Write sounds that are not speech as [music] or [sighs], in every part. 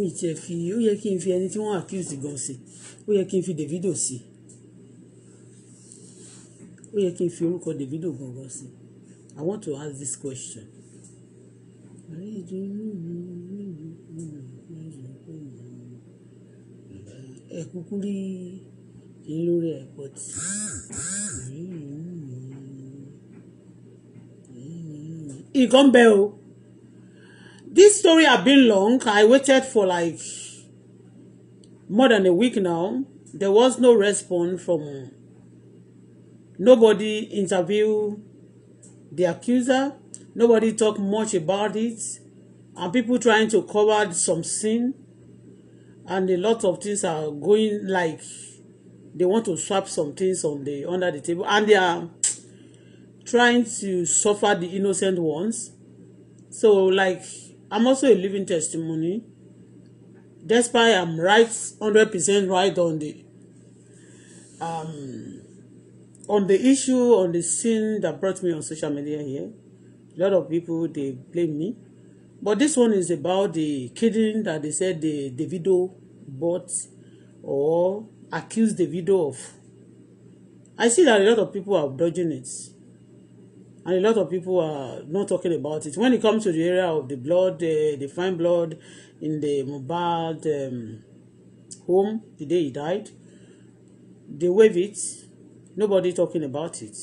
mi tiẹ̀ fi ó yẹ kí n fi ẹni tí wọ́n accuse gan sí ó yẹ kí n fi Davido sí ó yẹ kí n fi orúkọ Davido gangan sí I want to ask this question. ẹ kúkú rí yín lórí airport. nǹkan bẹ́ẹ̀ o this story have been long I waited for like more than a week now there was no response from nobody interview the accuser nobody talk much about it and people trying to cover some sin and a lot of things are going like they want to swap some things on the under the table and they are trying to suffer the innocent ones so like I'm also a living testimony. Despite I'm right, hundred percent right on the um, on the issue, on the scene that brought me on social media here. A lot of people, they blame me. But this one is about the kidding that they said the Davido bought or accused Davido of. I see that a lot of people are dodging it and a lot of people are not talking about it when it comes to the area of the blood uh, eh, they find blood in the Mohbad um, home the day he died they wave it nobody talking about it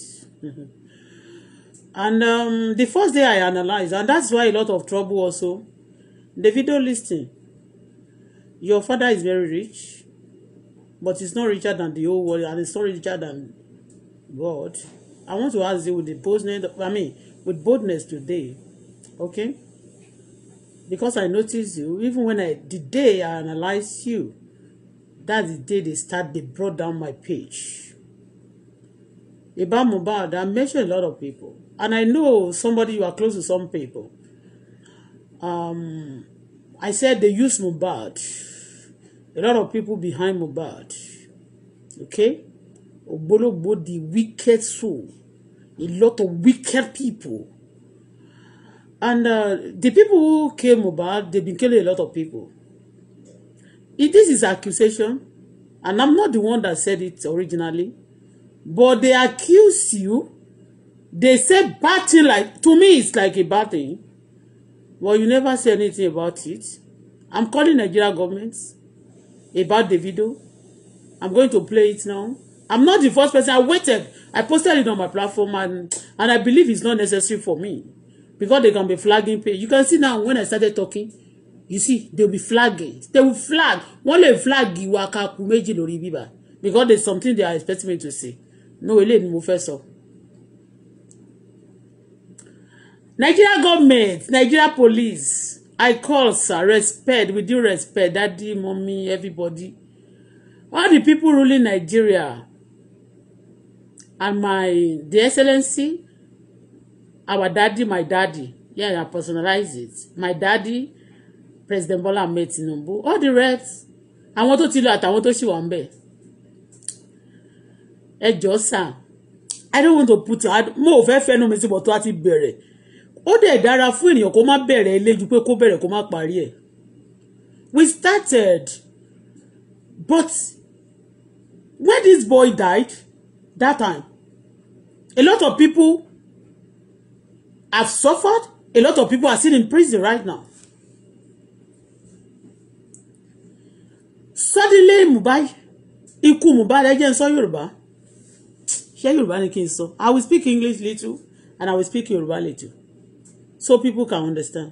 [laughs] and um, the first day I analyzed and that's why a lot of trouble also The video listing. your father is very rich but he's not richer than the old world and he's not richer than God I want to ask you with the boldness, I mean, with boldness today, okay? Because I noticed you, even when I, the day I analyze you, that's the day they start, they brought down my page. About Mohbad, I mentioned a lot of people. And I know somebody, you are close to some people. Um, I said they use Mohbad. A lot of people behind Mohbad. Okay? Obologbo, the wicked soul, a lot of wicked people. And uh, the people who came about, they've been killing a lot of people. If this is accusation, and I'm not the one that said it originally, but they accuse you, they say bad thing like, to me it's like a bad thing. Well, you never say anything about it. I'm calling Nigeria government about the video. I'm going to play it now. I'm not the first person. I waited. I posted it on my platform and and I believe it's not necessary for me because they can be flagging Pay You can see now when I started talking, you see they'll be flagging. They will flag. Wọ́n lè flag ìwà kakú méjì lórí bíbá because there's something they are expecting me to say. No, we let move first, sọ. Nigeria government, Nigeria police, I call sir, respect, with due respect, daddy, mommy, everybody. All the people ruling Nigeria, and my the excellency our daddy my daddy yeah i personalize it my daddy president bola ahmed tinubu all the reps àwọn tó ti lọ àtàwọn tó ṣì wà ń bẹ ẹ jọ sàn i don't want to put mo ò fẹ́ fẹ́nu mi síbọ̀ tó a ti bẹ̀rẹ̀ ó dẹ̀ dára fún ènìyàn kó má bẹ̀rẹ̀ eléjú pé kó bẹ̀rẹ̀ kó má parí ẹ̀ we started but when this boy died that time a lot of people have suffered a lot of people are still in prison right now suddenly Mohbad iku Mohbad again. jẹ́ n sọ Yorùbá ṣé Yorùbá ni I will speak English little and I will speak Yorùbá little so people can understand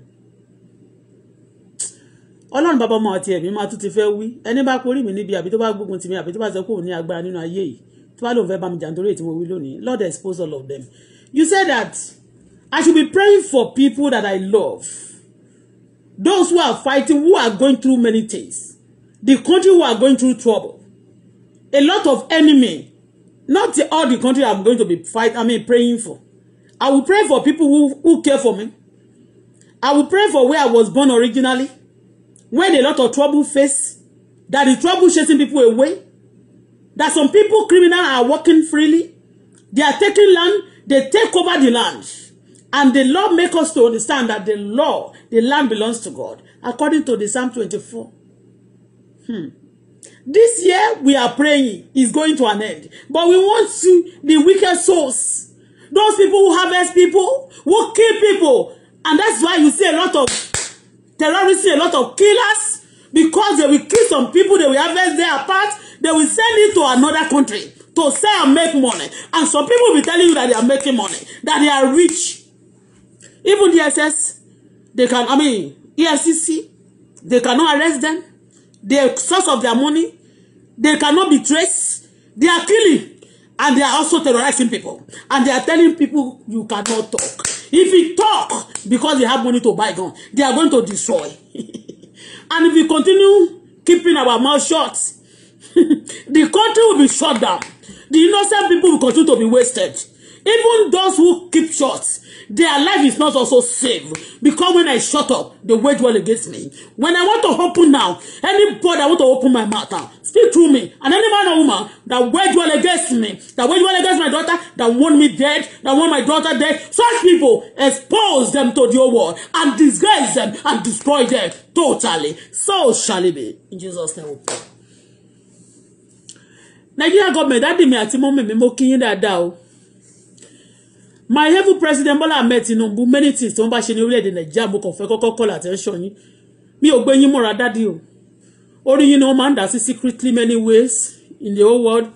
ọlọ́run bàbá ọmọ àti ẹ̀mí máa tún ti fẹ́ wí ẹni bá korí mi níbi àbí tó bá gbógun tì mi àbí tó bá sọ pé òun ní agbára nínú ayé yìí tí wàá lòun fẹ́ bá mi jàǹdórí ètò mo wí Lord expose all of them you said that I should be praying for people that I love those who are fighting who are going through many things the country who are going through trouble a lot of enemy not all the country I'm going to be fight I mean praying for I will pray for people who who care for me I will pray for where I was born originally where a lot of trouble face that the trouble chasing people away that some people criminal are working freely they are taking land they take over the land and the law make us to understand that the law the land belongs to God according to the Psalm 24 hmm. this year we are praying is going to an end but we want to the wicked souls those people who harvest people who kill people and that's why you see a lot of terrorists a lot of killers because they will kill some people, they will harvest their part, they will send it to another country to sell and make money. And some people will be telling you that they are making money, that they are rich. Even the SS, they can, I mean, EFCC, they cannot arrest them. The source of their money, they cannot be traced. They are killing. And they are also terrorizing people. And they are telling people, you cannot talk. If you talk, because you have money to buy guns, they are going to destroy. [laughs] And if we continue keeping our mouth shut, [laughs] the country will be shut down. The innocent people will continue to be wasted. Even those who keep short, their life is not also safe. Because when I shut up, they wage war against me. When I want to open now, anybody that want to open my mouth now, speak through me. And any man or woman that wage war against me, that wage war against my daughter, that want me dead, that want my daughter dead, such people expose them to the whole world and disgrace them and destroy them totally. So shall it be. In Jesus' name Nigeria government, dádì mi àti mọ́mì mi mo kí yín dáadáa o my heaven president Bola Ahmed Tinubu many things tó ń bá ṣe ní orílẹ̀-èdè Nàìjíríà mo kàn fẹ́ kọ́kọ́ call attention yín mi ò gbé yín mọ́ra dádì o orí yín ni wọ́n máa ń dà sí secretly many ways in the whole world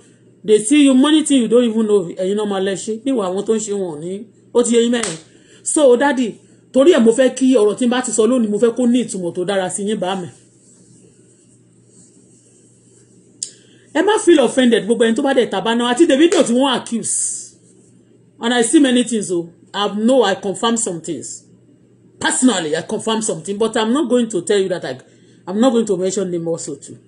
they see you money thing you don't even know ẹ̀yin náà máa lẹ́ṣẹ́ níwọ̀ àwọn tó ń ṣe wọ̀n ní ó ti yẹ yín so dádì torí ẹ̀ mo fẹ́ kí ọ̀rọ̀ tí n bá ti sọ lónìí mo fẹ́ kó ní ìtumọ̀ tó dára sí yín bá mi. ẹ má feel offended gbogbo ẹni tó bá dẹ̀ tàbá náà àti Davido tí wọ́n accuse and I see many things o oh. I know I confirm some things personally I confirm something but I'm not going to tell you that I I'm not going to mention name also too.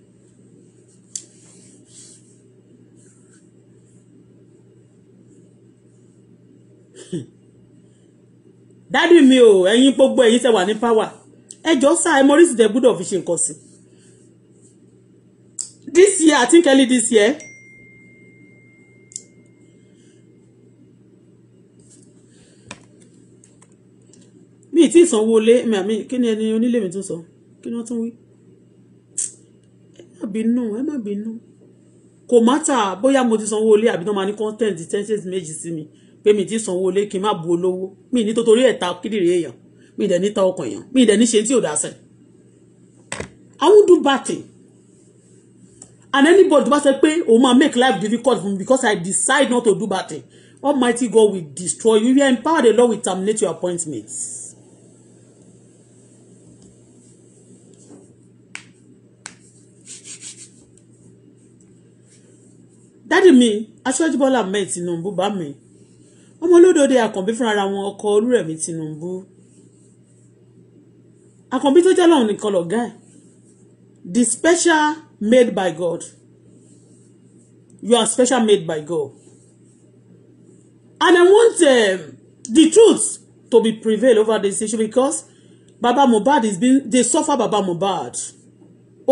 [laughs] dádì mi o oh, ẹ̀yin gbogbo ẹ̀yin tẹ́ wà ní páwà ẹjọ́ sá ẹ mọrísì dẹ gbúdọ̀ fi ṣe nǹkan sí this year I think early this year mi ì tí ì lé mi àmì kí ni ẹni onílé mi tún sọ kí ni wọ́n tún wí ẹ má bínú ẹ má bínú kò mátà bóyá mo ti sanwó lé àbí tó máa ní kọ́ńtẹ́ǹtì tẹ́ńtẹ́ǹtì méjì sí mi pé mi ti sanwó lé kí n má bu olówó mi ní tótórí ẹ̀ ta èèyàn mi ì dẹ̀ ní ta ọkàn èèyàn mi ì dẹ̀ ní ṣe tí ò dá sẹ̀ I won't do bad thing and anybody tó bá sọ pé òun máa make life difficult for me because I decide not to do bad thing Almighty God will destroy you if you are empowered alone with terminate your appointments. dádì mi aṣíwájú bọ́lá ahmed tinubu bá mi ọmọ olódòde àkànbí fúnra wọn ọkọ olúrẹ̀mí tinubu àkànbí tó jẹ́ lọ́run nìkan lọ̀gá ẹ̀ the special made by god you are special made by god and i want um, the truth to be prevail over this issue because baba mohbad is being they suffer baba mohbad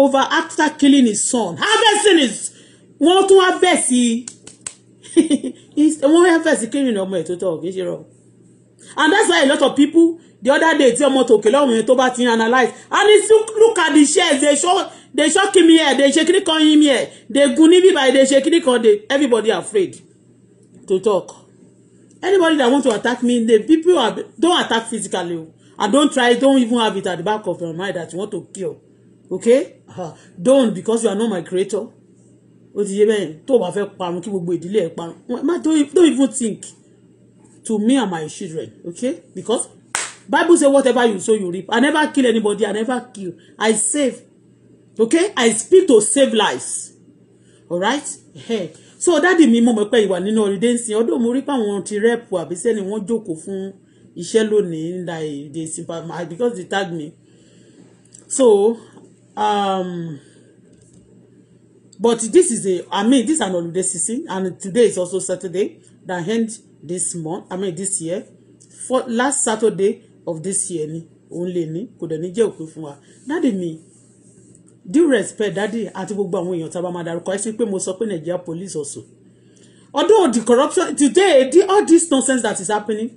over after killing his son harvesting his wọ́n tún wá bẹ̀ sí [laughs] wọ́n wá bẹ̀ sí kírìnà ọmọ ẹ̀ tó tọ̀ kì í ṣe rọ and that's why a lot of people the other day tí ọmọ tòkè lọ́wọ́ yẹn tó bá ti analyse and it's look at the shares they show they show kí mi ẹ̀ they ṣe kíní kan yín mi ẹ̀ they gun níbí by they ṣe kíní kan they everybody afraid to talk anybody that want to attack me the people are, don't attack physically and don't try don't even have it at the back of your mind that you want to kill okay uh, don't because you are not my creator ó ti yé bẹ́ẹ̀ tó o bá fẹ́ parun kí gbogbo ìdílé ẹ̀ parun don't even think to me and my children okay because Bible say whatever you sow you reap I never kill anybody I never kill I save okay I speak to save lives alright hey. so dáàdi mi mo mọ̀ pé ìwà nínú ọ̀rìndé ń sin ọdún mo rí pé àwọn ti rẹ́ẹ̀pù àbí sẹ́ni wọ́n jókòó fún iṣẹ́ lónìí like they sympathize because they tag me so um, But this is a, I mean, this is an holiday season, and today is also Saturday that end this month, I mean this year. For last Saturday of this year ni, òun lè ní, kò dẹ̀ ní jẹ́ òpin fún wa. Dáàdì mi, due respect dáàdì àti gbogbo àwọn èèyàn tá a bá máa darúkọ ẹ sí pé mo sọ pé Nigeria police also. Although the corruption today, the, all this nonsense that is happening,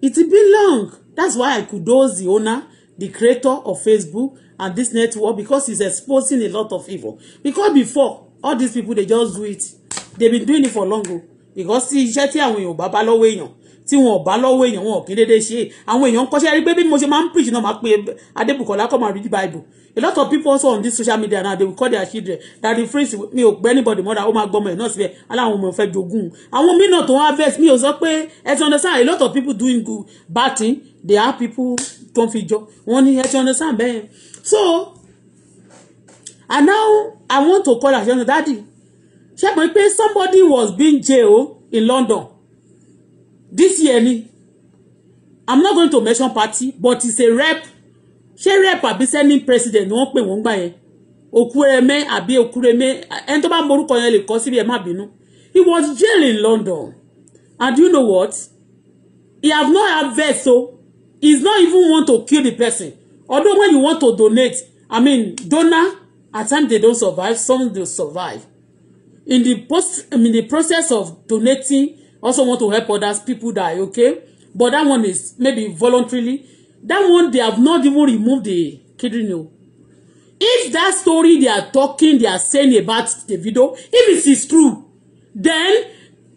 it been long. That's why I kudos the owner, the creator of Facebook, and this network because it's exposing a lot of evil because before all these people they just do it They've been doing it for long o oh. because tí iṣẹ́ tí àwọn èèyàn bá bá lọ́wọ́ èèyàn tí wọn ò bá lọ́wọ́ èèyàn wọn ò kí déédéé ṣe àwọn èèyàn ń kọ́ṣẹ́ rí pé bí mo ṣe máa ń preach náà máa pe Adébùkọ́lá come and read the Bible a lot of people also on this social media now they will call their children that the phrase mi ò gbẹ́ anybody mother ó máa gbọ́mọ ẹ̀ náà síbẹ̀ aláwọn ọmọ fẹ́ jogún àwọn míì náà tó ń harvest mi ò sọ pé ẹ ti understand a lot of people doing good bad thing they are people tó ń fi jọ wọ́n ní ẹ ti understand bẹ́ẹ̀ so and now i want to call àṣẹ ọ̀nà dáàdì ṣé mo pé somebody was being jail in london this year ni i'm not going to mention party but it's a rep ṣé rep àbí sending president ni wọ́n pè wọ́n gbà yẹn okureme àbí okureme ẹni tó bá morúkọ yẹn lè kọ́ síbi ẹ̀ má bínú he was jailed in london and you know what he have not have vex o he not even want to kill the person although when you want to donate i mean donor at times they don't survive some they survive in the post i mean the process of donating also want to help others people die okay but that one is maybe voluntarily that one they have not even removed the kidney o oh. if that story they are talking they are saying about the video, if it is true then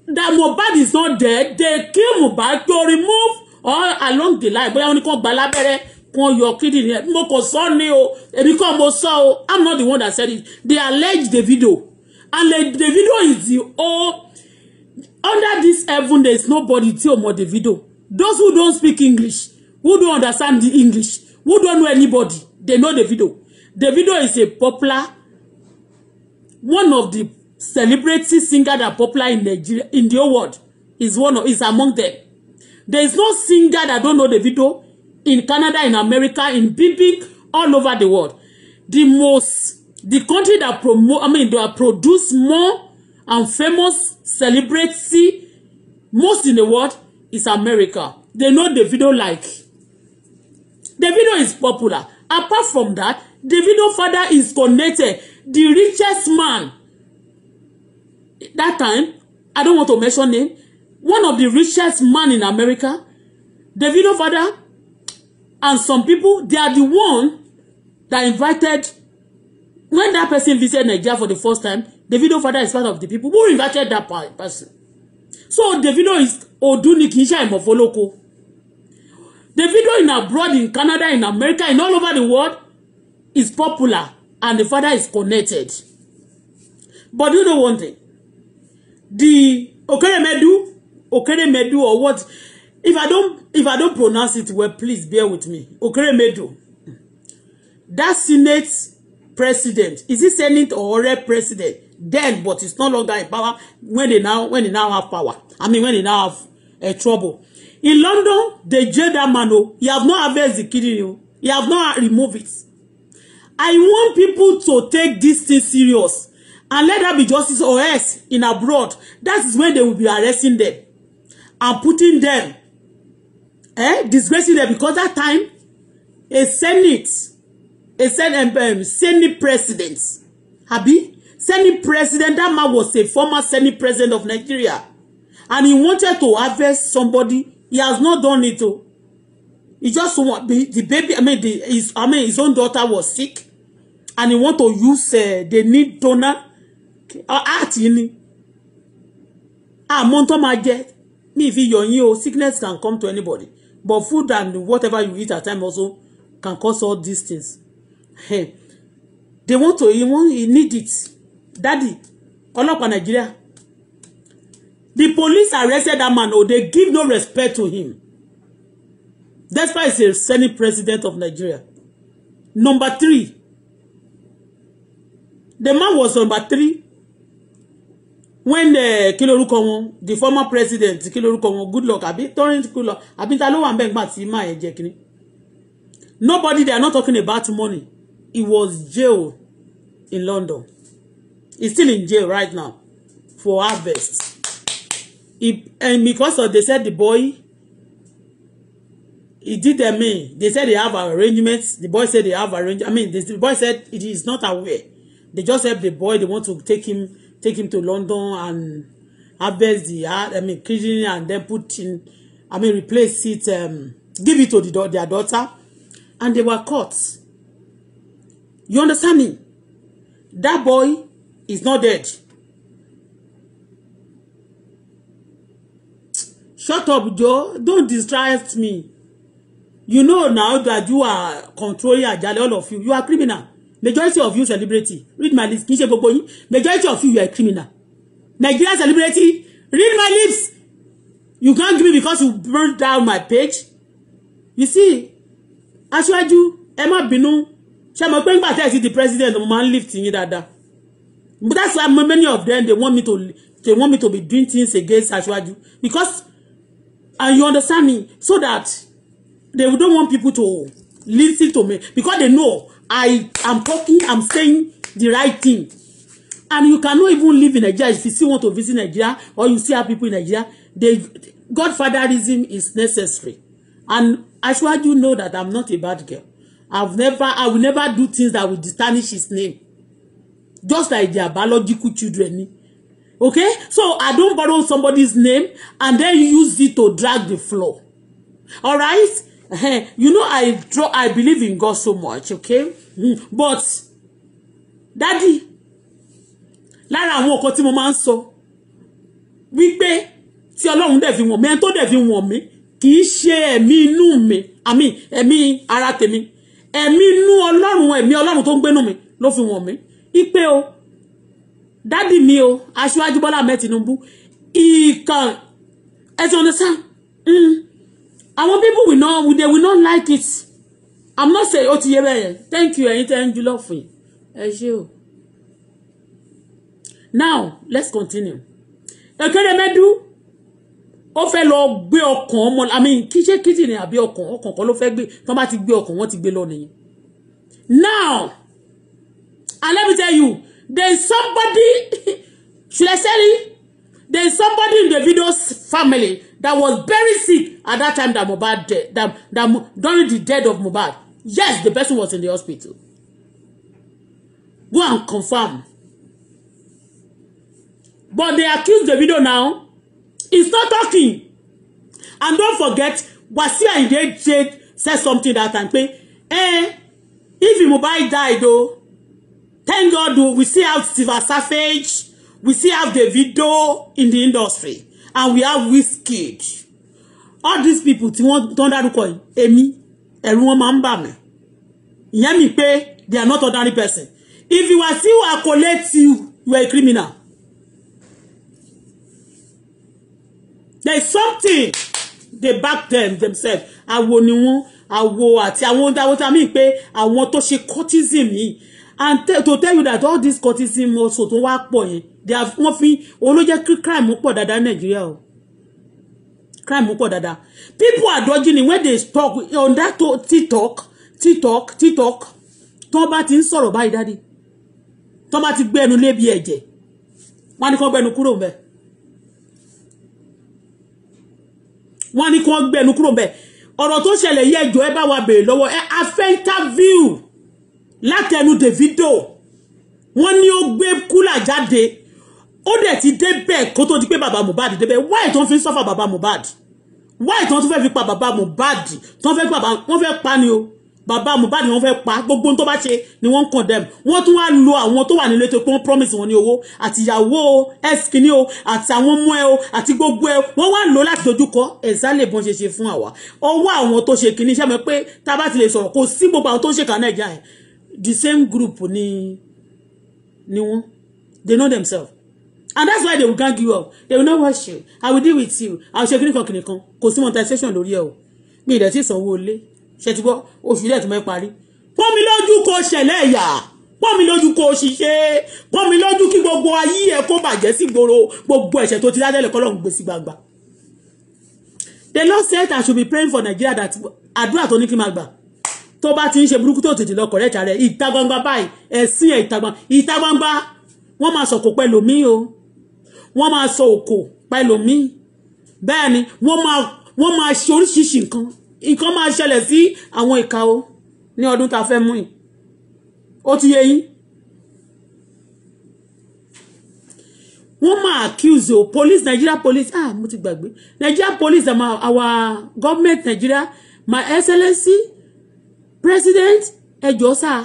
that Mohbad is not dead they kill Mohbad to remove all along the line bóyá wọn ní kan yọ kídìní ẹ̀ mo kò sọ ni o èmi kàn mo sọ o i'm not the one that said it they allege the video, and the video is the oh. under this heaven there is nobody tí o mọ video. those who don't speak English who don't understand the English who don't know anybody they know the video. The video is a popular one of the celebrity singer that popular in Nigeria in the whole world is one of is among them there is no singer that don't know the video in Canada, in America, in Bibbing, all over the world. The most, the country that promote, I mean, that produce more and famous celebrity most in the world is America. They know the video like. The video is popular. Apart from that, the video father is connected. The richest man. That time, I don't want to mention name. One of the richest man in America. The video father and some people they are the one that invited when that person visited Nigeria for the first time Davido father is part of the people who invited that person so Davido is oduni kì í ṣe àìmọ̀fọ́lọ́kọ Davido in abroad in Canada in America in all over the world is popular and the father is connected but you know one thing the Okeremedu Okeremedu or what if i don't if i don't pronounce it well please bear with me okeremedo that senate president is it senate or rep president then but it's no longer in power when they now when they now have power i mean when they now have uh, trouble in london they jail that man oh. o oh. he have not harvest the kidney o he have not remove it i want people to take this thing serious and let that be justice or else in abroad that is when they will be arresting them and putting them eh, disgracing them because that time a senate a senate, um, senate president abi senate president that man was a former senate president of Nigeria and he wanted to harvest somebody he has not done it o oh. he just want the, the baby I mean the his I mean his own daughter was sick and he want to use uh, they need donor art yìí ni àmọ́ ah, tó máa jẹ mi fi yọ̀ yín o sickness can come to anybody but food and whatever you eat at time also can cause all these things hey, they want to he want he need it daddy ọlọ́pàá Nigeria the police arrested that man o oh, they give no respect to him Despite why he's senate president of Nigeria number three the man was number three when the uh, kí lorúkọ wọn the former president kí lorúkọ wọn luck àbí torin Goodluck àbí ta ló wà nbẹ nígbà tí máa ẹ jẹ nobody they are not talking about money he was jail in London he's still in jail right now for harvest he and because of they said the boy he did them me they said they have arrangements the boy said they have arrangements I mean the, boy said it is not aware they just help the boy they want to take him take him to London and harvest the heart, I mean, kidney and then put in, I mean, replace it, um, give it to the, their daughter. And they were caught. You understand me? That boy is not dead. Shut up, Joe. Don't distract me. You know now that you are controlling Ajale, all of you. You are criminal majority of you celebrity read my lips kì í ṣe gbogbo yín majority of you you are a criminal Nigerian celebrity read my lips you can't give me because you burn down my page you see aṣáájú ẹ má bínú ṣe mo pé nígbà tẹ́ ẹ sí the president mo máa ń lift yín dáadáa but that's why many of them they want me to they want me to be doing things against aṣáájú because and you understand me so that they don't want people to listen to me because they know I am talking, I'm saying the right thing. And you cannot even live in Nigeria if you still want to visit Nigeria or you see our people in Nigeria. They, Godfatherism is necessary. And Ashwaju know that I'm not a bad girl. I've never, I will never do things that will tarnish his name. Just like their biological children. Okay? So I don't borrow somebody's name and then use it to drag the floor. All right? [laughs] you know i draw i believe in god so much okay hmm. but Daddy, lára àwọn ọkọ tí mo máa ń sọ wípé tí ọlọ́run dẹ̀ fi wọ̀n mi ẹni tó dẹ̀ fi wọ̀n mi kì í ṣe ẹ̀mí inú mi àmì ẹ̀mí ara tèmi ẹ̀mí inú ọlọ́run ẹ̀mí ọlọ́run tó ń gbénú mi ló fi wọ̀n mi ipe o dádì mi o aṣíwájú bọ́lá mẹ́ ìkàn ẹ̀sìn ọ̀nẹ́sà hmm àwọn people will not they will not like it i'm not say ó ti yé bẹ́ẹ̀ thank you ẹ̀yin tẹ́ ń jùlọ fún ẹ ṣé o now let's continue Ekeremedu ó fẹ́ lọ gbé ọkàn ọmọ i mean kí ṣe kidney àbí ọkàn ọkàn kan ló fẹ́ gbé tán bá ti gbé ọkàn wọ́n ti gbé lọ nìyẹn now and let me tell you there is somebody [laughs] should i tell there is somebody in the Davido's family that was very sick at that time that Mohbad de- that, that during the death of Mohbad yes the person was in the hospital go and confirm but they accuse the video now he's not talking and don't forget Wasi Ayinde jade said something that time pe eh if Mohbad died though, thank God o we still have Silver Savage we still have Davido in the industry and we have whiskey. all these people tí wọ́n tó ń dárúkọ yìí èmi ẹ̀rù wọn máa ń bà mí ìyẹn mi pé they are not ordinary person if you are still accolate you you are a criminal there is something they back them themselves awo ni wọn awo àti àwọn dáwọta mi pé àwọn tó ṣe cultism yìí and to tell you that all this cultism also tó wá pọ̀ yẹn wọ́n fi òun ló jẹ́ kí crime pọ̀ dáadáa ní nàìjíríà o crime pọ̀ dáadáa people are dodging it when they talk on that tiktok tiktok tiktok tí wọ́n bá ti ń sọ̀rọ̀ báyìí dáadé tí wọ́n bá ti gbẹ́nu lébi ẹ̀jẹ̀ wọ́n á ní kí wọ́n gbẹ́nu kúrò mbẹ́ wọ́n á ní kí wọ́n gbẹ́nu kúrò mbẹ́ ọ̀rọ̀ tó ṣẹlẹ̀ yẹ ẹjọ́ ẹ bá wa bèèrè lọ́wọ́ ẹ afẹ́ńtà view látẹnu Davido wọ́n ní ó gbé kúlà jáde ó dẹ̀ ti débẹ̀ kó tó di pé bàbá Mohbad débẹ̀ why tó ń fi sọ́fà bàbá Mohbad why tó ń tún fẹ́ fi pa bàbá Mohbad tó ń fẹ́ pa bàbá wọ́n fẹ́ pa ni o bàbá Mohbad ni wọ́n fẹ́ pa gbogbo tó bá ṣe ni wọ́n ń condemn wọ́n tún wá lo àwọn tó wà nílé tó pé promise wọn ní owó àti ìyàwó o ẹ̀sìnkìní o àti àwọn ọmọ ẹ o àti gbogbo ẹ wọ́n wá lò láti dojúkọ ẹ̀sà lè bọ́n ṣe ṣe fún àwa ọwọ́ àwọn tó ṣe kìíní sẹ́mi pé tá a bá ti lè sọ̀rọ̀ kò sí gbogbo àwọn tó ń ṣèkà Nàìjíríà the same group ni ni wọ́n they know themselves and that's why they will gang you up they will not watch you i will deal with you àwọn ṣe kíníkan kíníkan kò sí monetization lórí ẹ o mi ì dẹ̀ tí sanwó ilé ṣe ti gbọ́ oṣù díẹ̀ tó mẹ́ parí pọ́n mi lójú kó ṣẹlẹ̀ ẹ̀yà pọ́n mi lójú kó ṣiṣẹ́ pọ́n mi lójú kí gbogbo ayé ẹ̀ kó bàjẹ́ sí gbòòrò gbogbo ẹ̀ṣẹ̀ tó ti dádẹ́lẹ̀ kọ́ lọ́hùn gbé sí the Lord said I should be praying for Nigeria that àdúrà tó ní kí n máa gbà tó bá ti ń ṣe burúkú tó tètè lọ kọ̀rẹ́ta rẹ̀ ìta gbangba báyìí ẹ̀sìn ẹ̀ ìta gbangba wọ́n máa sọ̀kò pẹ̀lú mi o wọ́n máa sọ òkò pẹlòmíì bẹ́ẹ̀ ni wọ́n máa wọ́n máa ṣe oríṣiríṣi nǹkan nǹkan máa ṣẹlẹ̀ sí àwọn ìka o ní ọdún tá a fẹ́ mú yìí ó ti yé yín wọ́n máa accuse o police Nigeria police ah mo ti gbàgbé Nigeria police àmà our government Nigeria my excellency president ẹjọ́ sáà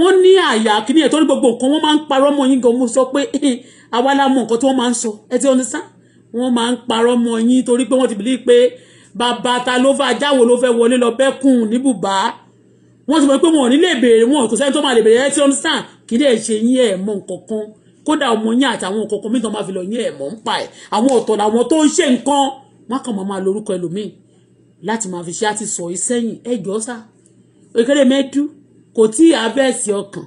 wọ́n ní àyà kìíní ẹ̀ tó ní gbogbo nǹkan wọ́n máa ń parọ́ mọ́ yín gan mo sọ pé [laughs] àwa la mọ nǹkan tí wọ́n máa ń sọ ẹ ti ọ̀nìsá wọ́n máa ń parọ́ mọ yín torí pé wọ́n ti bìlí pé bàbá ta ló fà jáwo ló fẹ́ wọlé lọ bẹ́kùn ní bùbá wọ́n ti mọ̀ pé wọn ò ní lè béèrè wọn kò sẹ́ni tó máa lè béèrè ẹ ti ọ̀nìsá kì í dẹ̀ ṣe yín ẹ̀ mọ nǹkan kan kódà ọmọ yín àtàwọn nǹkan kan mìíràn máa fi lọ yín ẹ̀ mọ̀ ń pa ẹ̀ àwọn ọ̀tọ̀ làwọn tó ń ṣe nǹkan wọn kàn máa lórúkọ ẹlòmíì láti máa fi ṣe àti sọ yìí sẹ́yìn ẹjọ́ sá òkèrè mẹ́dú kò tí ì abẹ́ẹ̀sì ọkàn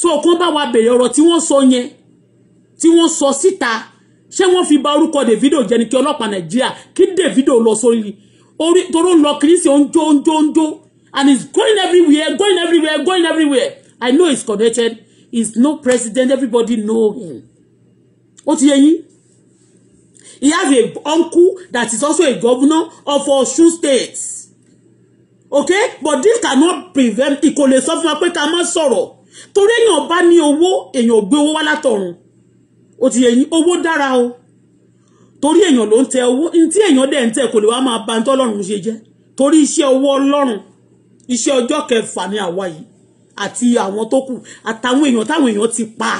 so kàn bá wa bèrè ọ̀rọ̀ tí wọ́n sọ yẹn tí wọ́n sọ síta ṣé wọ́n fi bà orúkọ Davido jẹ́ ni kí ọlọ́pàá Nàìjíríà kí Davido lọ sórí orí toró ń lọ kìrìsì onjo onjo onjo and he's going everywhere going everywhere going everywhere I know he's connected he's no president everybody know him ó ti yẹ yín he has a uncle that is also a governor of Osun State okay but this cannot prevent ìkòlè sọ fún wa pé ká má sọ̀rọ̀ torí èèyàn bá ní owó èèyàn gbé owó wá látọ̀run ó ti yẹ owó dára o torí èèyàn ló ń tẹ owó tí èèyàn dẹ̀ ń tẹ kò lè wá máa ba ń tọ́lọ́run ṣe jẹ́ torí iṣẹ́ owó ọlọ́run iṣẹ́ ọjọ́ kẹfà ni àwa yìí àti àwọn tó kù àtàwọn èèyàn táwọn èèyàn ti pa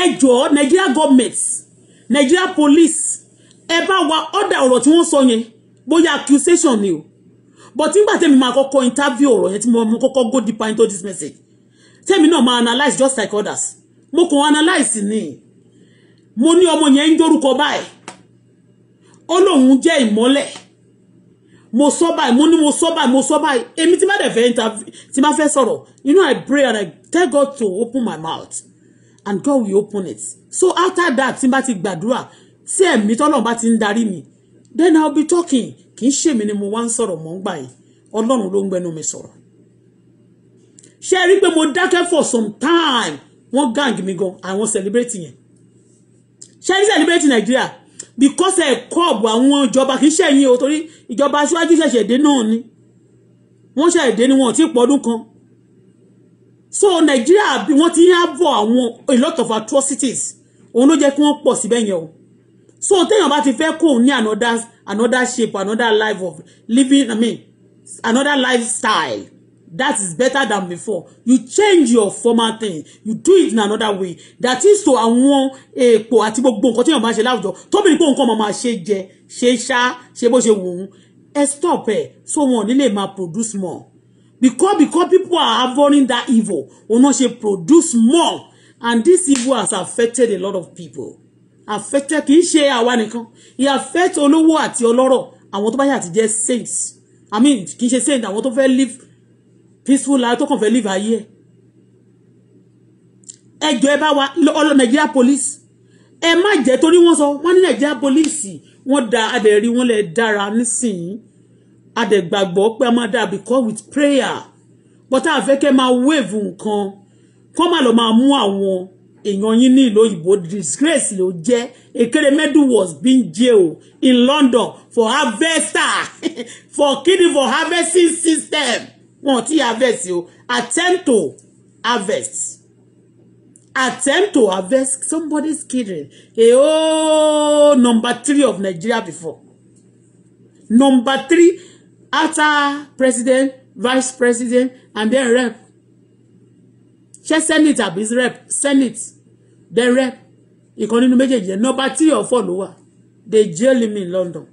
ẹ jọ̀ọ́ Nigeria government Nigeria police ẹ bá wa ọ̀dà ọ̀rọ̀ tí wọ́n sọ yẹn bóyá accusation ni o but nígbà tẹ́mi máa kọ́kọ́ interview ọ̀rọ̀ yẹn tí mo kọ́kọ́ go deeper into this message tẹ́mi náà máa analyse just like others mo kàn analyze ni mo ní ọmọ yẹn ń dórúkọ báyìí ó lóun jẹ́ ìmọ́lẹ̀ mo sọ báyìí mo ní mo sọ báyìí mo sọ báyìí èmi tí má dẹ̀ fẹ́ tí má fẹ́ sọ̀rọ̀ you know I pray and I tell God to open my mouth and God will open it so after that tí n bá ti gbàdúrà tí ẹ̀mí tọ́lọ́run bá ti ń darí mi then I'll be talking kì í ṣèmi ni mo wá ń sọ̀rọ̀ mọ́ ń gbà yìí ọlọ́run ló ń gbẹnu mi sọ̀rọ̀ ṣé ẹ rí i pé mo dákẹ́ for some time wọ́n gang mi gan àwọn celebrate yẹn ṣé ní celebrate Nigeria? because ẹ̀ kọ́ ọ̀bù àwọn ìjọba kì í ṣẹ̀yìn o torí ìjọba aṣáájú ṣẹ̀ṣẹ̀ dé náà ni wọ́n ṣẹ̀ṣẹ̀ dé ni wọn ò tí ì pọ́dún kan so Nigeria bí wọ́n ti ń àbọ̀ àwọn a lot of atrocities òun ló jẹ́ kí wọ́n pọ̀ síbẹ̀ yẹn o so téèyàn bá ti fẹ́ kó òun ní another another shape another life of living I mean another lifestyle that is better than before you change your former thing you do it in another way that is to àwọn èèpo àti gbogbo nǹkan tí èèyàn máa ṣe láwùjọ tóbìnrin pé nǹkan ọmọ máa ṣe jẹ ṣe ṣá ṣe bó ṣe wù ú ẹ stop ẹ so wọn ò ní lè máa produce more because because people are avoiding that evil òun náà ṣe produce more and this evil has affected a lot of people affected kì í ṣe àwa nìkan e affect olówó àti ọlọ́rọ̀ àwọn tó bá yà ti jẹ́ saints i mean kì í ṣe saints àwọn tó fẹ́ live peaceful life tó kàn fẹ́ live ayé ẹ ẹjọ́ ẹ bá wa ọlọ́ Nigeria police ẹ má jẹ́ torí wọ́n sọ wọ́n ní Nigeria police wọ́n da adẹ̀rí wọ́n lẹ̀ dára nísìnyí adẹ̀gbàgbọ́ pé a máa dà because with prayer but a fẹ́ kẹ́ máa wave nǹkan kó má lọ máa mú àwọn èèyàn yín ní ìlú òyìnbó disgrace ló jẹ́ Ekeremedu was being jailed in London for harvester [laughs] for kidney for harvesting system wọn ti harvest o attempt to harvest attempt to harvest somebody's children a whole number three of Nigeria before number three after president vice president and then rep ṣé senate àbí rep senate then rep ìkan nínú méjèèjì yẹn number three or four ló wà they jail him in London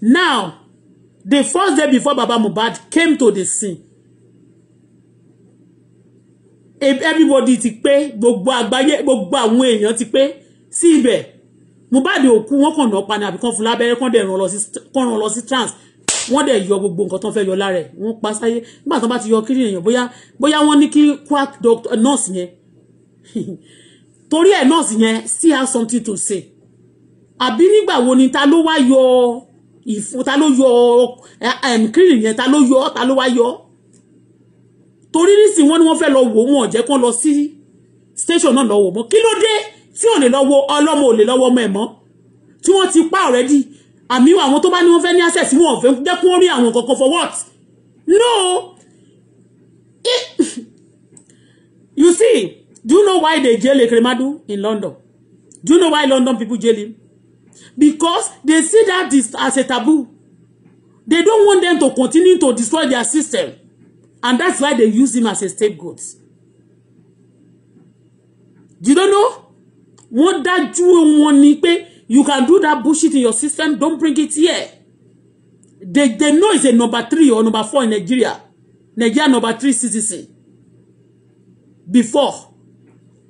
now the first day before Baba Mubad came to the scene e-, everybody ti pé gbogbo àgbáyé gbogbo àwọn èèyàn ti pé sí ibẹ̀ Mohbad òkú wọn kàn náà pani àbí kan fún lábẹ́rẹ́ kan dẹ̀ ràn lọ sí trans wọ́n dẹ̀ yọ gbogbo nǹkan tó ń fẹ́ yọ lára ẹ̀ wọ́n pa sáyé nígbà tó bá ti yọ kiri èèyàn bóyá bóyá wọ́n ní kí quack doctor nurse yẹn [laughs] torí ẹ̀ nurse yẹn still has something to say àbí nígbà wo ni ta ló wá yọ ìfún ta ló yọ kírì yẹn ta ló yọ ta ló wá yọ torí nísìnyí wọ́n ní wọ́n fẹ́ lọ wò wọ́n jẹ́ kán lọ sí station náà lọ wò mọ́ kí ló dé tí ò ní lọ wo ọlọ́mọ ò lè lọ́wọ́ ọmọ ẹ̀ mọ́ tí wọ́n ti pa already àmì àwọn tó bá ní wọ́n fẹ́ ní access wọn ò fẹ́ dẹ́kun rí àwọn kankan for what no you see do you know why they jail Ekremadu in London do you know why London people jail him because they see that as a taboo. They don't want them to continue to destroy their system. And that's why they use him as a scapegoat. You don't know? what that wọn ni pay. you can do that bullshit in your system, don't bring it here. They, they know it's a number three or number four in Nigeria. Nigeria number three CCC Before.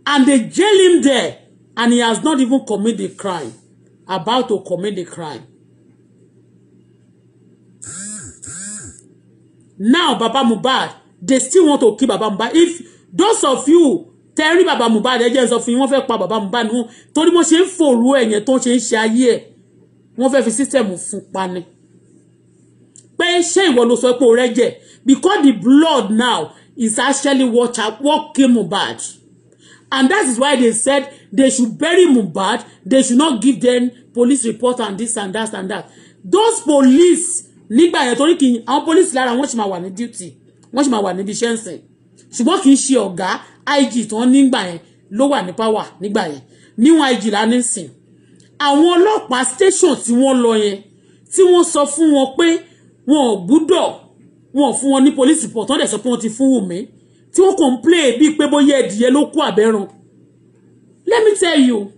And they jail him there. And he has not even committed a crime about to commit the crime. Now, Baba Mubad, they still want to kill Baba Mubad. If those of you tẹ́rí Baba Mohbad ẹjẹ́ sọ fún yín want to kill Baba Mubad, nù torí wọ́n ṣe ń fòrú ẹ̀yẹn tó ń ṣe ń ṣe ayé ẹ̀ wọ́n fẹ́ fi sísẹ̀mù fún pani. pé ṣé ìwọ ló because the blood now is actually what, what came Mohbad and that is why they said They should bury Mohbad. They should not give them police report and this and that and that. Those police nígbà yẹn torí kì í àwọn police lára wọ́n sì máa wà ní duty wọ́n sì máa wà níbi iṣẹ́ ńsìn ṣùgbọ́n kì í ṣe ọ̀gá IG tán nígbà yẹn ló wà ní power nígbà yẹn níwọ̀n IG lá ní sìn àwọn ọlọ́pàá station tí wọ́n lọ yẹn tí wọ́n sọ fún wọn pé wọn ò gbúdọ̀ wọn ò fún wọn ní police report wọ́n dẹ̀ sọ pé wọ́n ti fún Wùmí tí wọ́n kàn ń play bíi pé bóyá ẹ̀dìyẹ ló kú àbẹ́rùn let me tell you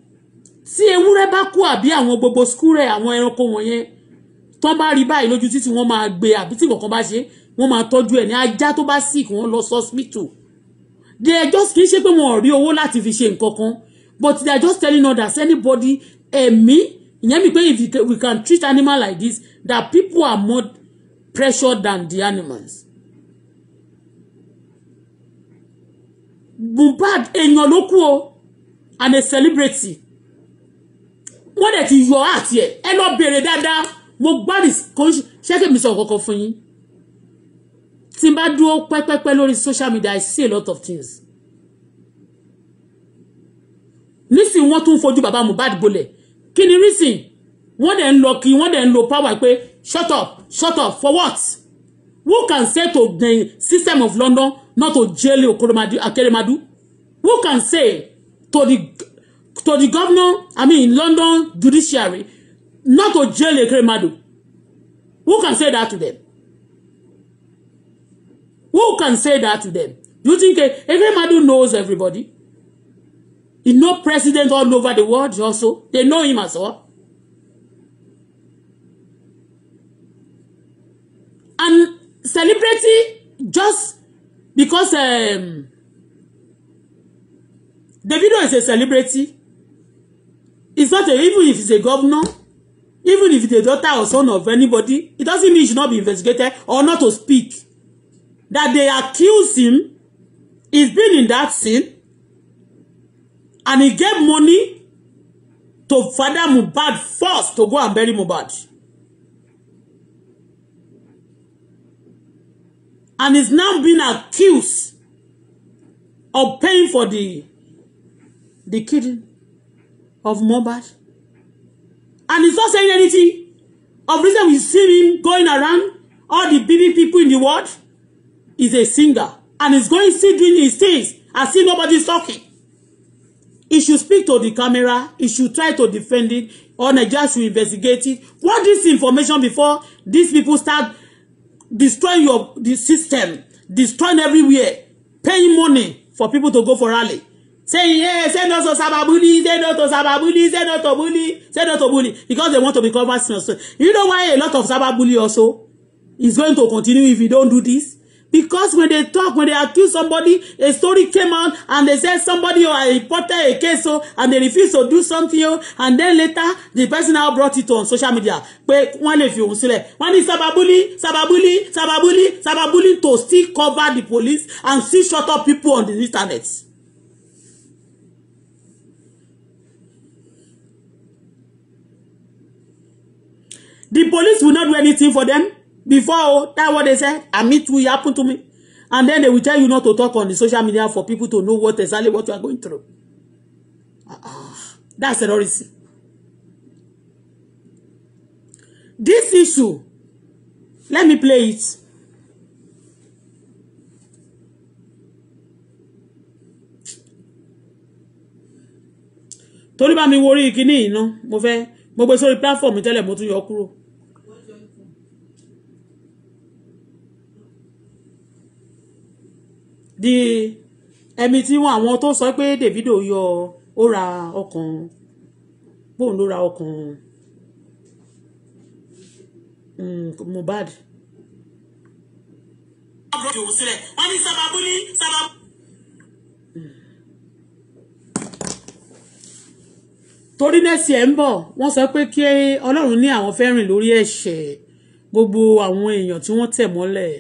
tí ewúrẹ́ bá kú àbí àwọn gbogbo skúrẹ́ àwọn ẹranko wọ̀nyẹn tán bá rí báyìí lójú títí wọ́n máa gbé àbí tí kankan bá ṣe wọ́n máa tọ́jú ẹ̀ ní ajá tó bá sick wọ́n lọ hospital they are just kì í ṣe pé wọn ò rí owó láti fi ṣe nǹkan kan but they are just telling us that anybody ẹ̀mí ìyẹn mi pé if we can treat animal like this that people are more pressured than the animals. Mohbad èèyàn ló kú o And a celebrity wọ́n dẹ̀ ti yọ àti ẹ̀ ẹ lọ béèrè dáadáa mo gbádùn kò ṣẹ́kẹ̀ mi sọ kankan fún yín tí n bá dúró pẹ́pẹ́pẹ́ lórí social media i see a lot of things nísìn wọ́n tún fojú bàbá Mohbad bolẹ̀ kí ni reason wọ́n dẹ̀ ń lọ kí wọ́n dẹ̀ ń lo power pé shut up shut up for what who can say to the system of London not to jail Okoromadu Akeremadu who can say to the to the governor, I mean London judiciary, not to jail Ekremadu. Who can say that to them? Who can say that to them? Do you think Ekremadu knows everybody? He know president all over the world also. They know him as well. And celebrity just because um, Davido is a celebrity it's not a even if he's a governor even if he's a daughter or son of anybody it doesn't mean he should not be investigated or not to speak that they accuse him he's been in that scene and he gave money to Father Mubad first to go and bury Mubad, And he's now being accused of paying for the the killing of Mohbad. And he's not saying anything. Of reason we see him going around all the baby people in the world. He's a singer. And he's going still doing his things. and see nobody's talking. He should speak to the camera. He should try to defend it. Or Nigeria should investigate it. What this information before these people start destroying your the system, destroying everywhere, paying money for people to go for rally saying, hey, say no to cyberbullying, say no to cyberbullying, say no to bullying, say no to bullying, because they want to become Muslims. So, you know why a lot of cyberbullying also is going to continue if you don't do this? Because when they talk, when they accuse somebody, a story came out and they said somebody or a reporter a case so, and they refuse to do something o, oh, and then later the person now brought it on social media. Pé wọ́n lè fi òun sílẹ̀. Wọ́n ní sababuli, sababuli sábàbúlì, sábàbúlì to still cover the police and still shut up people on the internet. The police will not do anything for them before oh, that. what they said. And meet too, it happened to me. And then they will tell you not to talk on the social media for people to know what exactly what you are going through. Uh-uh. That's terrorism. This issue, let me play it. torí bá mi worí kíní ìná mo fẹ́ mo gbé sórí platform tẹ́lẹ̀ mo tún yọ kúrò the ẹ̀mí tí wọn àwọn tó sọ pé Davido yọ ó ra ọkàn bóun ló ra ọkàn mm, Mohbad. wọ́n ní sábàbú ní sábàbú. torí nẹ́sì ẹ̀ ń bọ̀ wọ́n sọ pé kí ọlọ́run ní àwọn fẹ́ rìn lórí ẹ̀ṣẹ̀ gbogbo àwọn èèyàn tí wọ́n tẹ̀ mọ́lẹ̀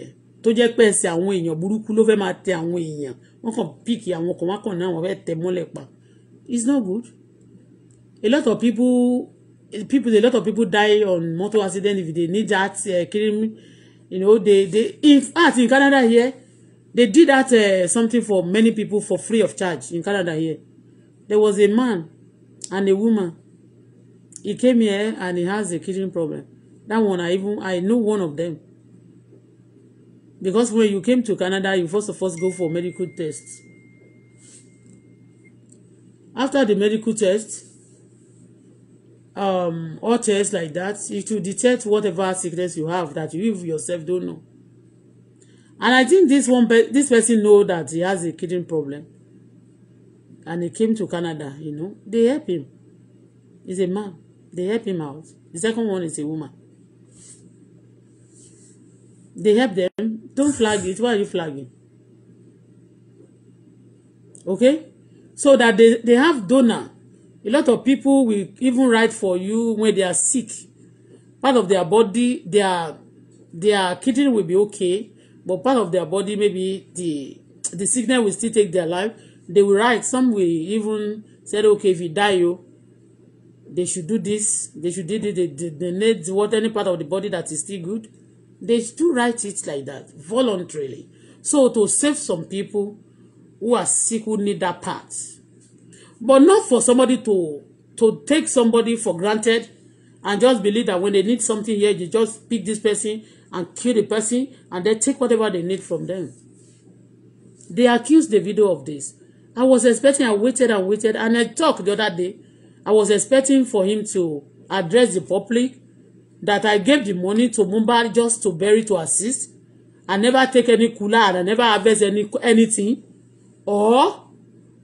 tó jẹ́ pé àwọn èèyàn burúkú ló fẹ́ máa tẹ àwọn èèyàn wọ́n kàn píìkì àwọn kan wọ́n náà wọ́n fẹ́ tẹ mọ́lẹ̀ pa it's not good a lot of people people a lot of people die on motor accident if they need that uh, killing you know they they in fact in Canada here they did that uh, something for many people for free of charge in Canada here there was a man and a woman he came here and he has a kidney problem that one I even I know one of them because when you came to Canada you first of all go for medical test after the medical test um, all tests like that it to detect whatever sickness you have that you yourself don't know and I think this one this person know that he has a kidney problem and he came to Canada you know they help him he's a man they help him out the second one is a woman they help them Don't flag it. Why are you flagging? Okay? So that they, they have donor. A lot of people will even write for you when they are sick. Part of their body, their their kidney will be okay, but part of their body maybe the the sickness will still take their life. They will write. Some will even said, okay, if you die, you oh, they should do this. They should do this. They, they, they need what any part of the body that is still good They do write it like that voluntarily. So to save some people who are sick who need that part. But not for somebody to to take somebody for granted and just believe that when they need something here, you just pick this person and kill the person and then take whatever they need from them. They accused the video of this. I was expecting, I waited and waited, and I talked the other day. I was expecting for him to address the public that I gave the money to Mohbad just to bury to assist. I never take any kula and I never harvest any anything. Or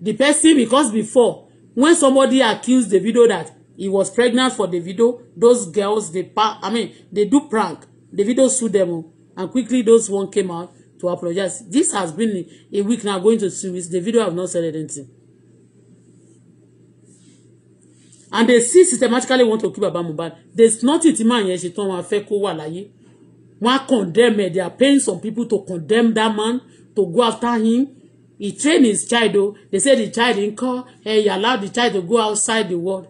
the person because before when somebody accused the video that he was pregnant for the video, those girls they pa I mean they do prank. the video sued them oh, and quickly those one came out to apologize. This has been a week now going to two The video have not said anything. and they see systematically want to kill baba Mohbad there's nothing tí màá yẹn ṣe tán wọn fẹ́ kó wà láyé wọn condemn they are paying some people to condemn that man to go after him he train his child Oh, they say the child in kọ Hey, eh, he allow the child to go outside the world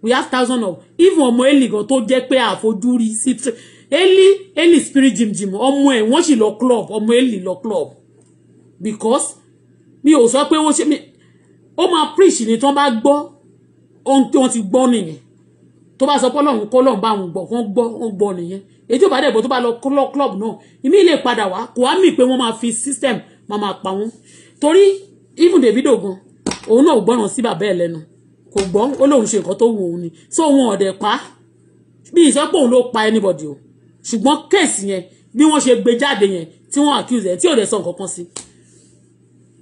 we have thousands of even ọmọ eli to tó jẹ́ pé àfojúrí sí eli eli spirit Jim ọmọ ẹ̀ wọ́n sì lọ club ọmọ eli lọ club because mi ò sọ pé ó ṣe mi ó máa preach ni tán bá gbọ́ ohun tí wọ́n ti gbọ́ nìyẹn tó bá sọ pọ́lọ́run kọ́lọ́run bá wọn gbọ́ wọ́n gbọ́ wọ́n gbọ́ nìyẹn èyí tí bá dẹ̀ bọ́ tó bá lọ club náà ìmí lè padà wá kò á mì pé wọ́n máa fi system máa máa pa wọ́n torí even Davido gan òun náà ò gbọ́ràn sí bàbá ẹ̀ lẹ́nu kò gbọ́ ó lóun ṣe nǹkan tó wù òun ni so òun ọ̀dẹ̀ pa bí ìsọ́pọ̀ òun ló pa anybody o ṣùgbọ́n kéèsì yẹn bí wọ́n ṣe gbé jáde yẹn tí wọ́n accuse ẹ̀ tí ò dẹ̀ sọ nǹkan kan sí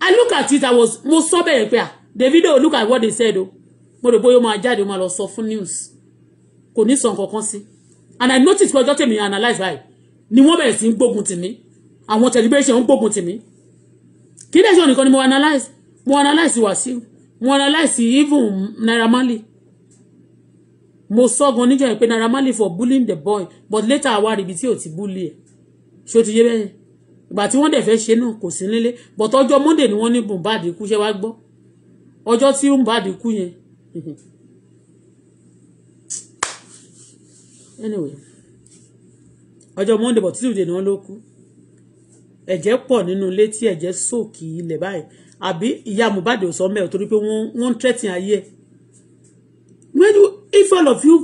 i look at it i was mo sọ bẹ́ẹ̀ pé ah Davido look at what they said o mo rò bóyá ó máa jáde ó máa lọ sọ fún news kò ní sọ nǹkan kan sí and i notice pé ọjọ́ tèmi analyse báyìí ni wọ́n bẹ̀rẹ̀ sí ń gbógun tèmi àwọn celebration ń gbógun tèmi kí lè ṣe òní kan ni mo analyse mo analyse Wàsíù mo analyse even Naira Marley mo sọ́gun níjọ́ yẹn pé Naira Marley for bullying the boy but later àwa rí ibi tí ò ti bully ẹ̀ ṣé o ti yé bẹ́yẹn ìgbà tí wọ́n dẹ̀ fẹ́ ṣe náà kò sí nílé but ọjọ́ Monday ni wọ́n ní Mohbad kú ṣé wá gbọ́ ọjọ́ tí Mohbad kú yẹn [laughs] anyway ọjọ́ monday but tuesday ni wọ́n ló kú ẹ̀jẹ̀ pọ̀ nínú ilé tí ẹ̀jẹ̀ sòkì ilẹ̀ báyìí àbí ìyá Mohbad ò sọ mẹ́rin torí pé wọ́n ń threaten ayé ẹ̀ when you if all of you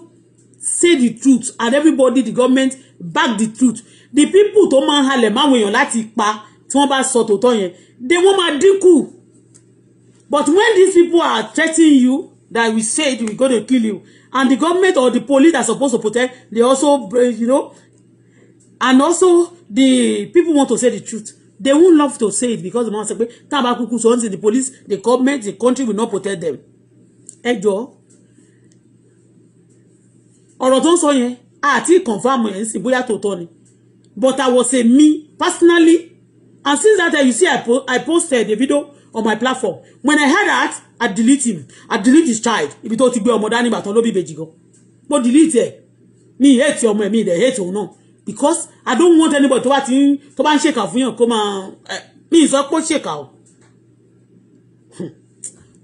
say the truth and everybody the government back the truth the people tó máa ń halẹ̀ máwọn èèyàn láti pa tí wọ́n bá sọ tòótọ́ yẹn they wọ́n máa dínkù but when these people are threatening you that we said we go to kill you. And the government or the police that supposed to protect, they also, eh, you know, and also the people want to say the truth. They won't love to say it because the man say, "Taba kuku." so the police, the government, the country will not protect them. Ẹjọ́, ọ̀rọ̀ tó ń sọ yẹn, àti confirm yẹn sí bóyá tòótọ́ ni. But I was a me, personally, and since that day, you see, I, po I posted a video on my platform. When I heard that, I delete him I delete his child ibi tó ti gbé ọmọ dání ìbátan ló bí ìbejì gan mo delete it. Me hate your ẹ mi dẹ hate òun náà because I don't want anybody to bá ti to tó shake ń ṣèkà fún yàn kó máa mi ì sọ pé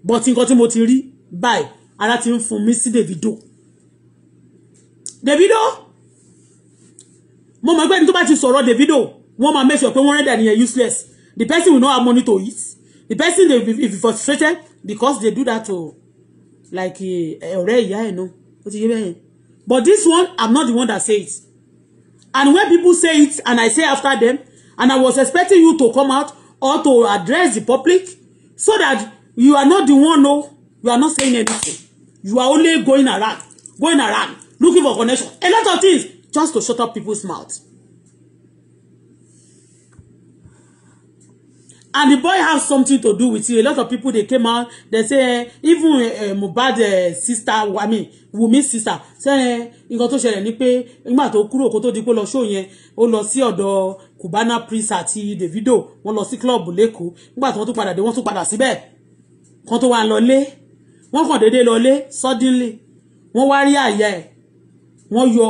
but in tí mo ti rí báyìí ara ti ń fún mi sí Davido Davido mo mọ̀ pé ẹni tó bá ti sọ̀rọ̀ Davido wọ́n máa make sure pé wọ́n rẹ́dà nìyẹn useless the person will not have money to eat the person if be frustrated because they do that to like eh, eh, ọ̀rẹ́ ìyá ẹ̀ náà ó ti yé bẹ́ẹ̀ but this one I'm not the one that say it and when people say it and I say after them and I was expecting you to come out or to address the public so that you are not the one no you are not saying anything you are only going around going around looking for connection a lot of things just to shut up people's mouths. and the boy have something to do with you. a lot of people dey came out dey say eh, even eh, Mohbad eh, sister I mean Wumi sister say eh, nǹkan tó ni pé nígbà tó kúrò kó tó di pé lọ show yẹn ó lọ sí ọ̀dọ̀ Cubana Priest àti Davido wọ́n lọ sí club lẹ́kọ̀ọ́ nígbà tó wọ́n tún padà dé wọ́n tún padà síbẹ̀ kan tó wà lọlé wọ́n kàn déédéé lọlé suddenly wọ́n wá rí àyà ẹ̀ wọ́n yọ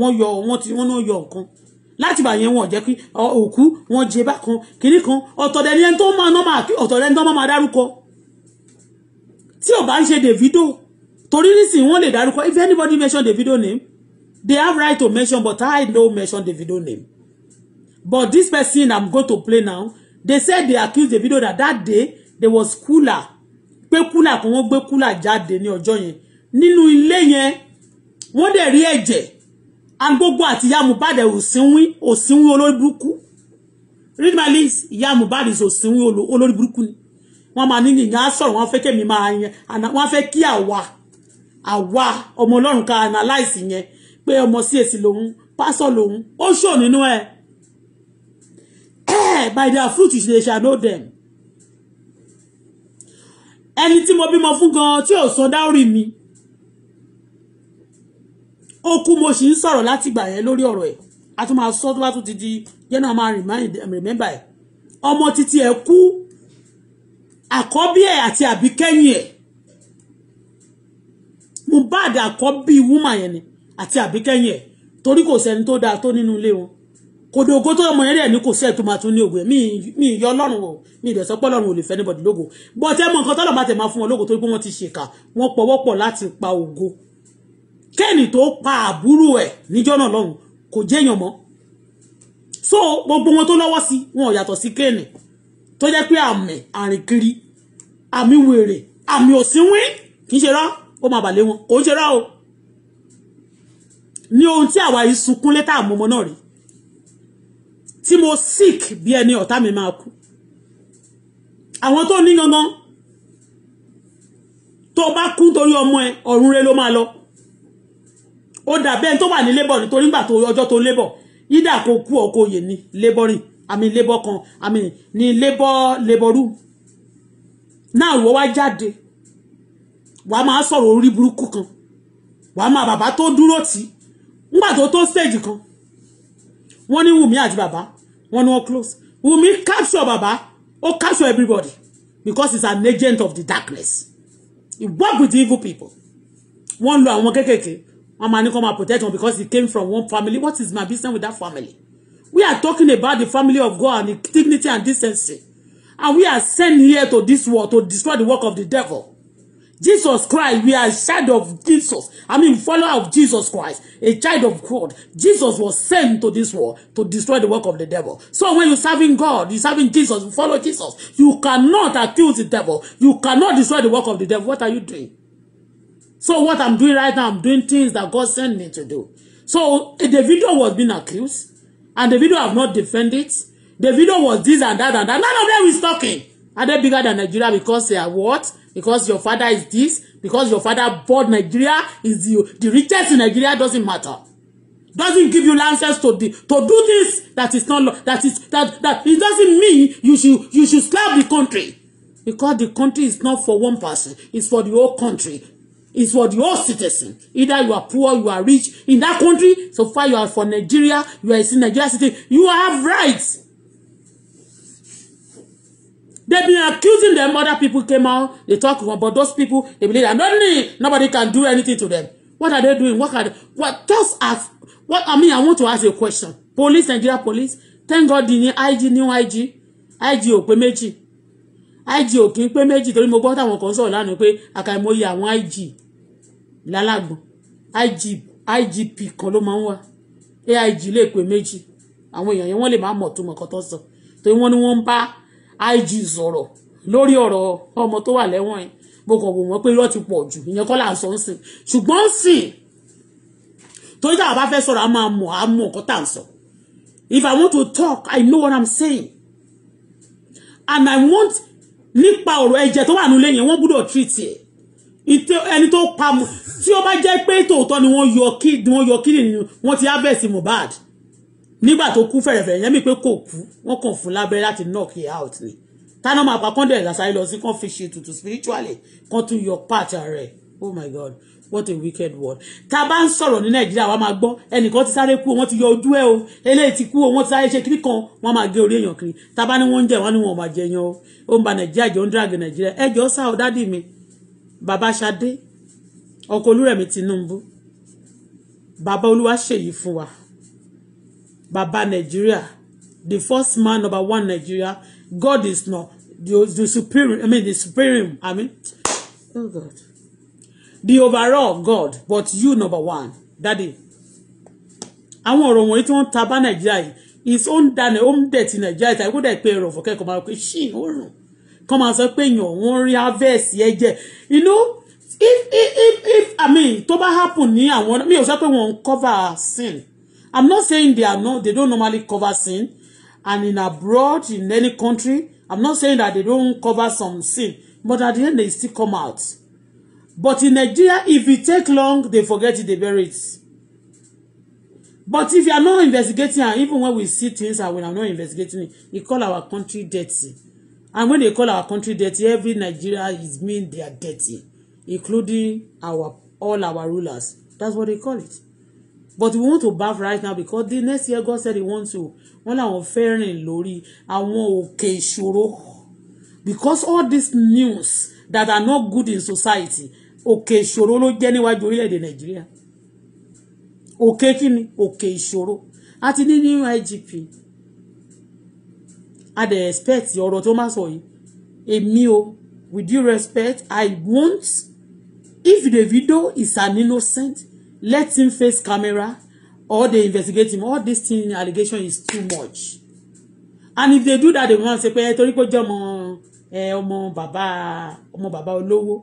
wọ́n yọ wọ́n ti wọ́n náà yọ nǹkan láti bà yẹn wọn jẹ́ kí òkú wọn jẹ bákan kìnnì kan ọ̀tọ̀dẹ̀ ni ẹni tó máa nọ́ máa ọ̀tọ̀dẹ̀ ni tó máa dárúkọ tí ò bá ń ṣe Davido torí nísìnyí wọ́n lè dárúkọ if anybody mention Davido name they have right to mention but I no mention Davido name but this person I'm going to play now they said they accused Davido that that day there was cooler pé cooler kan wọ́n gbé cooler jáde ní ọjọ́ yẹn nínú ilé yẹn wọ́n dẹ̀ rí ẹ̀jẹ̀ and gbogbo àti ìyá Mohbad òsínwín òsínwín olórí burúkú read my list ìyá Mohbad òsínwín olórí burúkú ni wọ́n máa ní nìyẹn á sọ̀rọ̀ wọ́n fẹ́ kẹ́mi máa yan wọ́n fẹ́ kí àwa àwa ọmọ ọlọ́run ká analyse yẹn pé ọmọ CAC lòun pásọ̀ lòun ó ṣò nínú ẹ̀ eh, by their fruit they shall know them ẹni tí mo bímọ fún gan tí ò sọ dáórì mi ó kú mo sì ń sọ̀rọ̀ láti gbà yẹn lórí ọ̀rọ̀ ẹ̀ a tún máa sọ tó bá tún ti di yẹn náà máa um, remember ẹ̀ ọmọ títí ẹ̀ kú àkọ́bí ẹ̀ àti àbíkẹ́yìn ẹ̀ Mohbad àkọ́bí woman yẹn ni àti àbíkẹ́yìn ẹ̀ torí kò sẹ́ni tó dáa tó nínú ilé wọn kòdògó tó ọmọ yẹn rẹ̀ ní kò sẹ́ẹ̀ tó máa tún ní ògùn ẹ̀ mí yọ ọlọ́run o mí ìdẹ̀sọ́ pé ọlọ́run ò lè fẹ́ níbọ̀dì lógo bọ́ọ̀tẹ́ mọ nǹkan tọ́lọ̀ bá tẹ̀ máa fún wọn lógo torí pé wọ́n ti ṣèkà wọ́n pọ̀wọ́pọ̀ láti pa ògo kẹ́ni tó pa àbúrò ẹ̀ níjọ́ náà lọ́hùn kò jẹ́yàn mọ́ so gbogbo wọn tó lọ́wọ́ sí wọn ò yàtọ̀ sí kẹ́ni tó jẹ́ pé àmì àrìnkiri àmì wèrè àmì òsínwín kì í ṣe rá ó máa bà wọn kò ń ṣe rá o ní ohun tí àwa yìí sunkún létà àmọmọ náà rí tí mo sick bí ẹni ọ̀tá mi máa kú àwọn tó ní gangan tó bá kú torí ọmọ ẹ ọ̀run rẹ ló máa lọ ó dàbí Ben tó wà ní labour nítorí nígbà tó ọjọ́ tó labour yídà kó kú ọ kó yè ní labouring àmì labour kan àmì ní labour labour room náà ìwọ wá jáde wàá máa sọ̀rọ̀ orí burúkú kan wàá máa bàbá tó dúró tì nígbà tó tó stage kan wọ́n ní Wùmí àti Baba wọ́n ní wọ́n close Wùmí capture bàbá ó capture everybody because he's an agent of the darkness he work with evil people wọ́n lo àwọn kéékèèké wọ́n máa ní kó máa protect wọn because he came from one family what is my business with that family we are talking about the family of God and the dignity and decency and we are sent here to this world to destroy the work of the devil Jesus Christ we are child of Jesus I mean follower of Jesus Christ a child of God Jesus was sent to this world to destroy the work of the devil so when you serving God you serving Jesus you follow Jesus you cannot accuse the devil you cannot destroy the work of the devil what are you doing So what I'm doing right now, I'm doing things that God sent me to do. So the eh, video was being accused, and the video have not defended. The video was this and that and that. None of them is talking. Are they bigger than Nigeria because they are what? Because your father is this, because your father bought Nigeria, is you the richest in Nigeria doesn't matter. Doesn't give you license to the, to do this that is not that is that that it doesn't mean you should you should slap the country because the country is not for one person it's for the whole country is for the whole citizen. Either you are poor, you are rich. In that country, so far you are for Nigeria, you are a Nigeria city. you have rights. They've been accusing them. Other people came out. They talk about those people. They believe that nobody, nobody can do anything to them. What are they doing? What are they, what just ask? What I mean, I want to ask you a question. Police, Nigeria police. Thank God the new IG, new IG, IG ò ig ò kí ń pé méjì torí mo gbọ́ táwọn kan sọ̀rọ̀ lánàá pé àkàìmọye àwọn ig lálàgbọ̀n ig igp kan ló máa ń wà aig lè pé méjì àwọn èèyàn yẹn wọ́n lè má mọ̀ tó mọ̀ kan tó sọ torí wọ́n ní wọ́n ń bá ig sọ̀rọ̀ lórí ọ̀rọ̀ ọmọ tó wà lẹ́wọ̀n yẹn mo kàn wò wọ́n pé irọ́ ti pọ̀ jù ìyẹn kọ́ là ń sọ ń ṣùgbọ́n sìn torí táwọn bá fẹ́ sọ̀rọ̀ a máa mọ̀ a mọ̀ nǹkan tá ń sọ if I want to talk I know what I'm saying and I want nípa ọ̀rọ̀ ẹ̀jẹ̀ tó wà nílé yẹn wọ́n gbọ́dọ̀ treat ẹ̀ ẹni tó pa mu tí ó bá jẹ́ pé tòótọ́ ni wọ́n yọ kí ni wọ́n yọ kí ni wọ́n ti harvest Mohbad nígbà tó kú fẹ̀rẹ̀fẹ̀rẹ̀ yẹn mi pé kò kú wọ́n kàn fún lábẹ́rẹ́ láti knock it out ni táná máa pa kọ́ndẹ̀ lásán lọ sí kàn fi ṣe tutù spiritually kàn tún yọ part rẹ̀ oh my god what a wicked world tá a bá ń sọ̀rọ̀ ní nàìjíríà wàá máa gbọ́ ẹnìkan ti sáré kú wọ́n ti yọ ojú ẹ̀ o eléyìí ti kú wọ́n ti sáré ṣe kiri kan wọ́n máa gé orí èèyàn kiri tá bá ní wọ́n ń jẹ wọ́n ní wọ́n máa jẹ yan o ó ń ba nàìjíríà jẹ́ ó ń drag nàìjíríà ẹ sá o dádì mi bàbá Ṣadé ọkọ Olúrẹ̀mí Tinubu bàbá olúwa ṣèyí fún wa bàbá nàìjíríà the first man number one nàìjíríà God is not the, the superior. I mean the superior. I mean oh God the overall of God but you number one daddy àwọn ọ̀rọ̀ wọ̀nyí tí wọ́n ń ta bá nàìjíríà yìí is ó ń dalẹ̀ ó ń dẹ̀ ti nàìjíríà ìtàgé kó dẹ̀ pé ẹ̀rọ fọ̀kẹ́ kan máa pé ṣì ń rùn kan máa sọ pé èèyàn wọ́n rí harvest ẹ̀jẹ̀ you know if if if if i mean tó bá happen ní àwọn mi ò sọ pé wọ́n ń cover sin i'm not saying they are not they don't normally cover sin and in abroad in any country i'm not saying that they don't cover some sin but at the end they still come out But in Nigeria, if it take long, they forget it, they bury it. But if you are not investigating, and even when we see things and we are not investigating we call our country dirty. And when they call our country dirty, every Nigeria is mean they are dirty, including our all our rulers. That's what they call it. But we want to bath right now because the next year God said he wants to. Wọ́n làwọn fair and lórí I want ìṣòro because all these news that are not good in society òkè ìṣòro ló jẹ́ níwájú orílẹ̀-èdè nàìjíríà òkè kíni òkè ìṣòro a ti ní new IGP a dẹ̀ expect ọ̀rọ̀ tó máa sọ yìí èmi o with due respect I want if the video is an innocent let him face camera or they investigate him all this thing allegation is too much and if they do that they wan say pé torí pé ó jẹ́ ọmọ ọmọ bàbá ọmọ bàbá olówó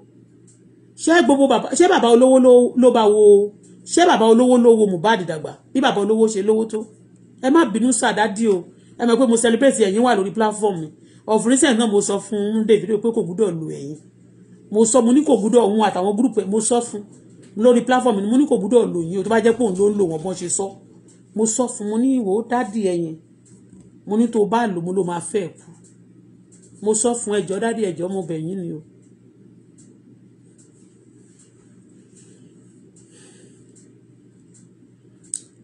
ṣé gbogbo bàbá ṣé bàbá olówó ló bá wo ṣé bàbá olówó ló wo Mohbad dàgbà bí bàbá olówó ṣe lówó tó ẹ má bínú sàdádì o ẹ mọ̀ pé mo celebrate ẹ̀yin wà lórí platform mi of recent náà mo sọ fún Davido pé kò gbúdọ̀ lu ẹ̀yin mo sọ mo ní kò gbúdọ̀ òun àtàwọn gúrùpù mo sọ fún lórí platform mi mo ní kò gbúdọ̀ lò yín o tó bá jẹ́ pé òun ló ń lò wọ́n bọ́n ṣe sọ mo sọ fún mo ní ìwò dádì ẹ̀yin mo ní tó bá lò mo ló máa fẹ́ kú mo sọ fún ẹjọ́ dádì ẹjọ́ mo bẹ̀ ni o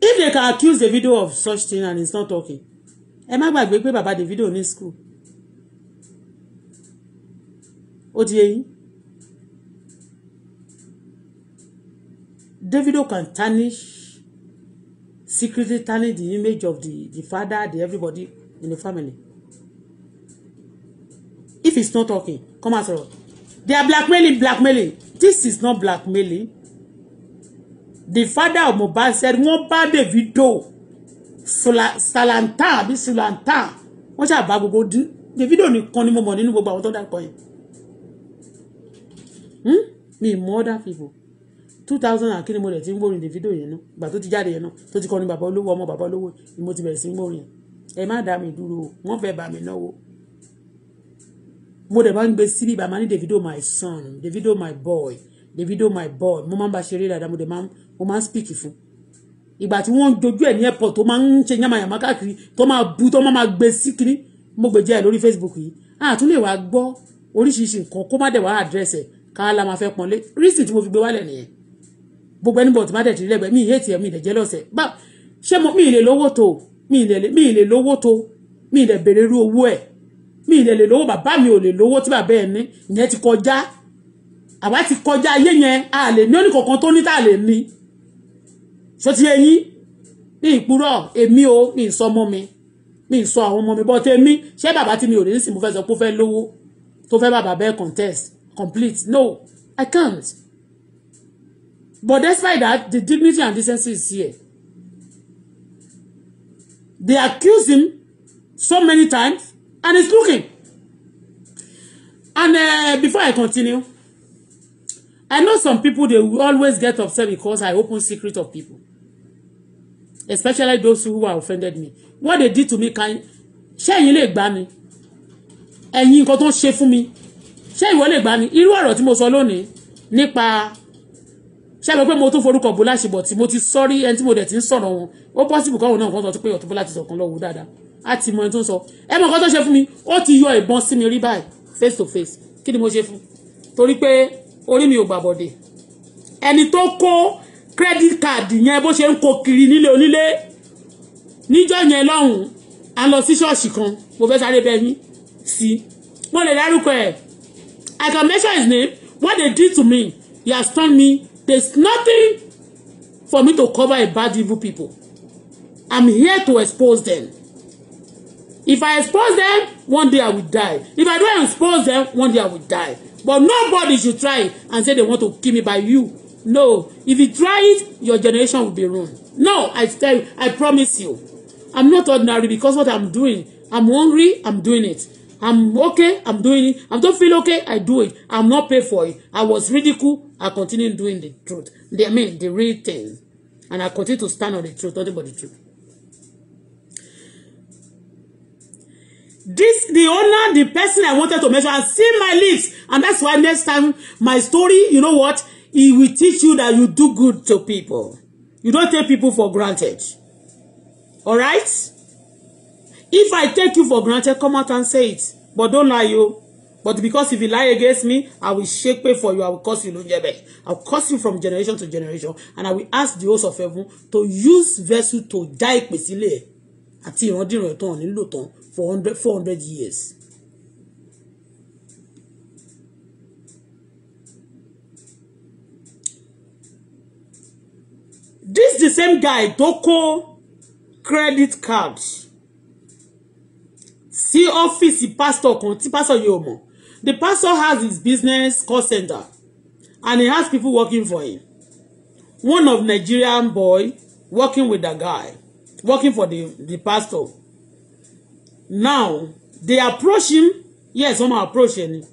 if they can accuse the video of such thing and he's not talking ẹ má gbàgbé pé bàbá Davido ní school ó ti yé yín Davido can tarnish secretly tarnish the image of the the father the everybody in the family if he's not talking come out sọ̀rọ̀ they are blackmailing blackmailing this is not blackmailing the father of Mohbad said wọ́n bá Davido salantan àbí silantan wọ́n ṣàbá gbogbo dín Davido nìkan ni mo mọ̀ nínú gbogbo àwọn tó dàpọ̀ yẹn hmm? mi mọ̀ other people two thousand and kí ni mo rẹ̀ ti ń gbórin Davido yẹn náà ìgbà tó ti jáde yẹn náà tó ti kọ́ ni bàbá olówó ọmọ bàbá olówó ni mo ti bẹ̀rẹ̀ sí ń gbórin yẹn ẹ má dá mi dúró o wọ́n fẹ́ bà mí náwó mo dẹ̀ bá ń gbé síbí bàmá ní Davido my son Davido my boy Davido my boy mo máa ń bá ṣeré dáadáa mo dẹ̀ máa ń mo máa ń speak fún ìgbà tí wọ́n ń dojú ẹ̀ ní airport tó máa ń ṣe yamayama káàkiri tó máa bu tó máa gbé sí kiri mo gbèjà ẹ̀ lórí Facebook yìí àtún lè wá gbọ́ oríṣiríṣi nǹkan kó má dẹ̀ wá àdírẹ́sì ẹ̀ ká la máa fẹ́ pọ́nlé reason tí mo fi gbé wálẹ̀ nìyẹn gbogbo ẹni bọ̀ tí má dẹ̀ ti rí lẹ́gbẹ̀ẹ́ mi ì hẹ́ẹ̀tì ẹ̀ mi ì lẹ̀ jẹ́ lọ́sẹ̀ bá ṣé mo mi ì lè lówó tó mi ì lè lówó tó mi ì lè bèrè irú owó ẹ̀ mi ì lè lè lówó bàbá mi ò lè lówó tí bàbá ẹ̀ ní ìyẹn ti kọjá àwa ti kọjá ayé yẹn a lè ní oníkọ̀ọ̀kan tó ní tá a lè ní ṣó ti ẹyin ní ìpúrọ̀ èmi o mi ń sọ ọmọ mi mi ń sọ àwọn ọmọ mi bọ́tẹ́ mi ṣé bàbá tí mi ò ní nísìnyí mo fẹ́ sọ pé ó fẹ́ lówó tó fẹ́ bàbá bẹ́ẹ̀ contest complete no I can't but despite that the dignity and decency is here they accuse him so many times and he's looking and uh, before I continue I know some people dey always get upset because I open secret of people especially those who have offended me what they did to me kan ṣé ẹ̀yin lè gbà mí ẹ̀yin nǹkan tó ń ṣe fún mi ṣé ìwọ lè gbà mí irú ọ̀rọ̀ tí mo sọ lónìí nípa ṣé àgbẹ̀ pé mo tún forúkọ bó láṣìbọ̀ tí mo ti sọ́rí ẹni tí mo dẹ̀ ti ń sọ̀rọ̀ wọn ó pọ́sibù káwọn náà kan sọ pé Auto Bola ti sọ̀kan lọ́wọ́ dáadáa á ti mọ ẹni tó ń sọ ẹ mọ nǹkan tó ṣe fún mi ó ti yọ ìbọn sí mi rí báyìí face to face kí ni mo ṣe fún torí pé orí mi ò gbàbọ̀dẹ̀ ẹni tó kó credit card yẹn bó ṣe ń kó kiri nílé onílé níjọ́ yẹn lọ́hùn a lọ sí ṣọ́ọ̀ṣì kan mo fẹ́ sáré bẹ́ẹ̀ yín sí mo lè dárúkọ ẹ̀ I can mention his name what they did to me he has turned me there is nothing for me to cover a bad evil people I'm here to expose them if I expose them one day I will die if I don't expose them one day I will die but nobody should try and say they want to kill me by you No. If you try it, your generation will be ruined. No, I tell you, I promise you. I'm not ordinary because what I'm doing, I'm hungry, I'm doing it. I'm okay, I'm doing it. I don't feel okay, I do it. I'm not paid for it. I was ridiculed, I continue doing the truth. The, I mean, the real thing. And I continue to stand on the truth, nothing but the truth. This, the owner, the person I wanted to measure, I see my lips. And that's why next time, my story, you know what? He will teach you that you do good to people. You don't take people for granted. All right? If I take you for granted, come out and say it. But don't lie, you. Oh. But because if you lie against me, I will shake pay for you. I will curse you, Lunjebe. I will curse you from generation to generation. And I will ask the host of heaven to use vessel to die pesile àti ìrandíran ẹ̀tàn nílò tán for hundred four hundred years. same guy tó kó credit card sí ọ́fíìsì pastor kan tí pastor yóò mọ̀ the pastor has his business call center and he has people working for him one of Nigerian boy working with the guy working for the the pastor now they approach him yes someone approach him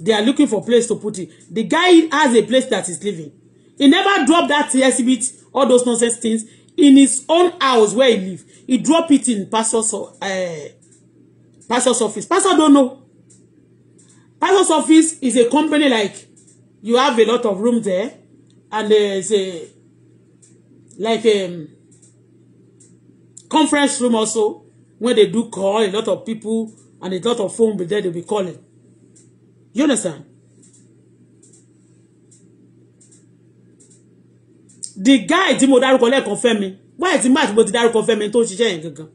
they are looking for place to put him. the guy has a place that is living He never dropped that exhibit, all those nonsense things, in his own house where he live. He drop it in pastor's, uh, pastor's office. Pastor don't know. Pastor's office is a company like you have a lot of room there, and there's a like a um, conference room also when they do call a lot of people and a lot of phone be there they'll be calling. You understand? the guy tí mo dárúkọ lẹ́ẹ̀kan Fẹ́mi wáyé tí máàtì mo ti dárúkọ Fẹ́mi tó ń ṣiṣẹ́ yẹn gangan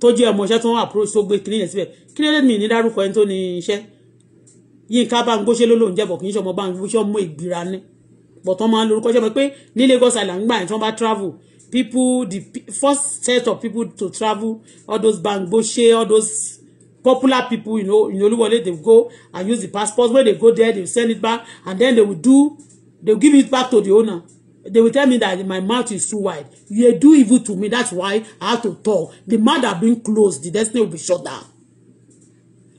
tó jẹ́ ọmọ iṣẹ́ tó ń approach tó gbé kiri yẹn síbẹ̀ kí ló dé mi ní dárúkọ ẹni tó ní iṣẹ́ Yínká Bámgbóṣé ló lóun jẹ́bọ̀ kì í ṣe ọmọ Bámgbóṣé ọmọ ìgbìra ní bọ̀tán máa ń lórúkọ ṣe mọ́ pé ní Lagos Island gbà yẹn tí wọ́n bá travel people the first set of people to travel all those bank, Bámgbóṣé all those popular people you know in Oluwole they go and use the passport when they go there they send it back and then they will do they will give it back to the owner they will tell me that my mouth is too wide You do evil to me that's why I have to talk the mouth have been closed the destiny will be shut down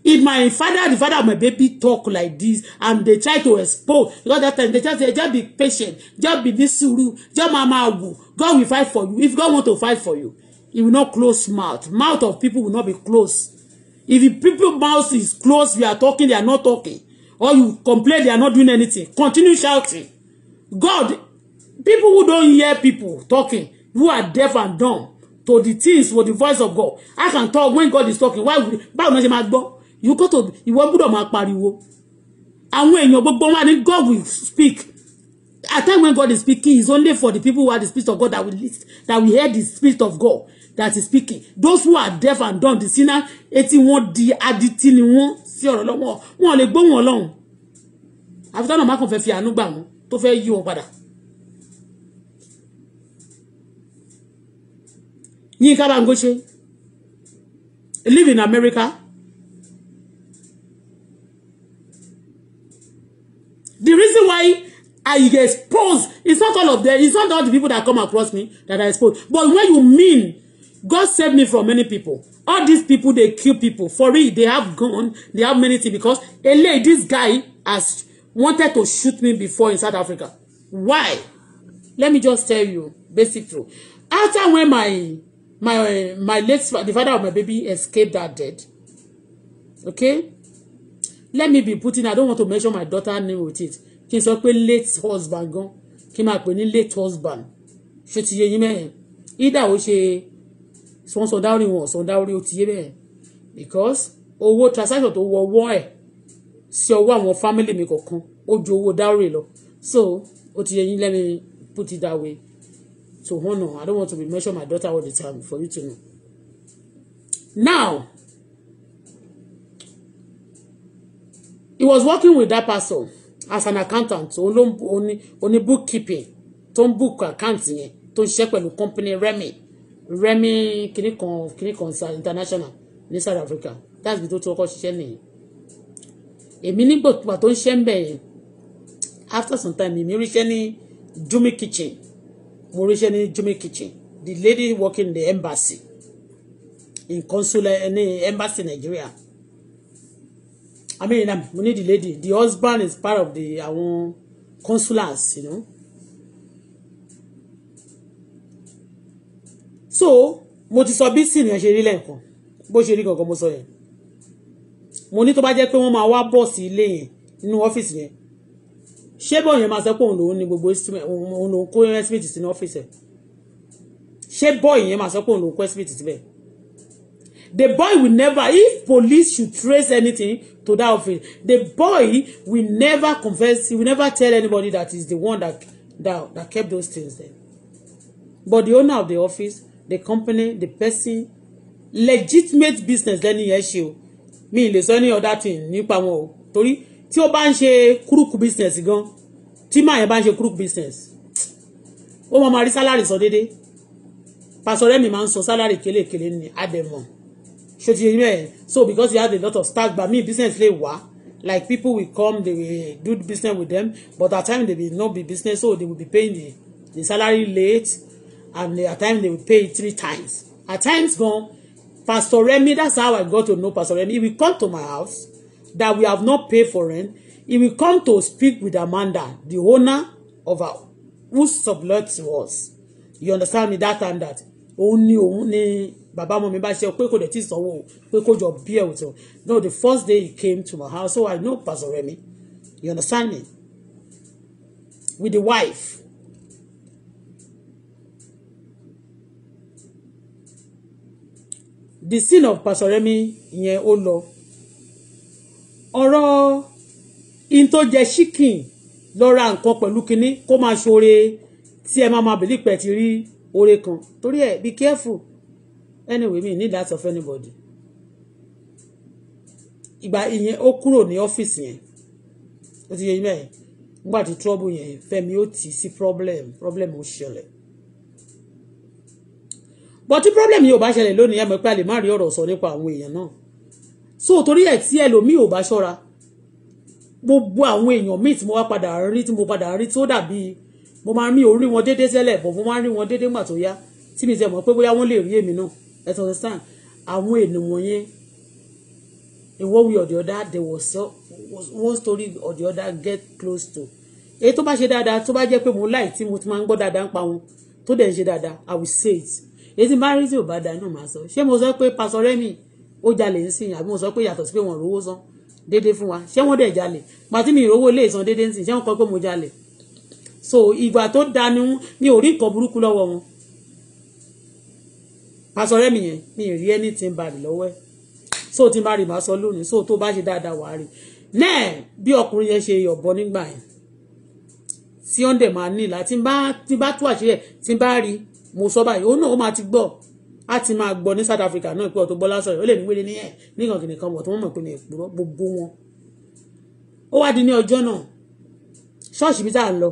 if my father the father of my baby talk like this and they try to expose you because that time they just say just be patient just be ní just mama God will fight for you if God want to fight for you he will not close mouth mouth of people will not be closed if the people mouth is closed you are talking they are not talking or you complain they are not doing anything continue shouting God people who don't hear people talking, who are deaf and dumb to the things for the voice of God. I can talk when God is talking. Why would báwo ni ṣe máa You go to ìwọ gbọ́dọ̀ máa pariwo. Àwọn èèyàn gbogbo wa ni God will speak. At time when God is speaking, it's only for the people who are the spirit of God that will listen, that we hear the spirit of God that is speaking. Those who are deaf and dumb, the sinner, etí wọn di adití ni wọ́n sí ọ̀rọ̀ lọ́wọ́. Wọn ò lè gbóhùn Ọlọ́run. Àfi táwọn ọmọ akànfẹ́ fi àánú gbà wọ́n Yinka Dangote live in America. The reason why I get exposed is not all of them, it's not all the people that come across me that are exposed. But when you mean God saved me from many people. All these people, they kill people. For real, they have gone, they have many things because LA, this guy has wanted to shoot me before in South Africa. Why? Let me just tell you, basic truth. After when my my my late the father of my baby escaped that dead. okay let me be putting i don't want to mention my daughter name with it kí n sọ pé late husband gan kí n máa pè ní late husband ṣé ti yé yín mẹ́rin either ó ṣe wọ́n san dáwọ́rì wọn san dáwọ́rì ó ti yé mẹ́rin because owó transaction tó wọ ọwọ́ ẹ̀ sí ọwọ́ àwọn family mi kọ̀ọ̀kan ó ju owó dáwọ́rì lọ so ó ti yé yín let me put it that way to honor i don't want to be mention my daughter all the time for you to know now he was working with that person as an accountant oní oní bookkeeping to ń book account yẹn tó ń ṣiṣẹ́ pẹ̀lú company remi remi kìnnìkan kìnnìkan international ní south africa that's the tó tó ọkọ ṣiṣẹ́ nìyẹn èmi nígbà tó ń ṣe ń bẹ̀ yẹn after some time èmi ríṣẹ́ ní jumi kitchen mo Jimmy kitchen the lady working the embassy in consulate eh, ní embassy Nigeria I mean um, we need the lady the husband is part of the our uh, consulars you know so mo ti sọ bí sìnìyàn ṣe rí lẹ́ẹ̀kan bó ṣe rí gangan mo sọ yẹn mo ní tó bá jẹ́ pé wọ́n máa wá bọ̀ ilé yẹn nínú ọ́fíìsì yẹn ṣé bọ́ọ̀ yẹn máa sọ pé òun lòun ní gbogbo òun lòun kó estimate sínú ọ́fíìsì ẹ̀ ṣé bọ́ọ̀ yẹn máa sọ pé òun lòun kó estimate síbẹ̀ the boy will never if police should trace anything to that office the boy will never confess he will never tell anybody that is the one that that, that kept those things there but the owner of the office the company the person legitimate business lẹ́ni yẹn ṣe o mi lè sọ any other thing nípa wọn o torí tí ó bá ń ṣe kúrúkù business gan tí máa yẹn bá ń ṣe kúrúkù business ó mọ̀ máa rí sálárì sọ déédéé pàṣọrẹ́ mi máa ń sọ sálárì kélékèlé ní àdẹ̀mọ̀ ṣó ti yẹ so because you have a lot of staff gba me business lè wá like people will come they will do business with them but at times they will not be business so they will be paying the, the salary late and at times they will pay three times at times gan pastor remi that's how i got to know pastor remi he will come to my house that we have not paid for rent, he will come to speak with Amanda, the owner of our who sublet to us. You understand me that time that òun ni òun ni Baba, ọmọ mi bá ṣe pé kò dẹ̀ tí ì sanwó pé kò jọ bí no the first day he came to my house so I know Pastor Remi you understand me with the wife the sin of Pastor Remi yẹn ó lọ ọ̀rọ̀ in tó jẹ chicken lọ ra nǹkan pẹ̀lú kinní kó máa ṣoore tí ẹ máa máa bèlí pẹ̀ ti rí oore kan torí ẹ be careful anyway mi need that of anybody ìgbà ìyẹn ó kúrò ní ọ́fíìsì yẹn ó ti yẹ yín nígbà tí trouble yẹn fẹ́mi ó tì í sí problem problem ó ṣẹlẹ̀ bọ́tí problem yìí ò bá ṣẹlẹ̀ lónìí ẹ mọ̀ pé a lè má rí ọ̀rọ̀ sọ nípa àwọn èèyàn náà so torí ẹ̀ tí ẹlòmíì ò bá ṣọ́ra gbogbo àwọn èèyàn míì tí mo wá padà rí tí mo padà rí tó dàbí mo máa rí orí wọn déédéé tẹ́lẹ̀ bọ̀ mo máa rí wọn déédéé gbà tó yá tí mi ti mọ̀ pé bóyá wọ́n lè rí èmi náà ẹ tọ́ sàn àwọn ènìyàn yẹn ìwọ́ wí ọ̀dẹ̀ ọ̀dá they were so one story ọ̀dẹ̀ ọ̀dá get close to èyí tó bá ṣe dáadáa tó bá jẹ́ pé mo láì tí mo ti máa ń gbọ́ dáadáa ń pa wọn tó dẹ̀ ń ṣe dáadáa i will say it èyí tí bá rí tí ò bá dáa náà máa sọ ṣé mo sọ pé pásọ rẹ́mi ó jalè ń sìn àbí mo sọ pé yàtọ̀ sí pé wọ́n rówó san déédéé fún wa ṣé wọ́n dẹ̀ jalè pàtí mi ìrówó ilé ìsan déédéé ń sìn ṣé wọ́n kọ́ pé mo jalè so ìgbà tó da ni mi ò rí nǹkan burúkú lọ́wọ́ wọn aṣọ rẹ mi yẹn mi ì rí ẹni tí ń ba rè lọ́wọ́ ẹ̀ so tí ń bá rè máa sọ lónìí so tó bá ṣe dáadáa wàá rè náà bí ọkùnrin yẹn ṣe yọ̀bọ nígbà yẹn tí ó ń dẹ̀ máa nílà tí ń bá tú àṣírí ẹ̀ tí ń bá rí mo sọ báyìí òun náà ó máa ti gbọ́ a ti máa gbọ́ ní South Africa náà pé Auto Bola sọ̀rọ̀ ó lè ní wéré ní ẹ̀ nìkan kìnìún kan bọ̀ tó wọ́n mọ̀ pé ní ìpúrọ̀ gbogbo wọn. ó wá di ní ọjọ́ náà ṣọ́ọ̀ṣì bí tá a lọ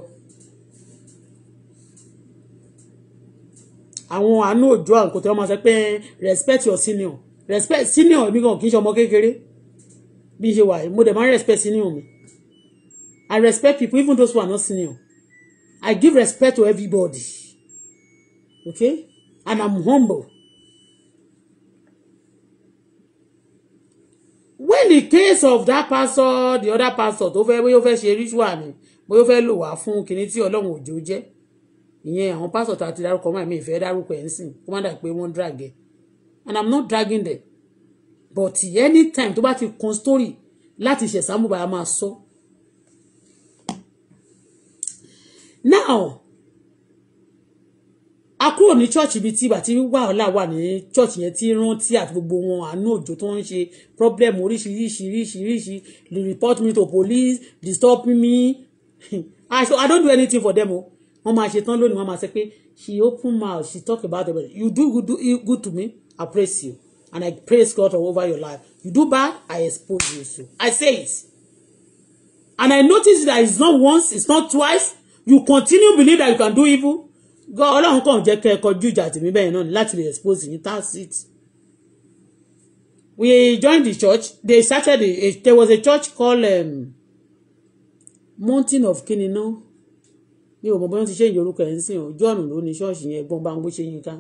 àwọn àánú òjò àǹkó tí wọ́n máa sọ pé respect your senior respect senior mi kan kì í ṣe ọmọ kékeré bí ṣe wà mo dẹ̀ máa respect senior mi I respect people even those who are not senior I give respect to everybody okay and I'm humble when the case of that pastor the other pastor tó fẹ́ bóyá ó fẹ́ ṣe ritual ni bóyá ó fẹ́ lò wá fún kinní tí ọlọ́run òjò jẹ́ ìyẹn àwọn pastor tó àti dárúkọ máa mi ìfẹ́ dárúkọ ẹ̀ ń sìn kó má dà pé wọ́n drag ẹ̀ and i'm not dragging them but anytime tó bá ti kun story láti ṣẹ̀sámùbà a máa sọ. now a kúrò ní church ibi tí ìgbà tí wàhálà wà ní church yẹn tí rántí àti gbogbo wọn àánú òjò tó ń ṣe problem oríṣiríṣi oríṣiríṣi they report me to police disturb me [laughs] i don't do anything for them o wọn máa ṣe tán lónìí wọn máa ṣe pé she open mouth she talk about it you do good, good to me i praise you and i praise God over your life you do bad i expose you so i say it and i notice that it's not once it's not twice you continue believe that you can do evil ọlọ́run kàn jẹ́ kẹ́ ẹ kọjú ìjà tèmi bẹ́ẹ̀ náà láti lè expose yín that's it. we joined the church they started a, there was a church called um, mountain of kinina ní òmò bóyá ti ṣe ìyẹn orúkọ ẹ̀ ń sìn ọ́ john ló ní ṣọ́ọ̀ṣì yẹn gbọ́n bá ń gbé ṣe yín ká.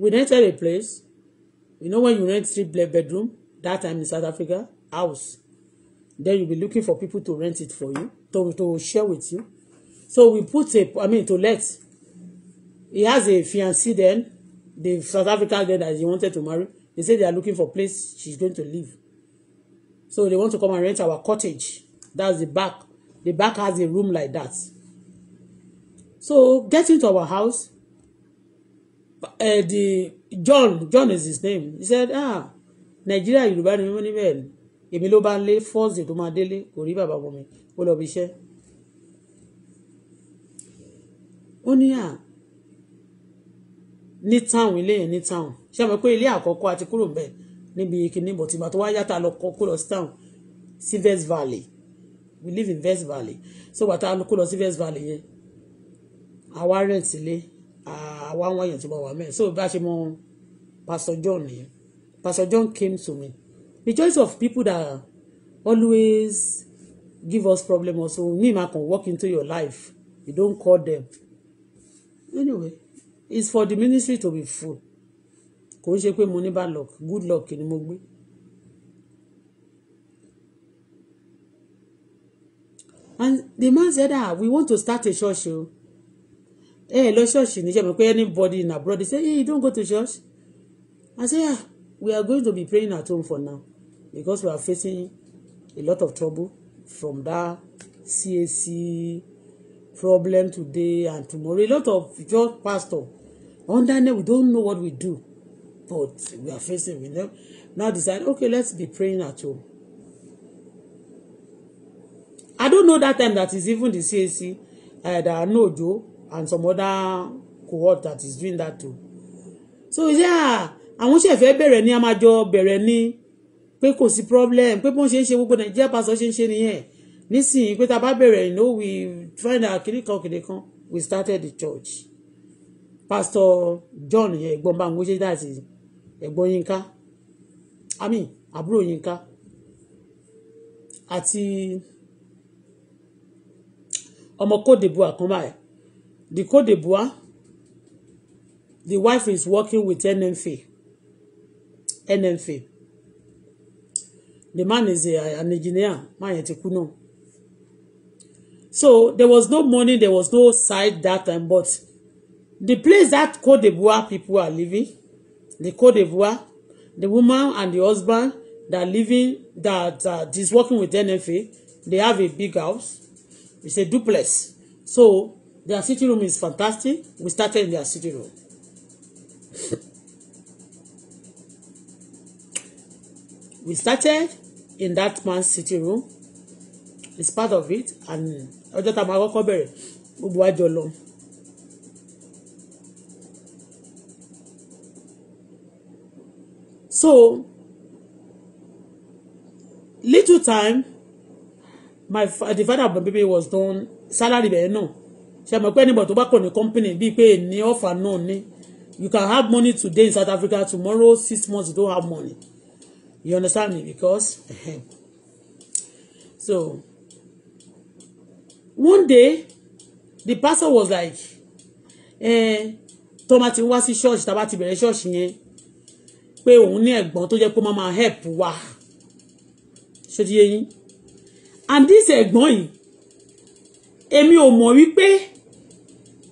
we rented a place you know when you rent three bedroom that time in South Africa house then you be looking for people to rent it for you to to share with you So we put a, I mean, to let. He has a fiancée then, the South African girl that he wanted to marry. They say they are looking for place she's going to live. So they want to come and rent our cottage. That's the back. The back has a room like that. So get into our house, uh, the John, John is his name. He said, ah, Nigeria you ni mímú níbẹ̀ èmi ló bá ń lé fọ́ọ̀sì tó máa délé kò rí bàbá ọmọ mi ó ní à ní táwọn ilé yẹn ní táwọn ṣé àmọ́ pé ilé àkọ́kọ́ àti kúrò bẹ́ẹ̀ níbi kìíní bọ̀ tìgbà tó wá yàtọ̀ lọ kó lọ sí táwọn sí West Valley we live in West Valley so gbà tá a kó lọ sí West Valley yẹn àwa rent ilé àwa wọn yẹn ti bọ̀ wà mẹ́rin so bá a ṣe mọ Pastor John nìyẹn Pastor John came to me the choice of people that always give us problem also me ma kan walk into your life you don call them anyway it's for the ministry to be full kò ń ṣe pé mo ní bad luck good luck ni mo gbé. and the man said ah we want to start a church o ẹ ẹ lọ ṣọ́ọ̀ṣì níṣẹ́ mi pé anybody in abroad say hey you don't go to church i say ah we are going to be praying at home for now because we are facing a lot of trouble from that CAC problem today and tomorrow. A lot of just pastor under name, we don't know what we do, but we are facing with them. Now decide, okay, let's be praying at home. I don't know that time that is even the CAC, uh, eh, that I know Joe and some other cohort that is doing that too. So yeah, àwọn ṣe fẹ́ bẹ̀rẹ̀ ní a máa jọ bẹ̀rẹ̀ ní pé kò sí problem pé bó ń ṣe ń ṣe gbogbo Nàìjíríà pásọ ṣe ń ṣe nìyẹn nísìnyí pé tá a bá bẹ̀rẹ̀ you know we find out kìnìkan kìnìkan we started the church pastor john ẹ̀gbọ́n bangoṣe dàtí ẹ̀gbọ́n yínká i mean àbúrò yínká àti ọmọ cote d'ivoire kan báyìí the cote d'ivoire the wife is working with NMFA NMFA the man is a, an engineer man yẹn ti kú náà So there was no money, there was no side that time. But the place that Cote d'Ivoire people are living, the Cote d'Ivoire, the woman and the husband that are living, that, that is working with NFA, they have a big house. It's a duplex. So their sitting room is fantastic. We started in their sitting room. we started in that man's sitting room. It's part of it and ọjọ́ tá a máa kọ́kọ́ bẹ̀rẹ̀ gbogbo wa jọ lọ. so little time my the father of my baby was done salary bẹ̀rẹ̀ náà ṣe mọ̀ pé anybody tó bá kọ̀ ní company bíi pé ní ọ̀fà náà ni you can have money today in South Africa tomorrow six months you don't have money you understand me because [laughs] so one day the pastor was like eh, tọ́mà ti wá sí ṣọ́ọ̀ṣì tá a bá ti bẹ̀rẹ̀ ṣọ́ọ̀ṣì yẹn pé òun ní ẹ̀gbọ́n tó jẹ́ pé máa máa help wa ṣé ti and this ẹ̀gbọ́n yìí èmi ò mọ̀ wípé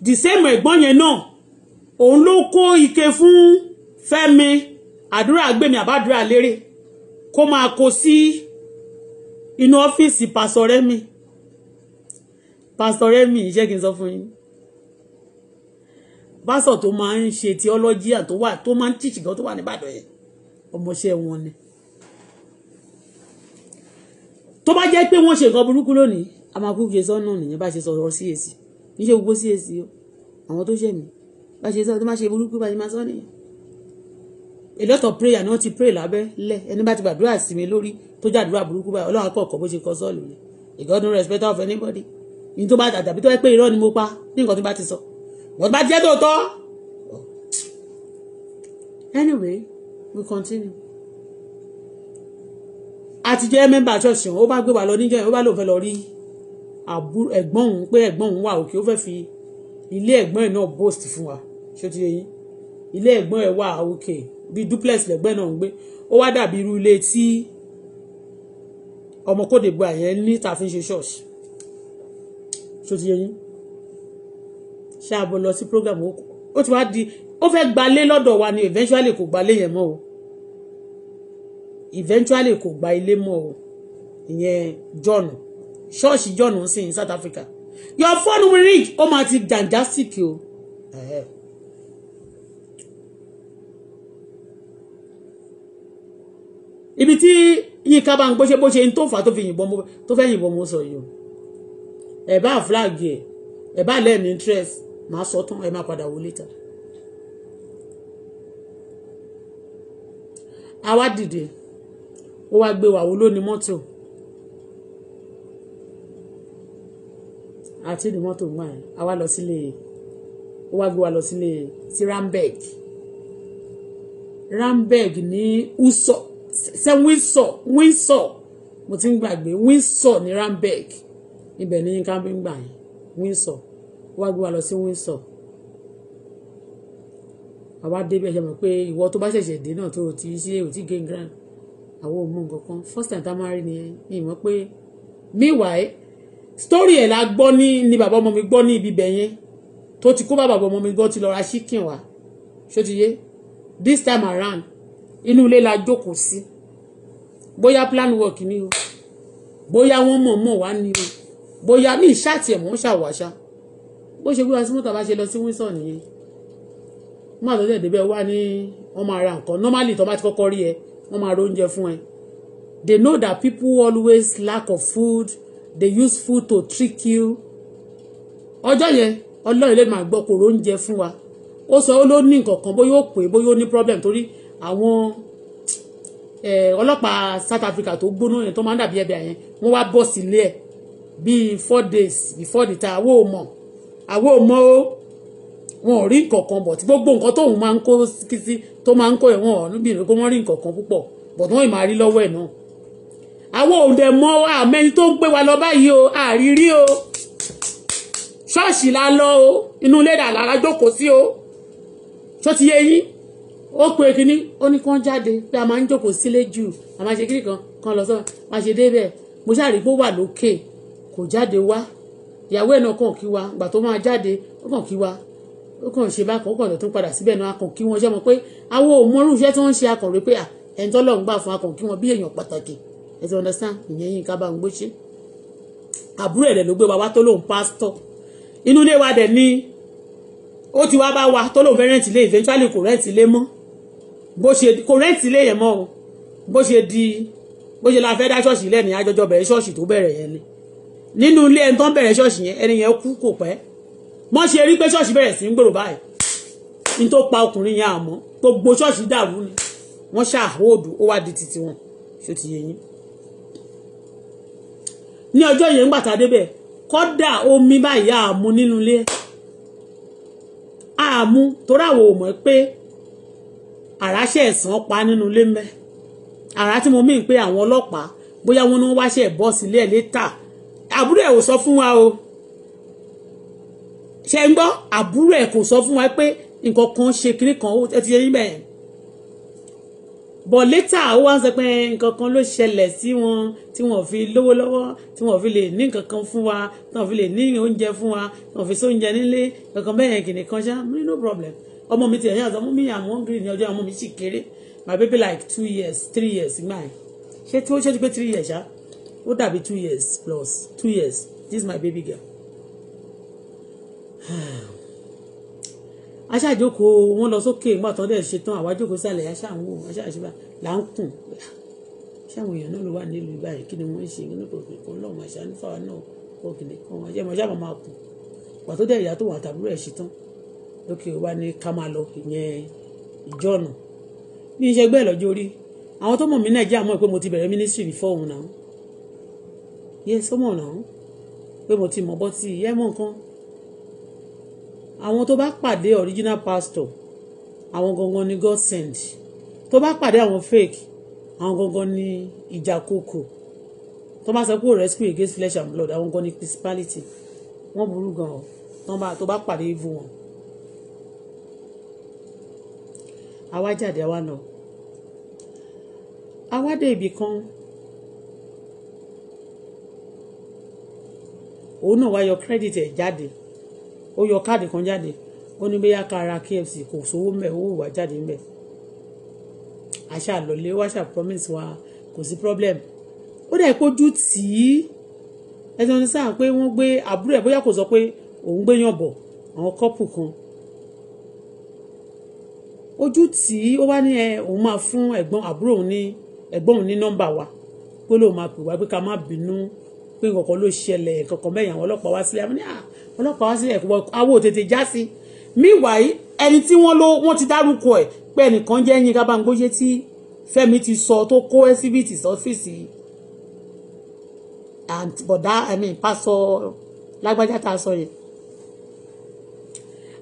the same ẹ̀gbọ́n yẹn náà òun ló kó ike fún Fẹ́mi àdúrà gbèmí àbádúrà lérè kó máa kó sí inú ọ́fíìsì pásọ rẹ́mi pásítọ̀ Rẹ́mi iṣẹ́ kí n sọ fún yín pásítọ̀ tó máa ń ṣe theology tó wà tó máa ń tíṣì gan tó wà nìbàdàn yẹn ọmọọṣẹ́ wọn ni tó bá jẹ́ pé wọ́n ṣe nǹkan burúkú lónìí a máa kú kí ẹsọ́ náà nìyẹn bá ṣe sọ̀rọ̀ CAC níṣẹ́ gbogbo CAC o àwọn tó ṣẹ̀mí bá ṣe sọ̀rọ̀ tó máa ṣe burúkú bá ṣe máa sọ nìyẹn a lot of prayer náà ti pray lábẹ́ lẹ̀ ẹni bá ti gbàdúrà sí mi lórí tó jàdúrà burúkú báyìí ọlọ́run akọ̀ọ̀kọ̀ bó ṣe kọ sọ́ọ̀lù rẹ̀ a God no respect of anybody ní tó bá dàdà bí tó yẹ pé irọ́ ni mo pa ní nǹkan tó bá ti sọ wọ́n bá jẹ́ tòótọ́. anyway we continue. a ti jẹ́ mẹ́mbà ṣọ́ọ̀ṣì ó bá gbé wa lọ níjọ́ yẹn ó bá lòun fẹ́ lọ rí ẹ̀gbọ́n òun pé ẹ̀gbọ́n òun wà òkè ó fẹ́ fi ilé ẹ̀gbọ́n ẹ̀ náà boast fún wa ṣé ti yẹ yín ilé ẹ̀gbọ́n ẹ̀ wà òkè bí duplex lẹ̀gbọ́n náà ń gbé ó wá dàbí irú ilé tí ọmọkódègbà yẹn ní tàfi ń ṣe ṣọ́ọ̀ṣì ṣó ti yẹ yín ṣáàbọ̀ lọ sí program ó ti wá di ó fẹ́ gbalé lọ́dọ̀ wa ni eventually kò gbalé yẹn mọ́ o eventually kò gba ilé mọ́ o ìyẹn John ṣọ́ọ̀ṣì John ń sìn in South Africa your phone will ring ó máa ti jàǹdásìk o. ibi tí yín ká bá ń gbóṣe bó ṣe ń tó fà tó fi yìnbọn tó fẹ́ yìnbọn mo sọ yìí o ẹ bá flag ẹ ẹ bá lẹ́ẹ̀mí interest màá sọ tán ẹ má padà wò later. a wá dìde ó wá gbé wàwó lóní mọ́tò àti ní mọ́tò wọn a wá lọ sílé ó wá gbé wa lọ sílé sí Ramberg Ramberg ní uso ṣe Windsor Windsor mo ti ń gbàgbé Windsor ní Ramberg ibẹ̀ ní yínká bí ń gbà yẹn Windsor ó wá gbé wa lọ sí Windsor àwa débẹ̀ ṣe mọ̀ pé ìwọ tó bá ṣẹ̀ṣẹ̀ dé náà tó o ti ṣe o ti gain ground àwọn ò nǹkan kan first time tá a máa rí nìyẹn mi ìmọ̀ pé meanwhile story ẹ̀ la gbọ́ ní ni bàbá ọmọ mi gbọ́ ní ibi bẹ̀ yẹn tó ti kó bá bàbá ọmọ mi gbọ́ ti lọ ra chicken wá ṣó ti yé this time around inú ilé la jókòó sí bóyá plan work ni o bóyá wọ́n mọ̀ mọ̀ wá ni o bóyá ní ìṣáàtì ẹ̀ mò ń ṣàwàṣà bó ṣe gbéra sí mọ́tò bá ṣe lọ sí Windsor nìyẹn má tó tẹ̀ débẹ̀ wá ní wọ́n máa ra nǹkan normally tó bá ti kọ́kọ́ rí ẹ wọ́n máa ra oúnjẹ fún ẹ they know that people always lack of food they use food to trick you ọjọ́ yẹn ọlọ́run lè máa gbọ́ kòrò oúnjẹ fún wa ó sọ ó ló ní nǹkan kan bóyá ó pè é bóyá ó ní problem torí àwọn eh, ọlọ́pàá South Africa tó gbóná yẹn tó máa ń dàbí ẹbẹ̀ yẹn wọ́n wá bọ́ sílé ẹ̀ bíi four days before the time àwo mọ̀ àwo mọ̀ o wọn ò rí nǹkankan bọ̀ tí gbogbo nǹkan tóun máa ń kó kìsí tó máa ń kó ẹ̀ wọ́n níbìrin kó wọ́n rí nǹkankan púpọ̀ bọ̀ tí wọ́n ì máa rí lọ́wọ́ ẹ̀ náà àwọn òǹdẹ̀ mọ àmẹ́ni tó ń gbé wa lọ báyìí o àrírí o ṣọ́ọ̀ṣì la lọ o inú ilé dà lára jókòó sí o tó ti yé yín ó pe kínní ó ní kán jáde pé a máa ń jókòó sílé jù a máa kan kan lọ sọ máa mo ṣàrí pé ó wà lókè kò jáde wá ìyàwó ẹ̀ náà kàn kí wa gbà tó máa jáde ó kàn kí wa ó kàn ṣe bákan ó kàn tó padà síbẹ̀ náà akàn kí wọ́n ṣe mọ̀ pé àwọn òmòrú iṣẹ́ tí wọ́n ń ṣe akàn rí pé ẹni tó lọ́n gbà fún akàn kí wọ́n bí èèyàn pàtàkì ẹ ti understand ìyẹn yín ká bá ń gbé ṣe àbúrò ẹ̀rẹ̀ ló gbé wa wá tó lóun pásítọ̀ inú ilé wa dẹ̀ ni ó ti wá bá wa tó lóun fẹ́ rẹ́ǹtì eventually kò rẹ́ǹtì ilé mọ́ bó ṣe kò rẹ́ǹtì ilé yẹn mọ́ bó ṣe di bó ṣe la fẹ́ dá ṣọ́ọ̀ṣì lẹ́ni àjọjọ bẹ̀rẹ̀ ṣọ́ọ̀ṣì tó bẹ̀rẹ̀ yẹn ni nínú ilé ẹni tó ń bẹ̀rẹ̀ ṣọ́ọ̀ṣì yẹn ẹni yẹn kú kò pẹ́ mọ́ ṣe rí pé ṣọ́ọ̀ṣì bẹ̀rẹ̀ sí ń gbèrò báyìí ní tó pa ọkùnrin yẹn àmọ́ gbogbo ṣọ́ọ̀ṣì dàrú ni wọ́n ṣàhóòdù ó wá di títí wọn ṣó ti yẹ yín. ní ọjọ́ yẹn ń gbàtà débẹ̀ kọ́dà omi báyìí àmú nínú ilé àmú torí àwọn ò mọ̀ pé àráṣẹ́ ẹ̀sán pa nínú ilé mẹ́ àrá tí mo mí pé àwọn ọlọ́pàá bóyá wọn ní wọ́n wáṣẹ́ bọ́ọ̀sì ilé ẹ̀ àbúrò ẹ̀ ò sọ fún wa o ṣe ń gbọ́ àbúrò ẹ̀ kò sọ fún wa pé nǹkan kan ṣe kiri kan ẹ ti ṣe yín bẹ́ẹ̀ bọ̀ létà ó wá ń sọ pé nǹkan kan ló ṣẹlẹ̀ sí wọn tí wọn fi lówó lọ́wọ́ tí wọn fi lè ní nǹkan kan fún wa tí wọn fi lè ní oúnjẹ fún wa tí wọn fi sóúnjẹ nílé kankan bẹ́ẹ̀ yẹn kìnìún kan ṣá no problem ọmọ mi ti ẹ̀yìn àti ọmọ mi yàn wọ́n green ní ọjọ́ ọmọ mi sì kéré my baby like two years three years gbà yẹn ṣé tí ó ṣe ti pé three years ṣá. Yeah? ó dàbí two years plus two years this is my baby girl. [sighs] aṣáàjókòó wọn lọ sókè nígbà tán dẹ̀ ṣe tán àwájókòó sàlẹ̀ aṣáàwò aṣáàṣìbà là ń kùn ṣáwọn èèyàn náà ló wà nílùú báyìí kí ni wọ́n ń ṣe nínú ìpínlẹ̀ kan lọ́wọ́ àṣà nífàá náà kọ́ kìnìún kan wọn jẹ́mọ̀ ṣáà máa kù wà tó dẹ̀ ìyá tó wà tàbúrò ẹ̀ ṣe tán lókè wa ní ká máa lọ ìyẹn ìjọ́nù bí iṣẹ́ gbẹ́ lọ́jọ́ orí àwọn tó mọ̀ mí Nàìjíríà mọ̀ pé mo ti bẹ̀rẹ̀ ministry before òun náà yes ó mọ̀ náà pé mo ti mọ̀ bọ́ tí ẹ mọ̀ nǹkan àwọn tó bá pàdé original pastor àwọn gangan ni God send tó bá pàdé àwọn fake àwọn gangan ni ìjà kòkò tó bá sọ pé rescue against flesh and blood àwọn gangan ni principality wọ́n burú gan o tó bá pàdé ivu wọn. àwa jáde àwa náà àwa dé ibì kan òun náà wá yọ credit ẹ̀ jáde ó yọ káàdì kan jáde ó ní bóyá ká ra KFC kò sówó mẹ́ owó wà jáde mẹ́ àṣà àlọ́lé wá ṣà promise wa kò sí problem ó dẹ̀ kójú tì í ẹ̀sán ní sáà pé wọ́n gbé àbúrò ẹ̀ bóyá kò sọ pé òun gbé yàn bọ̀ àwọn kọ́pù kan ojú tì í ó wá ní ẹ òun máa fún ẹ̀gbọ́n àbúrò òun ní ẹ̀gbọ́n òun ní nọ́mbà wa pé lóun máa pè wá pé ká má bínú pé kankan ló ṣẹlẹ̀ kankan bẹ́ẹ̀ yẹn àwọn ọlọ́pàá wá sílẹ̀ àmọ́ ní ọlọ́pàá wá sílẹ̀ àwọn ò tètè já sí meanwhile ẹni tí wọ́n ló wọ́n ti dárúkọ ẹ̀ pé ẹnìkan jẹ́ Yínká Báńgójé tí Fẹ́mi ti sọ tó kó ẹ́síbìtì sọ́fíìsì and bọ̀dá i mean pásọ lágbájá tá a sọ yẹn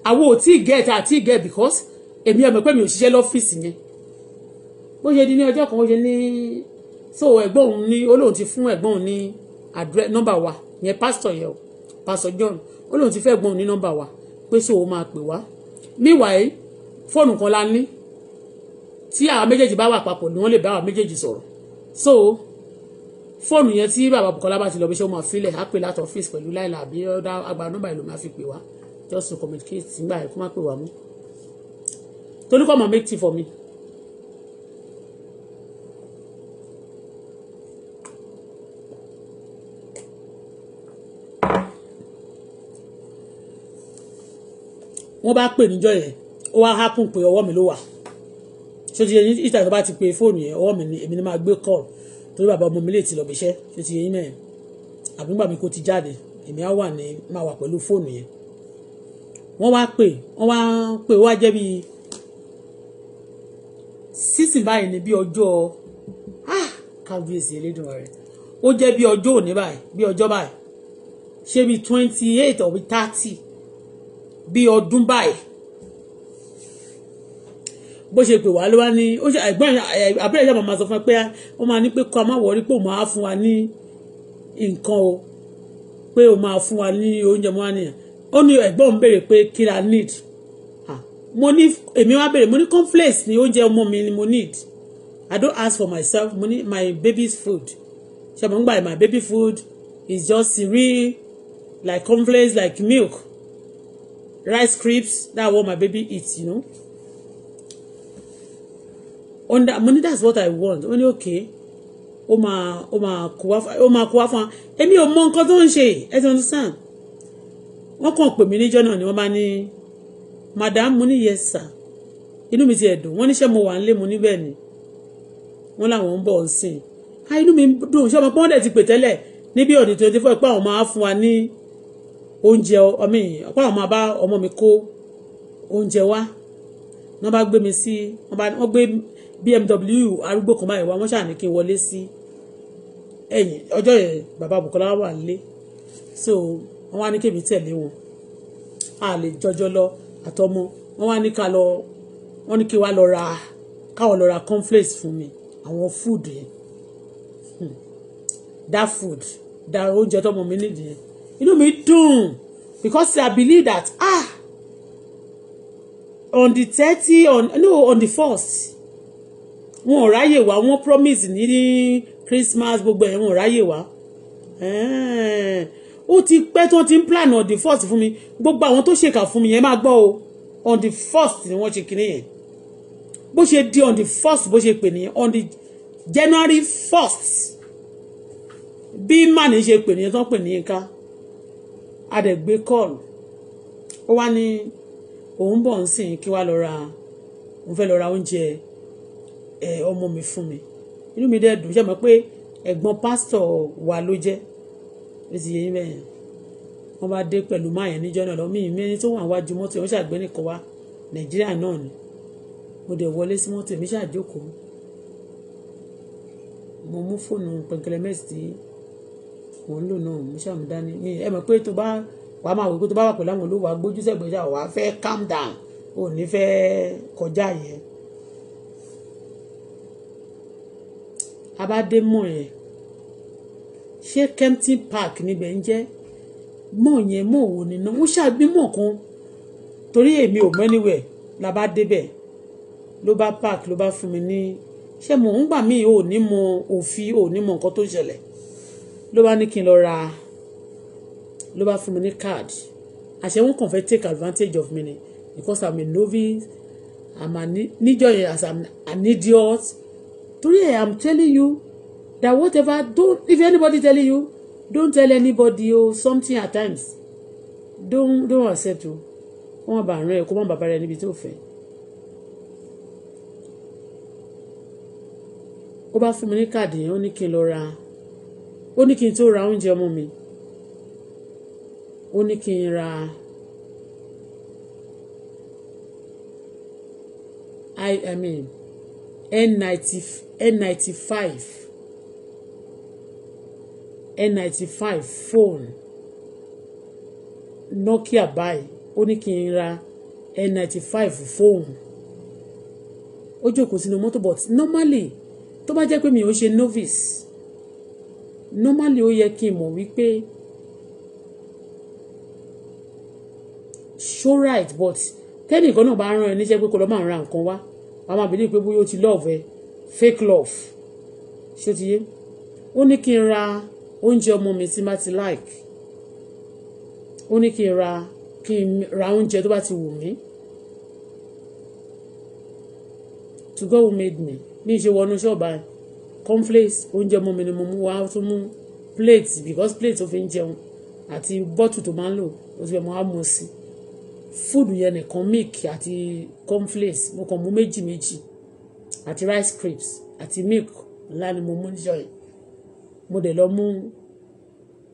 àwọn ò tí ì gẹ̀ tá tí ì gẹ̀ because èmi ọmọ pé mi ò ṣiṣẹ́ lọ́fíìsì yẹn bó ṣe di ní ọjọ́ kan ó ṣe ní so ẹ̀gbọ́n òun ní olóhùn ti fún ẹ̀gbọ́n òun ní àdúrà nọ́mbà wa yẹn pásítọ̀ yẹn o Pastor John ó lóun ti fẹ́ gbọ́n ní nọ́mbà wa pé so o máa pè wá meanwhile fóònù kan la ní tí àwa méjèèjì bá wà papọ̀ ni wọ́n lè bá àwa méjèèjì sọ̀rọ̀ so fóònù yẹn tí bàbá Bukola bá ti lọ bí ṣé ó máa filẹ̀ á pè láti ọ́fíìsì pẹ̀lú láìla àbí ọ̀dà àgbà nọ́mbà ìlú máa fi pè wá just to communicate nígbà yẹn kó má pè wá mú torí kọ́ máa make tea for me wọ́n bá pè níjọ́ yẹn ó wá hápùn pé ọwọ́ mi ló wà ṣé ti yẹn ìta ìjọba ti pe fóònù yẹn ọwọ́ mi ni èmi ni máa gbé kọ́ọ̀lù torí bàbá ọmọ mi lè ti lọ bíṣẹ́ ṣé ti yẹn mẹ́rin àbúgbà mi kò ti jáde èmi á wà ní máa wà pẹ̀lú fóònù yẹn wọ́n wá pè wọ́n wá pè wá jẹ́ bíi sísìn báyìí ni bí ọjọ́ ah, kábíyèsí elédùn rẹ̀ ó jẹ́ bí ọjọ́ òní báyìí bí ọjọ́ báyìí ṣé bíi twenty eight or thirty bí ọdún báyìí bó ṣe pè wá ló wá ní ó ṣe ẹ̀gbọ́n àbúrò ìyá màmá sọ fún ẹ pé wọ́n máa ní pé kó a má wọrí pé òun á fún wa ní nǹkan o pé òun máa fún wa ní oúnjẹ mọ́ àníyàn ó ní ẹ̀gbọ́n ń béèrè pé kí la need ah, mo ní èmi wá béèrè mo ní cornflakes ní oúnjẹ ọmọ mi ni mo need I don't ask for myself mo ní my baby's food ṣe mo ń gbà my baby food is just cereal like cornflakes like milk rice crisps that what my baby eats you know on money that's what I want ó ní okay ó máa ó máa kó wá ó máa kó wá fún wa èmi ò mọ nǹkan tó ń ṣe ẹ ti understand wọ́n kàn pè mí níjọ́ náà ni wọ́n bá ní madam mo ní yes sir inú mi ti ẹ̀ dùn wọ́n níṣẹ́ mo wà nílé mo níbẹ̀ ni wọ́n làwọn ń bọ̀ ń sìn ah inú mi dùn ṣé ọmọ pọ́n dẹ̀ ti pè tẹ́lẹ̀ níbi ọ̀dì twenty four pé àwọn máa fún wa ní oúnjẹ ọmọ ọ̀pọ̀ àwọn máa bá ọmọ mi kó oúnjẹ wá wọ́n bá gbé mi sí wọ́n gbé BMW arúgbó kan báyìí wá wọ́n ṣáà ní kí n wọlé sí ẹ̀yìn ọjọ́ yẹn bàbá Bukola wà nílé so wọ́n wá ní kí èmi tẹ̀lé wọn a lè jọjọ lọ àtọmọ wọ́n wá ní ká lọ wọ́n ní kí wá lọ ra káwọn lọ ra cornflakes fún mi àwọn food yẹn hmm. that food that oúnjẹ tọmọ mi nídìí yẹn inú mi dùn because I believe that ah on the thirty on no on the first wọn ò ráyè wá wọn promise ní Christmas gbogbo ẹ̀ wọn ò ráyè wá ó ti pẹ́ tí ti ń plan on the first fún mi gbogbo àwọn tó ṣèkà fún mi yẹn máa gbọ́ o on the first ni wọ́n ṣe kinní yẹn bó ṣe di on the first bó ṣe pè ní on the January first bí màní ṣe pè ní tán pè ní ká a dẹ̀ gbé kọ́ọ̀lù ó wá ní òun bọ̀ ń sìn kí wá lọ ra òun fẹ́ lọ ra oúnjẹ ẹ ọmọ mi fún mi inú mi dẹ̀ dùn ṣe mọ̀ pé ẹ̀gbọ́n pásítọ̀ wa ló jẹ́ ó ti yẹ yín bẹ́ẹ̀ wọ́n bá dé pẹ̀lú máyẹn níjọ́ náà lọ míì mẹ́ni tó wà wájú mọ́tò wọ́n ṣàgbé nìkan wá nàìjíríà náà ni mo dẹ̀ wọlé sí mọ́tò mi ṣàjókòó mo mú fóònù pẹ̀gẹ́lẹ́mẹ́sì tí mò ń lò náà mo ṣàmù dání mi ẹ mọ̀ pé tó bá wà á máa wò pé tó bá wà pẹ̀lú àwọn olówó agbójú sẹ́gbẹ̀ẹ́ ṣá wà á fẹ́ calm down ò ní fẹ́ kọjá yẹn. abádémọ̀ yẹn ṣé Kempton Park níbẹ̀ ń jẹ́ mọ̀ yẹn mọ̀ wò nínú wọ́n ṣàgbé mọ̀ kan torí èmi ò mọ̀ níwẹ̀ la bá débẹ̀ ló bá park ló bá fún mi ní ṣé mò ń gbà mí ò ní mọ òfin ò ní mọ nǹkan tó ṣẹlẹ̀ ló bá ní kí n lọ ra ló bá fún mi ní card àṣẹ wọn kàn fẹ́ take advantage of me ni because i'm a novice i'm an níjọ yẹn as i'm an idiot torí ẹ i'm telling you that whatever don't if anybody telling you don't tell anybody o oh, something at times don't don't accept o wọn bá rán ẹ kó má bàbá rẹ níbi tó fẹ́. ó bá fún mi ní káàdì yẹn ó ní kí n lọ ra ó ní kí n tó ra oúnjẹ ọmọ mi ó ní kí n ra i i mean n ninety n ninety five n ninety five phone nokia báyìí ó ní kí n ra n ninety five phone ó jókòó sínú mọ́tò but normally tó bá jẹ́ pé mi ò ṣe novice normally ó yẹ kí n mọ̀ wípé so right but tẹ́nìkan náà bá rán ẹ níṣẹ́ pé kó lọ máa ra nǹkan wá wàá máa believe pé bóyá ó ti love ẹ fake love ṣé ti yé ó ní kí n ra oúnjẹ ọmọ mi tí má ti like ó ní kí n ra kí n ra oúnjẹ tó bá ti wù mí to go who made me bí n ṣe wọnú ṣọ́ọ̀bù báyìí cornflakes oúnjẹ ọmọ mi ni mo mú wá tún mú plate because plate ó fi ń jẹun àti bottle tó máa ń lò ó ti fẹ́ mọ́ á mú sí food yẹn nìkan milk àti cornflakes mo kàn mú méjì méjì àti rice crisps àti milk ńlá ni mo mú níjọ yìí mo dẹ̀ lọ mú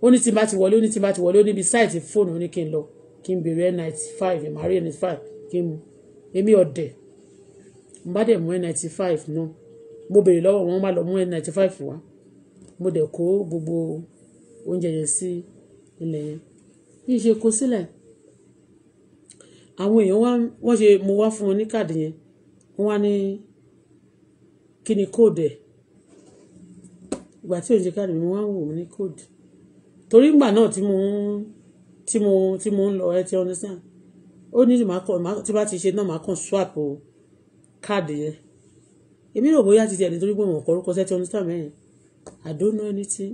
ó ní tí n bá ti wọlé ó ní tí n bá ti wọlé ó níbi sáìtì fóònù ó ní kí n lọ kí n bèrè n95 ìmàrí n95 kí n mu èmi ọ̀dẹ̀ n bá dẹ̀ mú n95 náà mo béèrè lọ́wọ́ wọn má lọ mú n95 wá mo dẹ̀ kó gbogbo oúnjẹ yẹn sí ilẹ̀ yẹn bí ṣe kó sílẹ̀ àwọn èèyàn wá wọ́n ṣe mo wá fún wọn ní káàdì yẹn wọ́n wá ní kí ni kóòdù ẹ̀ ìgbà tí òun ṣe káàdì mi wọ́n wò mí ní kóòdù torí ìgbà náà tí mo ń tí mo tí mo ń lọ ẹ ti understand ó ní tí bá ti ṣe náà màá kàn swap káàdì yẹn èmi rò bóyá ti tiẹ̀ nítorí pé wọn kọ orúkọ sẹ́tì ọ̀nìtàn mẹ́rin I don't know anything.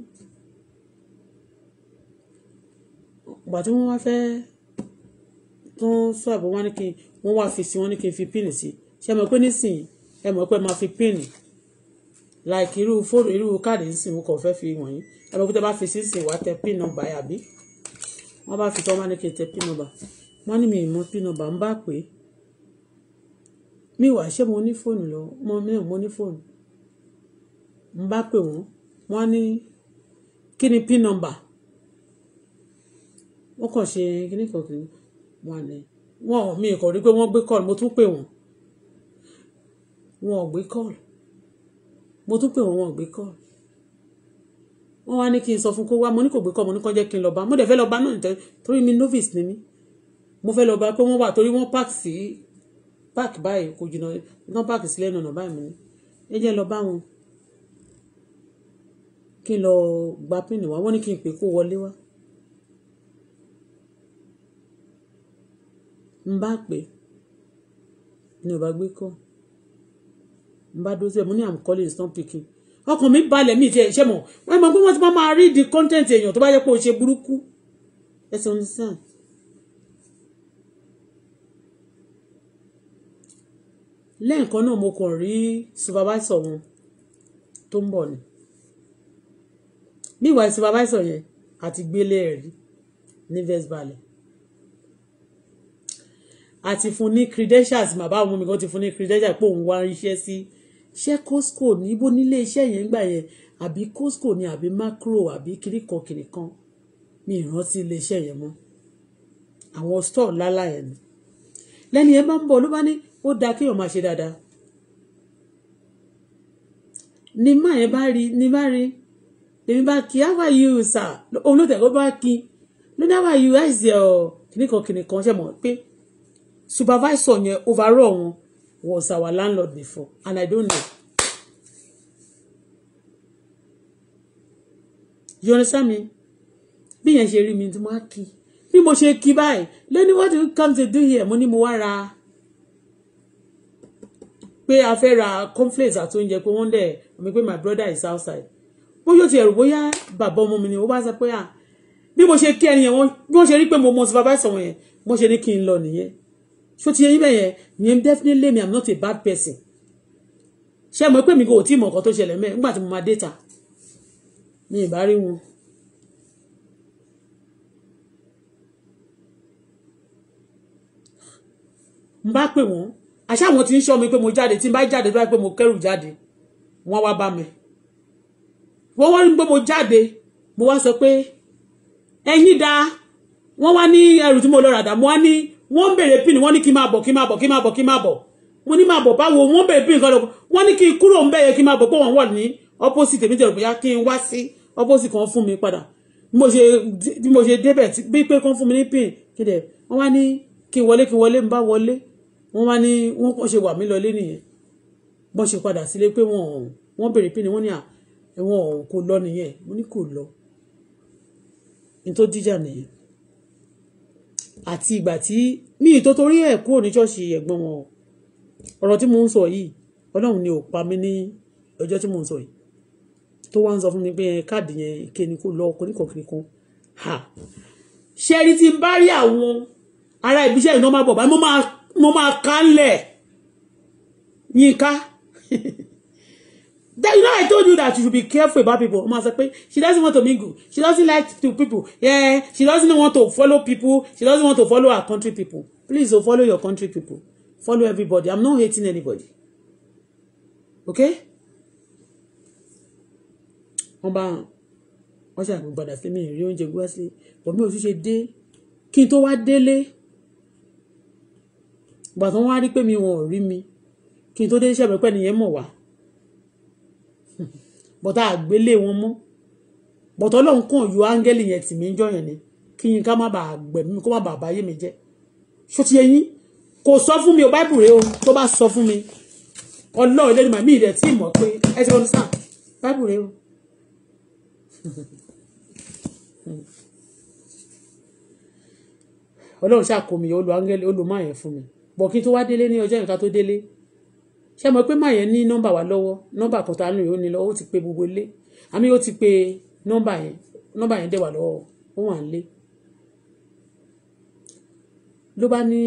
ìgbà tí wọ́n wá fẹ́ tó ń sọ àbọ̀ wọn ní kí wọ́n wá fi sí wọn ní kí n fi pin sí ṣe mọ̀ pé nísìnyí ẹ mọ̀ pé máa fi pin like irú fóònù irú káàdì ńsìn mo kàn fẹ́ fi wọ̀nyí ẹ mọ̀ pé tẹ bá fi sí sìn wá tẹ pin nọ́mbà yàbí wọ́n bá fi tọ́ wọn ní kí n tẹ pin nọ́mbà wọ́n ní mi ìmọ̀ pin nọ́mbà ń bá pè é meanwhile ṣé mo ní fóònù lọ mo ní mo ní fóònù n bá pè wọ́n wọ́n ní kí ni pin number wọ́n kàn ṣe kíní kan kìíní wọ́n ní wọ́n mi kàn rí pé wọ́n gbé kọ́ọ̀lù mo tún pè wọ́n wọ́n ò gbé kọ́ọ̀lù mo tún pè wọ́n wọ́n ò gbé kọ́ọ̀lù wọ́n wá ní kí n sọ fún kó wá mo ní kò gbé kọ́ọ̀lù mo ní kó jẹ́ kí n lọ bá mo dẹ̀ fẹ́ lọ bá náà nítorí mi novice ni mí mo fẹ́ lọ bá pé wọ́n wà torí wọ́n pààkì sí páàkì báyìí kò jìnnà iná páàkì sílẹ̀ nà báyìí mi ní ẹ jẹ́ lọ bá wọn kí n lọ gba pínì wá wọ́n ní kí n pè kó wọlé wá n bá pè ni ò bá gbé kọ́ n bá dúró sí ẹ̀ mo ní I'm calling it's not picking ọkàn mi balẹ̀ mi jẹ́ ìṣẹ́mọ̀ wọ́n mọ̀ pé wọ́n ti máa rí di kọ́ńtẹ́ǹtì èèyàn tó bá yẹ pé o ṣe burúkú ẹ̀sìn oníṣàn lẹ́ẹ̀kan náà mo kàn rí supervisor wọn tó ń bọ̀ ni bí ìwà supervisor yẹn àti gbélé ẹ̀rí ní West Valley àti fún ní credentials màbá ọmọ mi kan ti fún ní credentials pé òun wá iṣẹ́ sí ṣé Costco níbo nílé iṣẹ́ yẹn gbà yẹn àbí Costco ni àbí Macro àbí kirikan kirikan mi ìrántí ilé iṣẹ́ yẹn mọ́ àwọn store lálá yẹn ni lẹ́ni ẹ bá ń bọ̀ ló bá ní ó dáa kéèyàn máa ṣe dáadáa ni má yẹn bá rí ni má rí lèmi bá kí how are you sir òun ló tẹ̀ kó bá kí lóní how are you how is your kìnnìkan kìnnìkan ṣe oh, mọ̀ pé supervisor yẹn overall wọn was our landlord before and I don't know. you understand me bí yẹn ṣe rí mi tí mo á kí bí mo ṣe kí báyìí lóní what do you come to do here mo ní mo wá ra pé a fẹ́ ra cornflakes àti oúnjẹ pé wọ́n dẹ̀ mi pé my brother is outside bóyá ó ti ẹ̀rù bóyá bàbá ọmọ mi ni ó bá sọ pé à bí mo ṣe kí ẹni yẹn wọ́n bí wọ́n ṣe rí pé mo mọ supervisor wọn yẹn bó ṣe ní kí n lọ nìyẹn ṣó ti yẹ yín bẹ́ẹ̀ yẹn definitely me i'm not a bad person ṣé mo pé mi kò tí ì mọ̀ nǹkan tó ṣẹlẹ̀ mẹ́ẹ̀ nígbà tí mo máa dé ta mi ì bá rí wọn. n bá pè wọ́n àṣà àwọn tí ń ṣọ́ mi pé mo jáde tí n bá jáde tó wáyé pé mo kẹ́rù jáde wọ́n wá bá mi wọ́n wọ́n rí pé mo jáde mo wá sọ pé ẹ̀yin da wọ́n wá ní ẹrù tí mo lọ ràdà mo wá ní wọ́n ń bèrè pin wọ́n ní kí n máa bọ̀ kí n máa bọ̀ kí n máa bọ̀ kí n máa bọ̀ mo ní máa bọ̀ báwo wọ́n ń bèrè pin kan lọ wọ́n ní kí n kúrò ń bẹ̀yẹ kí máa bọ̀ pé wọ́n wọ̀ ní opposite èmi jẹ̀rù bóyá kí n wá sí opposite kan fún mi padà bí mo ṣe débẹ̀ bí pé kan fún mi ní pin kí dẹ̀ wọ́n wá ní kí n wọlé kí n wọlé n bá wọlé wọ́n wá ní wọ́n kọ́ ṣe wà mí lọlé nìyẹn bọ́ ṣe padà sílé pé wọ́n wọ́n bèrè pé ni wọ́n ní à ẹ̀wọ̀n kò lọ nìyẹn mo ní kò lọ ní tó jíjà nìyẹn àti ìgbà tí mi ì tó torí ẹ̀ kúrò ní ṣọ́ọ̀ṣì ẹ̀gbọ́n wọn ọ̀rọ̀ tí mo ń sọ yìí ọlọ́run ni ò pa mí ní ọjọ́ tí mo ń sọ yìí tó wá ń sọ fún mi pé káàdì yẹn kéni kó lọ koníkọ̀kiri kan ṣe mo máa ká ńlẹ̀ yínká you know I told you that you should be careful about people ọmọ sọ pé she doesn't want to mingle she doesn't like to people yeah, she doesn't want to follow people she doesn't want to follow her country people please oh, follow your country people follow everybody I'm not hating anybody okay wọ́n bá wọ́n ṣàgbọ́n gbàdá fún mi ìrí oúnjẹ gbọ́ sí bọ̀mí òṣìṣẹ́ dé kí n tó wá délé ìgbà tó ń wá rí pé mi wọn ò rí mi kí n tó dé iṣẹ́ mi pẹ́ nìyẹn mọ̀ wá [laughs] bọ́tà àgbélé wọn mọ́ bọ́tà ọlọ́run kàn yọ áńgẹ́lì yẹn tì mí jọyàn ni kí yín ká má bàa gbẹ̀mí mi kó má bàa báyé mi jẹ́ ṣó ti yẹ yín kò sọ fún mi ò báìbù rèé o tó bá sọ fún mi ọlọ́run lẹ́nu màmí rẹ̀ tí mọ̀ pé ẹ ti rọ́nu sáà báìbù rèé o. [laughs] ọlọ́run ṣàkómi olùwángẹ́lì olùmọ̀ yẹn fún mi bọ̀ kí n tó wá délé ní ọjọ́ nǹkan tó délé ṣé mo pé má yẹn ní nọ́mbà wa lọ́wọ́ nọ́mbà kan tá a nìyó ni lọ́wọ́ ó ti pe gbogbo ilé àmì ó ti pe nọ́mbà yẹn nọ́mbà yẹn dẹ̀ wà lọ́wọ́ ó wà ń lé ló bá ní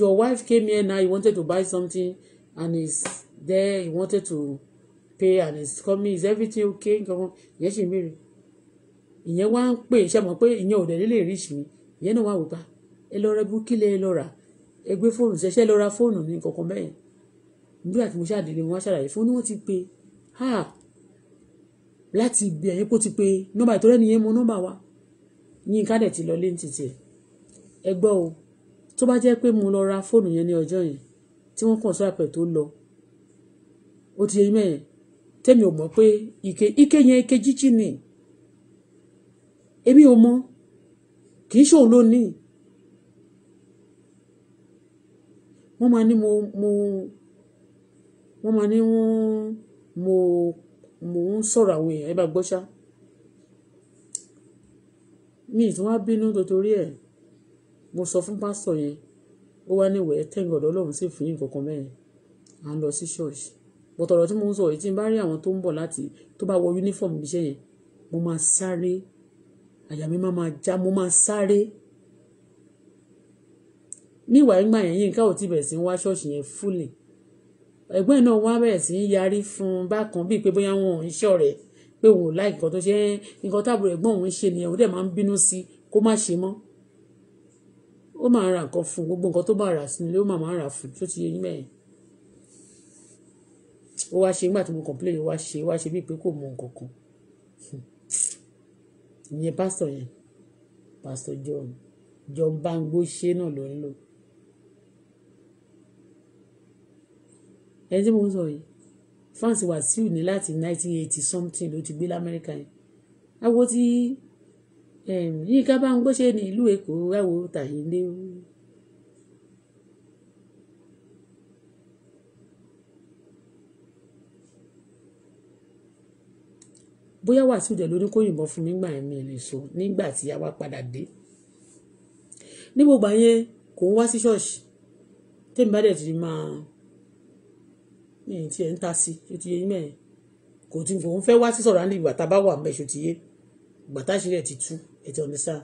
your wife came here now he wanted to buy something and he's there he wanted to pay and he's coming is everything okay nǹkan ìyẹn ṣì ń béèrè ìyẹn wá ń pè ṣe mọ̀ pé ìyẹn ò dẹ̀ lè reach mi ìyẹn náà wà wò pa ah, ẹ lọ rẹ bú kílẹ̀ ẹ lọ rà á ẹ gbé fóònù ṣẹṣẹ lọ ra fóònù ní kankan mẹ́yìn nígbà tí mo ṣàdélé wọn ṣàlàyé fóònù wọn ti pe láti ibi ẹ̀yìn kó ti pe nọ́mbà ìtọ́rẹ́ nìyẹn mo nọ́mbà wa yín ká dẹ̀ ti lọ lé ní títì ẹ gbọ́ o tó bá jẹ́ pé mo lọ ra fóònù yẹn ní ọjọ́ yẹn tí wọ́n kàn sọ́ra pẹ̀ tó lọ ó ti yẹ mẹ́yẹn tẹ́mi ò mọ̀ pé ike ike yẹn ike jíjì ni èmi ò mọ̀ kì í ṣòun ló ní wọ́n máa ní mo mo wọ́n máa ní wọ́n mo mo ń sọ̀rọ̀ àwọn èèyàn ẹ bá gbọ́ ṣá mi ì tún wá bínú torí ẹ̀ mo sọ fún pásítọ̀ yẹn ó wá ní ìwẹ̀ tẹ́ǹgọ̀dọ̀ ọlọ́run sì fún yín kankan mẹ́rin à ń lọ sí ṣọ́ọ̀ṣì bọ̀tọ̀ tí mo ń sọ yìí tí n bá rí àwọn tó ń bọ̀ láti tó bá wọ yúnífọ̀mù iṣẹ́ yẹn mo máa sáré àyà mi máa máa já mo máa sáré níwà ìgbà yẹn Yínká ò ti bẹ̀rẹ̀ sí wá ṣọ́ọ̀ṣì yẹn fúlì ẹ̀gbọ́n náà wá bẹ̀rẹ̀ sí yarí fún un bákan bíi pé bóyá wọn ò ń pé òun ò láì nǹkan tó ṣe é nǹkan táàbùrọ̀ ẹ̀gbọ́n òun ń ṣe nìyẹn òun dẹ̀ máa ń bínú sí kó má ṣe mọ́ ó máa ń ra nǹkan fún gbogbo nǹkan tó bá rà sí nílé ó máa máa ń rà fún tó ti yẹ yín mẹ́rin ó wá ṣe nígbà tí mo complain ó wá ṣe ó wá ṣe bíi pé kò mọ nǹkan kan ìyẹn pásítọ̀ yẹn pásítọ̀ John John Bangbo ṣe náà ló ń ẹni tí mo ń sọ yìí France Wàsíù ní láti 1980 something ló ti gbé lamẹ́ríkà yẹn awo tí ehm, Yínká bá ń gbóṣe ní ìlú Èkó ẹ̀wò tàyín lé o. bóyá Wàsíù dẹ̀ ló ní kó yìnbọn fún mi gbà mí lè sọ nígbà tí a wá padà dé ní gbogbo àyẹn kò ń wá sí ṣọ́ọ̀ṣì tèmi bá dẹ̀ ti máa mi ì tiẹ̀ ń ta sí i ti yé mẹ́rin kò tí kò ń fẹ́ wá sí sọ̀rọ̀ àǹdí ìgbà tá a bá wà mẹ́ṣọ ti yé ìgbà táṣírí ẹ̀ ti tú ẹ̀ ti ọ̀nẹ́sà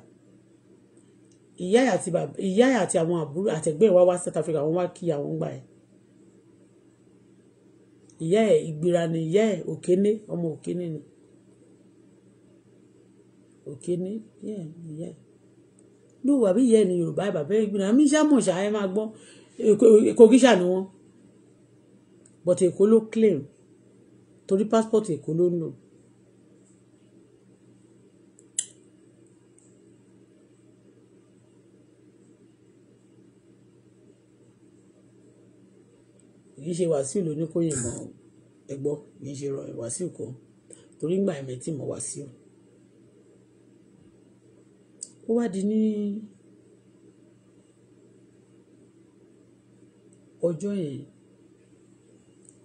ìyá ẹ̀ àti àwọn àbúrò àtẹ̀gbẹ́ wa wá South Africa wọ́n wá kí àwọn gbà ẹ̀ ìyá ẹ̀ ìgbéra ni ìyá ẹ̀ òkéné ọmọ òkéné ni òkéné ìyá ẹ̀ ìyá ẹ̀ bí ìyá ẹ̀ ní Yorùbá bàbá ìgbìnà mi ṣá mọ̀ ṣá ẹ máa gbọ́ Kogi ni wọ́n but èkó ló claim torí passport èkó ló ń lò. kì í ṣe wàsíù ló ní kó yìnbọn ẹ gbọ́ kì í ṣe wàsíù kọ́ torí ngbà ẹ̀mẹ́ tí mo wàsíù. ó wá di ní ọjọ́ yẹn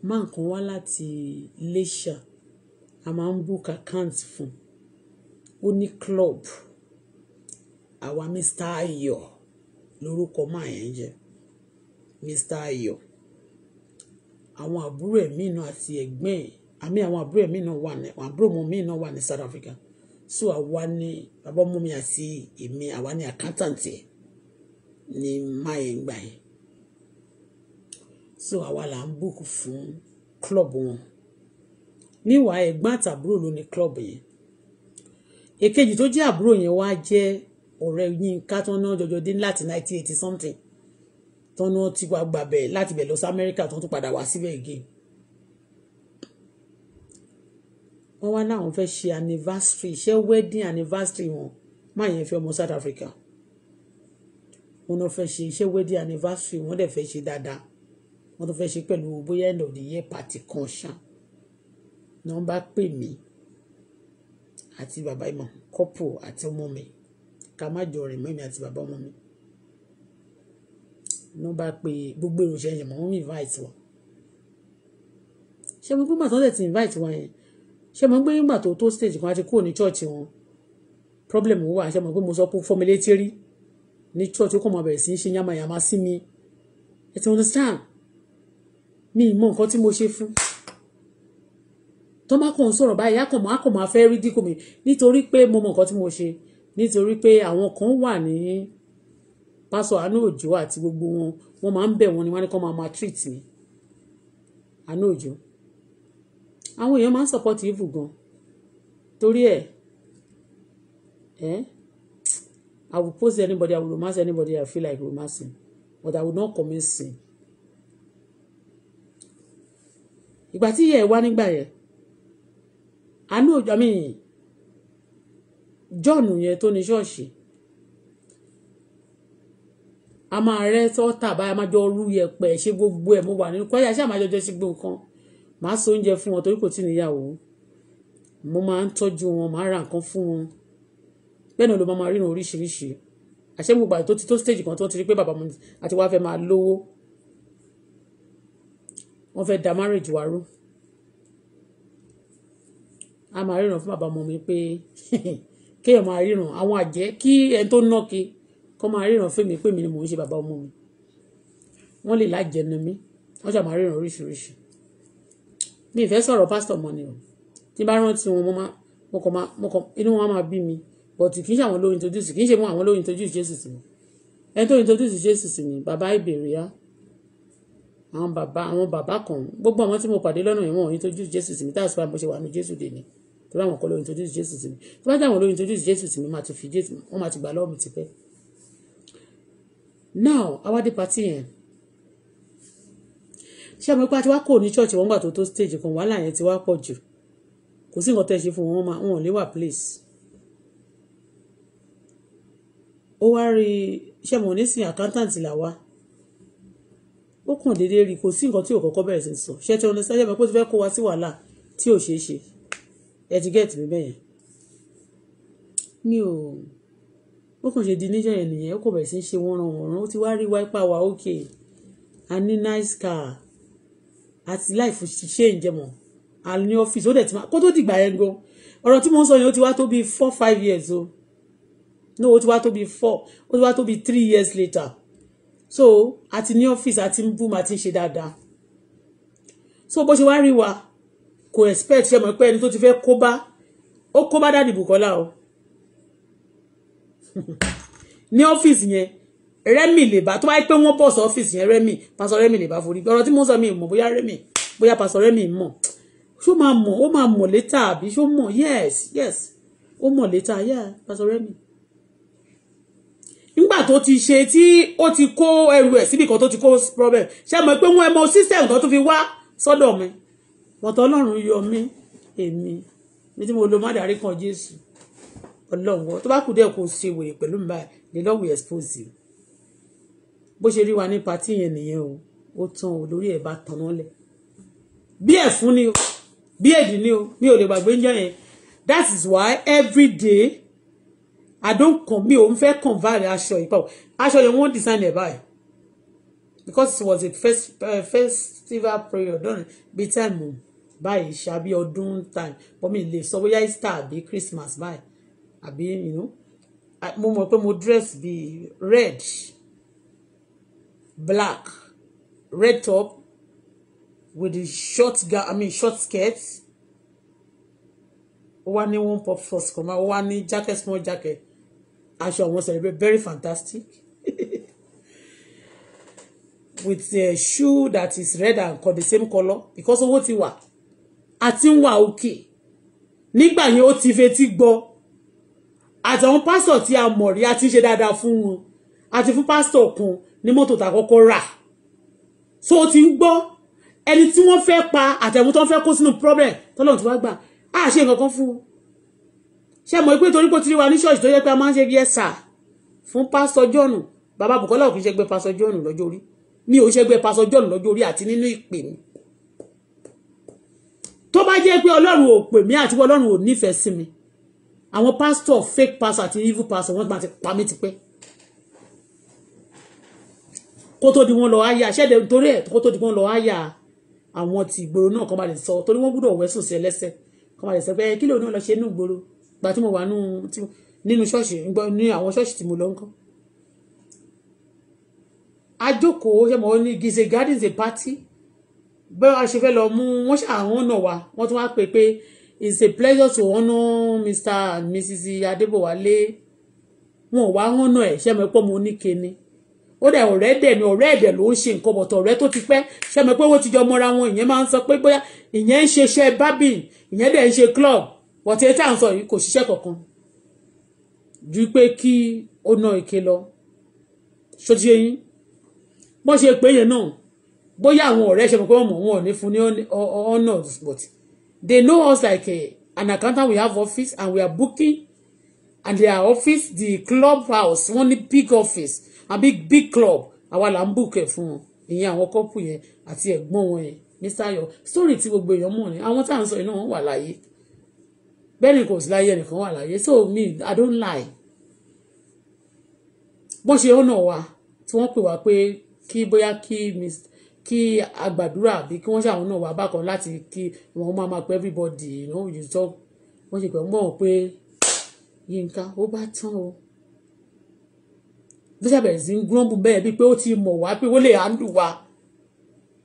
máa kan wá láti Iléṣà, a máa ń book account fún Ó ní club, àwa Mr. Ayọ̀ lórúkọ man yẹn jẹ́, Mr. Ayọ̀. Àwọn àbúrò ẹ̀ mí náà àti ẹ̀gbọ́n ẹ̀, àmí àwọn àbúrò ẹ̀ mí náà wà ní, àbúrò ọmọ mi náà wà ní South Africa. So àwa ni, bàbá ọmọ mi àti èmi, àwa ni accountant ẹ̀ ní yẹn ìgbà yẹn so àwa là ń book fún club wọn níwà ẹ̀gbọ́n àtàbúrò ló ní club yẹn èkejì tó jẹ́ àbúrò yẹn wá jẹ́ ọ̀rẹ́ Yínká tó ná jọjọ dé láti nineteen eighty something tó ná ti wá gbà bẹ̀ láti bẹ̀ lọ sí Amẹ́ríkà tó tún padà wá síbẹ̀ again wọ́n wá láwọn fẹ́ ṣe anniversary ṣé wedding anniversary wọn má yẹn fẹ́ ọmọ South Africa wọ́n náà fẹ́ ṣe iṣẹ́ wedding anniversary wọ́n dẹ̀ fẹ́ ṣe dáadáa wọ́n tó fẹ́ ṣe pẹ̀lú bóyá ẹ̀nà òdìyẹ pàtì kan ṣá ni wọ́n bá pè mí àti bàbá ìmọ̀ kọ́pù àti ọmọ mi ká má jọ rìn mọ́ mi àti bàbá ọmọ mi ni wọ́n bá pe gbogbo èrò ṣẹ̀yìn mọ́ wọ́n invite wọn ṣé mo gbọ́dọ̀ tó lè ti invite wọn yẹn ṣé mo gbé nígbà tó tó stage kan àti kúrò ní church wọn problem wà ṣé mo gbé mo sọ pé fọmọlétí rí ní church ó kàn máa bẹ̀rẹ̀ sí í ṣe yàmàyàmà sí mi ẹ ti understand mi ì mọ nǹkan tí mo ṣe fún tọ́mọ kan sọ̀rọ̀ báyìí akọ̀mọ́ akọ̀mọ́ afẹ́ rí dínkù mi nítorí pé mo mọ nǹkan tí mo ṣe nítorí pé àwọn kan wà ní pásọ àánú òjò àti gbogbo wọn wọn máa ń bẹ̀ wọn ni wọn ní kọ́ máa máa treat mi àánú òjò àwọn èèyàn máa ń support ivu gan torí ẹ̀ ẹ́ I will post anybody I will romance anybody I feel like romancing but I will not commit sin. ìgbà tí ìyá ẹ̀ wá nígbà yẹn àánú òjò mi John yẹn tó ní ṣọ́ọ̀ṣì a máa rẹ́ tọ́ta báyìí a máa jọ rú yẹpẹ̀ ṣe gbogbo ẹ̀ mo wà nínú kọ́yà ṣáà máa jọjọ́ sí gbogbo nǹkan màá so oúnjẹ fún wọn torí kò tí níyàwó mo máa ń tọ́jú wọn màá ra nǹkan fún wọn bẹ́ẹ̀ náà ló máa ríran oríṣiríṣi àṣẹ mo gbà tó ti tó stage kan tó ti rí pé bàbá mi àti wàá fẹ́ máa lówó wọ́n fẹ́ da marriage wa rú a máa ríran fún bàbá ọmọ mi pé [laughs] kéèyàn máa ríran àwọn àjẹ́ kí ẹni tó ná kí kọ́ máa ríran fún mi pé mi ni mò ń ṣe bàbá ọmọ mi wọ́n lè lájẹnu mi wọ́n ṣàmà ríran oríṣiríṣi mi ìfẹ́ sọ̀rọ̀ pásítọ̀ mọ́ ni o tí bá rántí wọn mo máa mo inú wọn máa bí mi but kì í ṣe àwọn ló introduce kì í ṣe mú àwọn ló introduce Jésù sí mi ẹni tó introduce Jésù sí mi bàbá ìbèrè á àwọn bàbá àwọn bàbá kan gbogbo àwọn tí mo pàdé lọ́nà yẹn wọn ò introduce Jesus sí mi tá a sọ pé mo ṣe wà ní Jésù dè ní torí àwọn kan ló introduce Jesus sí mi tó bá dáwọn ló introduce Jesus sí mi máa ti fi Jésù wọn máa ti gbà lọ́wọ́ mi now awádìí pati yẹn ṣé àwọn ipa tí wàá kò ní church wọn gbà tó tó stage kan wàhálà yẹn ti wá pọ̀ jù kò sí nǹkan tẹ́ ṣe fún wọn wọn ò lè wà place. ó wá rí ṣé mo ní accountant là wá ó kàn déédéé rí kò sí nǹkan tí ò kọ́kọ́ bẹ̀rẹ̀ sí sọ ṣé tí o ní sáyẹ́ mi pé tí fẹ́ kó wa sí wàhálà tí ò ṣeé ṣe ẹ ti gẹ́ẹ̀tì mi bẹ́yẹn mi ò ó kàn ṣe di níjọ́ yẹn nìyẹn ó kò bẹ̀rẹ̀ sí ṣe wọ́n ran ó ti wá rí wáípà wa ókè a ní nice car àti láìfù ṣe ìjẹmọ̀ a ní ọ́fíìsì ó dẹ̀ ti máa kó tó dìgbà yẹn gan ọ̀rọ̀ tí mo ń sọ yẹn ó ti wá tó bíi four five years o no ó ti wá tó bíi four ó ti wá tó bíi three years later so àti ní ọ́fíìsì àti ń boom àti ń ṣe dáadáa so bó ṣe wá rí wa kò expect ṣe mọ̀ pé ẹni tó ti fẹ́ kó bá ó kó bá dáàdì Bùkọ́lá o [laughs] ní ọ́fíìsì yẹn Rẹ́mì lè bá tó bá yẹ pé wọ́n bọ̀ sí ọ́fíìsì yẹn Rẹ́mì pásọ Rẹ́mì lè bá forí ọ̀rọ̀ tí mo ń sọ mi mọ̀ bóyá Rẹ́mì bóyá pásọ Rẹ́mì mọ̀ ṣó máa mọ̀ ó máa mọ̀ létà àbí ṣó mọ̀ yes yes ó mọ̀ létà yá pásọ Rẹ́mì nígbà tó ti ṣe tí ó ti kó ẹrù ẹ̀ síbi kan tó ti kó problem ṣe mọ̀ pé wọ́n ẹ system kan tó fi wá sọ́dọ̀ mi mọ̀tọ́ ọlọ́run yọ mí èmi ní tí mo lo má darí kan jésù ọlọ́run tó bá kù díẹ̀ kó ṣe wèrè pẹ̀lú mi báyìí the Lord will bó ṣe rí wa ní patí yẹn nìyẹn o ó tan o lórí ẹ̀ bá tanná lẹ̀ bí ẹ̀fún ni o bí ẹ̀dín ni o mi ò lè gbàgbé ń jẹ́ yẹn that is why every day I don't come mi ò ń fẹ́ convert aṣọ yìí pọ̀ aṣọ yẹn wọ́n design ẹ̀ báyìí because it was a first, uh, festival period don be time o báyìí ṣàbí ọdún time but mi lè sọ bóyá Easter àbí Christmas báyìí àbí you know mo mọ̀ pé mo dress be red black red top with a short gown I mean short skirt ó wá ní one pop first kan ó wá ní jacket small jacket aṣọ àwọn celebrate very fantastic [laughs] with a shoe that is red and the same colour because owó ti wà àti ń wà òkè nígbà yẹn ó ti fetí gbọ́ àtàwọn pásítọ̀ tí a mọ̀ rí a ti ṣe dáadáa fún wọn àti fún pásítọ̀ kan ní mọ́tò tá kọ́kọ́ rà so ó ti ń gbọ́ ẹni tí wọ́n fẹ́ pa àtẹ̀wọ́n tó ń fẹ́ kó sínú problem tọ́lọ́run ti wá gbà á ṣe nǹkan kan fún wọn ṣé mo pé torí pé ó ti rí wa ní ṣọ́ọ̀ṣì tó yẹ pé a máa ń ṣe bí ẹ̀sà fún pásítọ̀ john bàbá bukola ò kì ṣẹgbẹ́ pásítọ̀ john lọ́jọ́ orí mi ò ṣẹgbẹ́ pásítọ̀ john lọ́jọ́ orí àti nínú ìpè mi tó bá jẹ́ pé ọlọ́run ò pè mí àti ọlọ́run ò nífẹ̀ẹ́ sí mi àwọn pásítọ̀ fake pastor àti evil pastor wọ́n máa ti pa mí tipẹ́ kó tó di wọn lọ áyà ṣẹ́ẹ̀dẹ̀ torí ẹ̀ kó tó di wọn lọ áyà àwọn ti ìgboro náà kọ́ máa lè sọ torí wọ́n gbúdọ̀ wẹ́sùn sí ẹlẹ́sẹ̀ kọ́ máa lè sọ pé kí lóun náà lọ ṣe inú ìgboro ìgbà tí mo wà nínú ṣọ́ọ̀ṣì ní àwọn ṣọ́ọ̀ṣì tí mo lọ ń kọ́ àjókòó ṣe mọ̀ ní gise gardens a party bẹ́ẹ̀ wá ṣe fẹ́ lọ mú wọ́n ṣe àwọn ọ̀nà wa wọ́n tún wá pè pé it's a pleasure to honour Mr and Mrs Adébọ̀wálé wọn ò wá ọ̀nà ẹ̀ ṣe mọ̀ pé mo ní kíni ó dẹ̀ ọ̀rẹ́ dẹ̀ ni ọ̀rẹ́ ẹ̀dẹ̀ ló ń ṣe nǹkan bọ̀tọ̀ ọ̀rẹ́ tó ti pẹ́ ṣe mọ̀ pé wọ́n ti jọ mọ́ra wọn ìyẹn máa ń sọ pé bóyá ìyẹn ń ṣe iṣẹ́ bábìn ìyẹn dẹ̀ ń ṣe club bọ̀tí ẹ tá à ń sọ yìí kò ṣiṣẹ́ kankan ju pé kí ó ná èké lọ ṣojú eyín bọ́n ṣe pé yẹn náà bóyá àwọn ọ̀rẹ́ ṣe mọ̀ pé wọ́n wọn ò ní fún ní ọ̀nà but they know us like uh, an accountant we have office and we are booking and their office the club house wọ́n ní big office a big big club àwa là ń book ẹ̀ fún wọn ìyẹn àwọn kọ́pù yẹn àti ẹ̀gbọ́n wọn yẹn mr ayọ̀ story tí gbogbo èèyàn mọ̀ ni àwọn tá à ń sọ yìí náà wọ́n wà láyé bẹ́ẹ̀ni kò sí láyé ẹnìkan wà láyé so me I don't lie bó ṣe ọ̀nà wa tí wọ́n pè wá pé kí bóyá kí kí agbàdúrà àbí kí wọ́n ṣàwọn náà wá bákan láti kí wọ́n máa máa pẹ́ everybody you know you talk wọ́n ṣe pẹ̀ mọ́ ọ pé Yínká ó bá tán o bí sábẹ̀rẹ̀ sí ń gúnrọ́bù bẹ́ẹ̀ bíi pé ó ti mọ̀ wá pé ó lè handle wa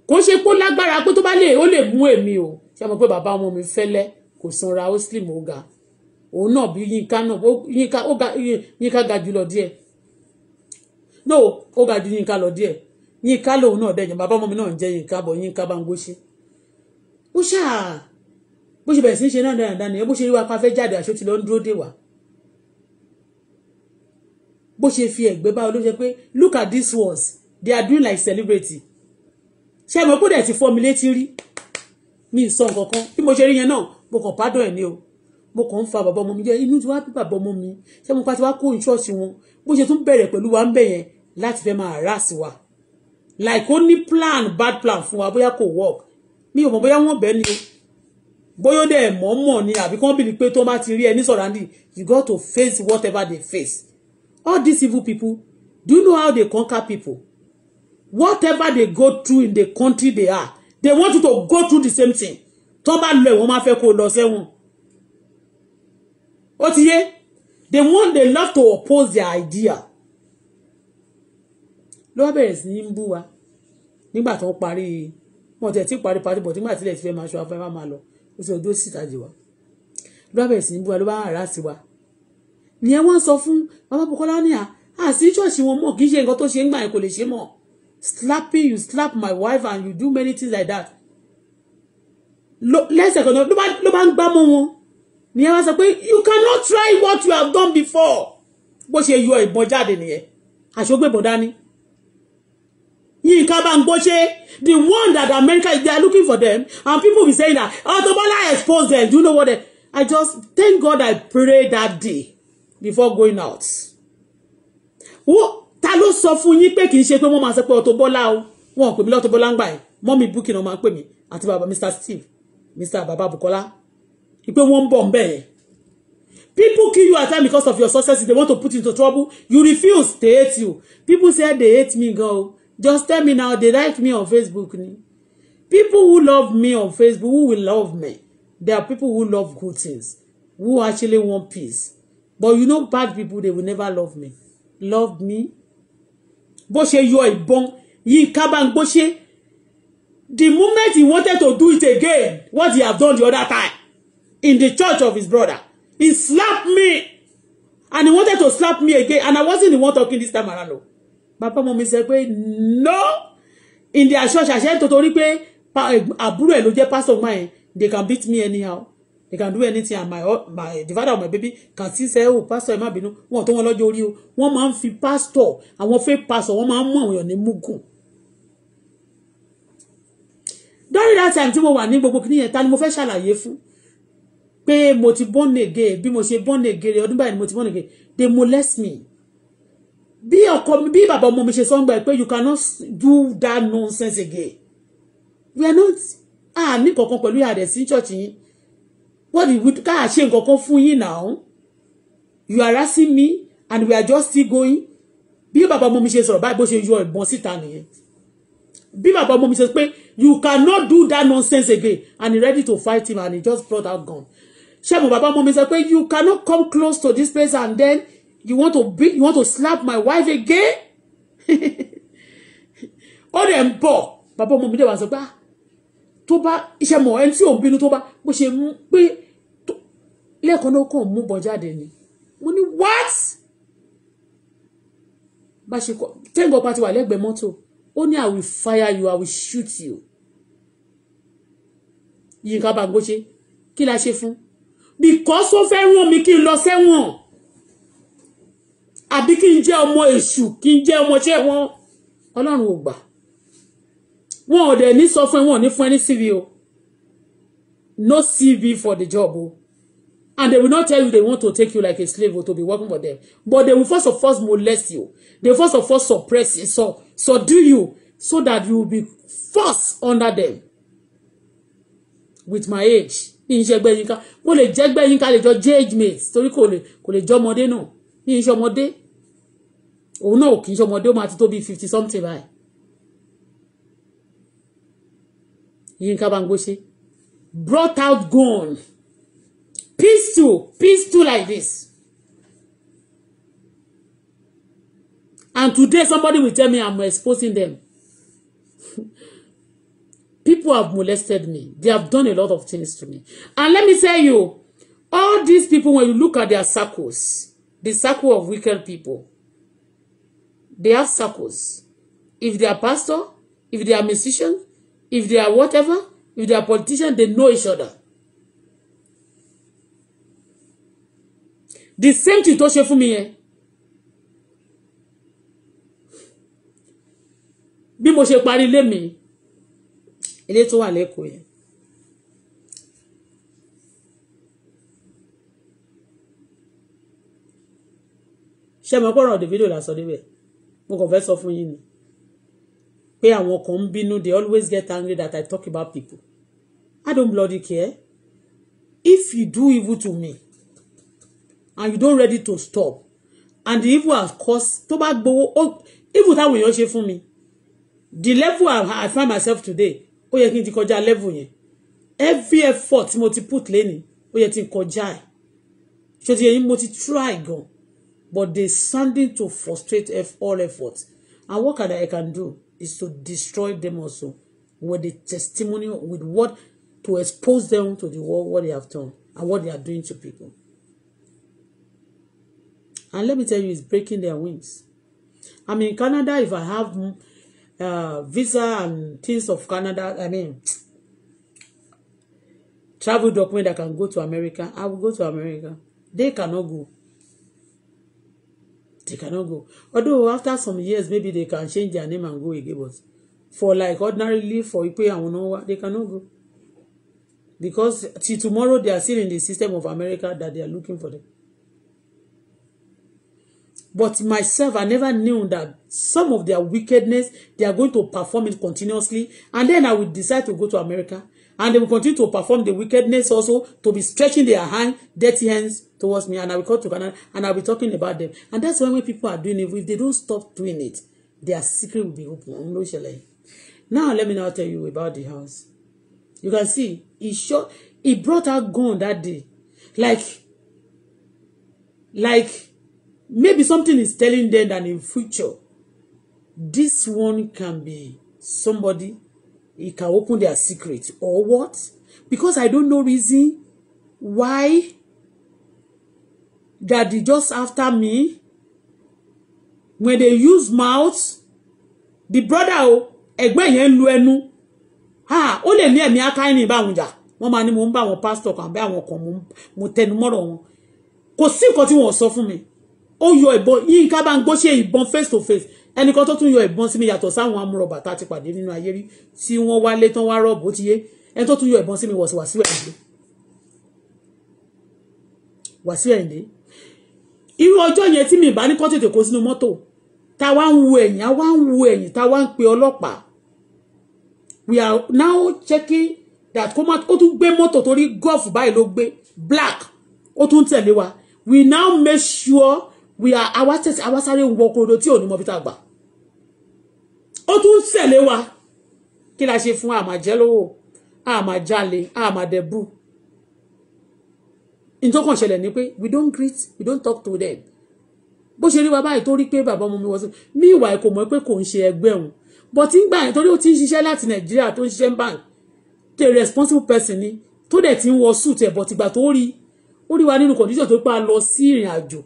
kò ṣe pé ó lágbára pé tó bá lè ó lè mú èmi o ṣe mọ̀ pé bàbá ọmọ mi fẹ́lẹ́ kò sanra ó slim ó ga òun náà bí yínká náà yínká ó ga yínká ga jù lọ díẹ̀ no ó ga jù yínká lọ díẹ̀ yínká lòun náà dẹ̀yìn bàbá ọmọ mi náà ń jẹ́ yínká bọ̀ yínká bá ń gbóṣe ó ṣáà bó ṣe bẹ̀rẹ̀ sí ṣe náà dáadáa nìyẹn bó ṣe rí wa pa fẹ́ jáde àṣọ ti lọ ń dúró dè wá bó ṣe fi ẹ̀gbẹ́ bá olóṣè pé look at these words they are doing like celebrity ṣé ẹ mọ̀ kó dẹ̀ ti fọ́ mi létí rí mi ì sọ nǹkan kan bí mo ṣe rí yẹn náà mo kàn pádùn ẹ̀ ní o mo kàn ń fa bàbá ọmọ mi jẹ inú tí wàá bí bàbá ọmọ mi ṣé mo pa ti wá kó ìṣọ́ọ̀ṣì wọn bó ṣe tún bẹ̀rẹ̀ pẹ̀lú wa ń bẹ̀ yẹn láti fẹ́ máa rà sí wa like ó ní plan bad plan fún wa bóyá kò work mi ò mọ̀ bóyá wọ́n bẹ́ẹ̀ ni o bóyá ó dẹ̀ mọ̀ mọ̀ ni àbí kán bìlì pé tó bá ti rí ẹ ní sọ̀ràndì you got to face whatever they face all these evil people do you know how they conquer people whatever they go through in the country they are they want you to go through the same thing tọ́n bá lọ wọ́n máa fẹ́ kó lọ sẹ́wọ̀n ó ti yé they want they love to oppose their idea ló wá bẹ̀rẹ̀ sí ní bú wa nígbà tó ń parí wọn tẹ̀ tí parí party but nígbà tí ilẹ̀ ti fẹ́ máa ṣọ afẹ́ máa lọ ó sì ọdún síta jì wá ló wá bẹ̀rẹ̀ sí ní bú wa ló bá hàn láti wa nìyẹn wọ́n sọ fún bàbá Bukola ní à àti ṣọ́ọ̀ṣì wọn mọ̀ kì í ṣe nǹkan tó ṣe ń gbà yẹn kò lè ṣe mọ̀ slapping you slap my wife and you do many things like that lẹ́sẹ̀ kan náà ló bá ń gbá mọ́ wọn ni ẹ wá sọ pé you cannot try what you have done before bó ṣe yọ ìbọn jáde nìyẹn àṣọgbébọn dání Yinka Bangboche, the one that America they are looking for them, and people be saying that Auto Bola exposed them. Do you know what? They, I just thank God I prayed that day before going out. Wo ta ló sọ fún yín pé kì í ṣe pé wọ́n máa sọ pé Auto Bola o, wọn ò pè mí lọ́tọ̀ ń gbà ẹ̀, mọ́mí Bukki ni máa pè mí àti bàbá Mr Steve. Mr. Baba Bukola ipe wọ́n ń bọ̀ people kill you at time because of your success they want to put you into trouble you refuse they hate you people say they hate me girl just tell me now they like me on Facebook people who love me on Facebook who will love me there are people who love good things who actually want peace but you know bad people they will never love me love me bó ṣe yọ ìbọn yìí ká bá ń gbó the moment he wanted to do it again, what he have done the other time in the church of his brother, he slapped me. And he wanted to slap me again. And I wasn't the one talking this time around. Bàbá ọmọ mi sọ no. In their church, I nítorí pé àbúrò ẹ̀ ló jẹ́ pastor ọmọ They can beat me anyhow. They can do anything and my, uh, my the father of my baby can still say, oh, pastor ẹ má bínú. Wọ́n tó wọn lọ́jọ́ orí o. Wọ́n máa ń fi pastor one fake pastor one man ń mú àwọn èèyàn ní mugun during that time tí mo wà ní gbogbo kìíní yẹn ta ni mo fẹ́ ṣàlàyé fún pé mo ti born again bí mo ṣe born again ọdún báyìí ni mo ti born again they molest me bí ọkọ mi bí bàbá ọmọ mi ṣe sọ ń gbà pé you cannot do that nonsense again we are not ah ní kankan pẹ̀lú àdẹ̀ sí church yìí what if we ká ṣe nǹkan kan fún yín now you are asking me and we are just still going bí bàbá ọmọ mi ṣe sọ̀rọ̀ báyìí bó ṣe yọ ìbọn síta nìyẹn bí bàbá ọmọ says, ṣe you cannot do that nonsense again and he ready to fight him and he just brought out gun ṣé mo bàbá ọmọ says, sọ you cannot come close to this place and then you want to beat you want to slap my wife again [laughs] ó dẹ̀ ń Baba, bàbá ọmọ mi dẹ̀ wá sọ pé mo ah, bá iṣẹ́ mọ̀ ẹni tí ò ń bínú tó bá bó ṣe mú pé lẹ́ẹ̀kan náà ni mo ní what bá ṣe kọ́ tẹ́ǹgọ̀ pa ti wà lẹ́gbẹ̀ẹ́ mọ́tò ó ní i will fire you i will shoot you Yínká Bámigbóṣe kí la ṣe fún because ó fẹ́ rán mi kí n lọ sẹ́wọ̀n àbí kí n jẹ́ ọmọ èṣù kí n jẹ́ ọmọ sẹ́wọ̀n ọlọ́run ò gbà wọn ò dẹ̀ ní sọ fún ẹ wọn ò ní fún ẹ ní CV o no CV for the job o. Oh. And they will not tell you they want to take you like a slave or to be working for them. But they will first of all molest you. They will first of all suppress you, so, subdue you, so that you will be forced under them. With my age. ní iṣẹ́ gbẹ̀yìnká mo lè jẹ́ gbẹ̀yìnká lè jọ jẹ́ age mate torí kò lè kò lè jọ ọmọdé náà ní iṣẹ́ ọmọdé òun náà kì í ṣe ọmọdé ó máa ti tó bíi fifty something báyìí. Yínká Bámgbóṣé brought out gone pistol pistol like this and today somebody will tell me I'm exposing them [laughs] people have molested me they have done a lot of things to me and let me tell you all these people when you look at their circles the circle of wicked people they have circles if they are pastor if they are musician if they are whatever if they are politician they know each other the same thing tó ṣe fún mi yẹn bí mo ṣe parí ilé mi ilé tó wà lẹ́kọ̀ọ́ yẹn ṣe mọ̀ pọ̀rọ̀ Davido la sọ níbẹ̀ mo kàn fẹ́ sọ fún yín ni pé àwọn kan ń bínú they always get angry that I talk about people I don't bloody care if you do evil to me and you don't ready to stop and the evil has caused tó bá gbowó ó evil táwọn èèyàn ṣe fún mi the level I, I find myself today ó yẹ kí n ti kọjá level yẹn every effort tí mo ti put lẹ́ni ó yẹ ti kọjá ẹ̀ ṣé ti yẹ yín mo ti try gan but they sounding to frustrate all effort. and what can I can do is to destroy them also with the testimony with what to expose them to the world what they have done and what they are doing to people. And let me tell you, it's breaking their wings. I mean, Canada, if I have mm, uh, visa and things of Canada, I mean, travel document that can go to America, I will go to America. They cannot go. They cannot go. Although after some years, maybe they can change their name and go again, but for like ordinarily for Ipe and Unowa, they cannot go. Because till tomorrow, they are still in the system of America that they are looking for them. But myself, I never knew that some of their wickedness, they are going to perform it continuously. And then I will decide to go to America. And they will continue to perform the wickedness also, to be stretching their hand, dirty hands towards me. And I will come to Canada, and I will be talking about them. And that's why when people are doing it, if they don't stop doing it, their secret will be open. Now, let me now tell you about the house. You can see, he shot, he brought out gun that day. Like, like, maybe something is telling them that in future this one can be somebody he can open their secret or what because I don't know reason why daddy just after me when they use mouth the brother o ẹgbẹ́ yẹn lu ẹnu ha ó lè ní ẹ̀mí akáyìn báwọn jà wọ́n máa ní mo ń bá àwọn pásítọ̀ kan àbẹ́ àwọn kan mo tẹnu mọ́rọ̀ wọn kò sí nǹkan tí wọ́n sọ fún mi ó yọ ìbọn Yínká Báńgó ṣe ìbọn face to face ẹnìkan tó tún yọ ìbọn sí mi yàtọ̀ sáwọn amúrọ̀bà tá a ti pàdé nínú ayé rí tí wọ́n wá lé tán wá rọ́ọ̀bù ó ti yé ẹni tó tún yọ ìbọn sí mi wọ̀síwàsí ẹ̀ǹdé wàsí ẹ̀ǹdé irú ọjọ́ yẹn tí mi ìbá ní kọ́ tètè kó sínú mọ́tò ta wá ń wo ẹ̀yìn a wá ń wo ẹ̀yìn ta wá ń pe ọlọ́pàá we are now checking that kó má ó tún gbé mọ́tò torí gọ́ọ̀fù báyìí ló gbé black ó tún tẹ̀lé wa we now make sure we are àwa tẹ̀sí àwa sáré wọ korodo tí ò ní mọ́bítà gbà ó tún tẹ̀lé wa kí la ṣe fún àmàjẹ́ lówó àmàjalè àmàdẹ̀bù ìtọ́kàn ṣẹlẹ̀ ni pé we don't greet we don't talk to them bó ṣe rí wa báyìí tó rí pé bàbá ọmọ mi wọ́n sí ní ìwà ẹ̀kọ́ mọ̀ pé kò ń ṣe ẹgbẹ́ òun but ń gbà yẹn torí ó ti ń ṣiṣẹ́ láti nàìjíríà bank the responsible person ni tó dẹ̀ ti ń suit ẹ̀ but ìgbà tó rí ó rí wa nínú condition tó pa lo si ìrìn àjò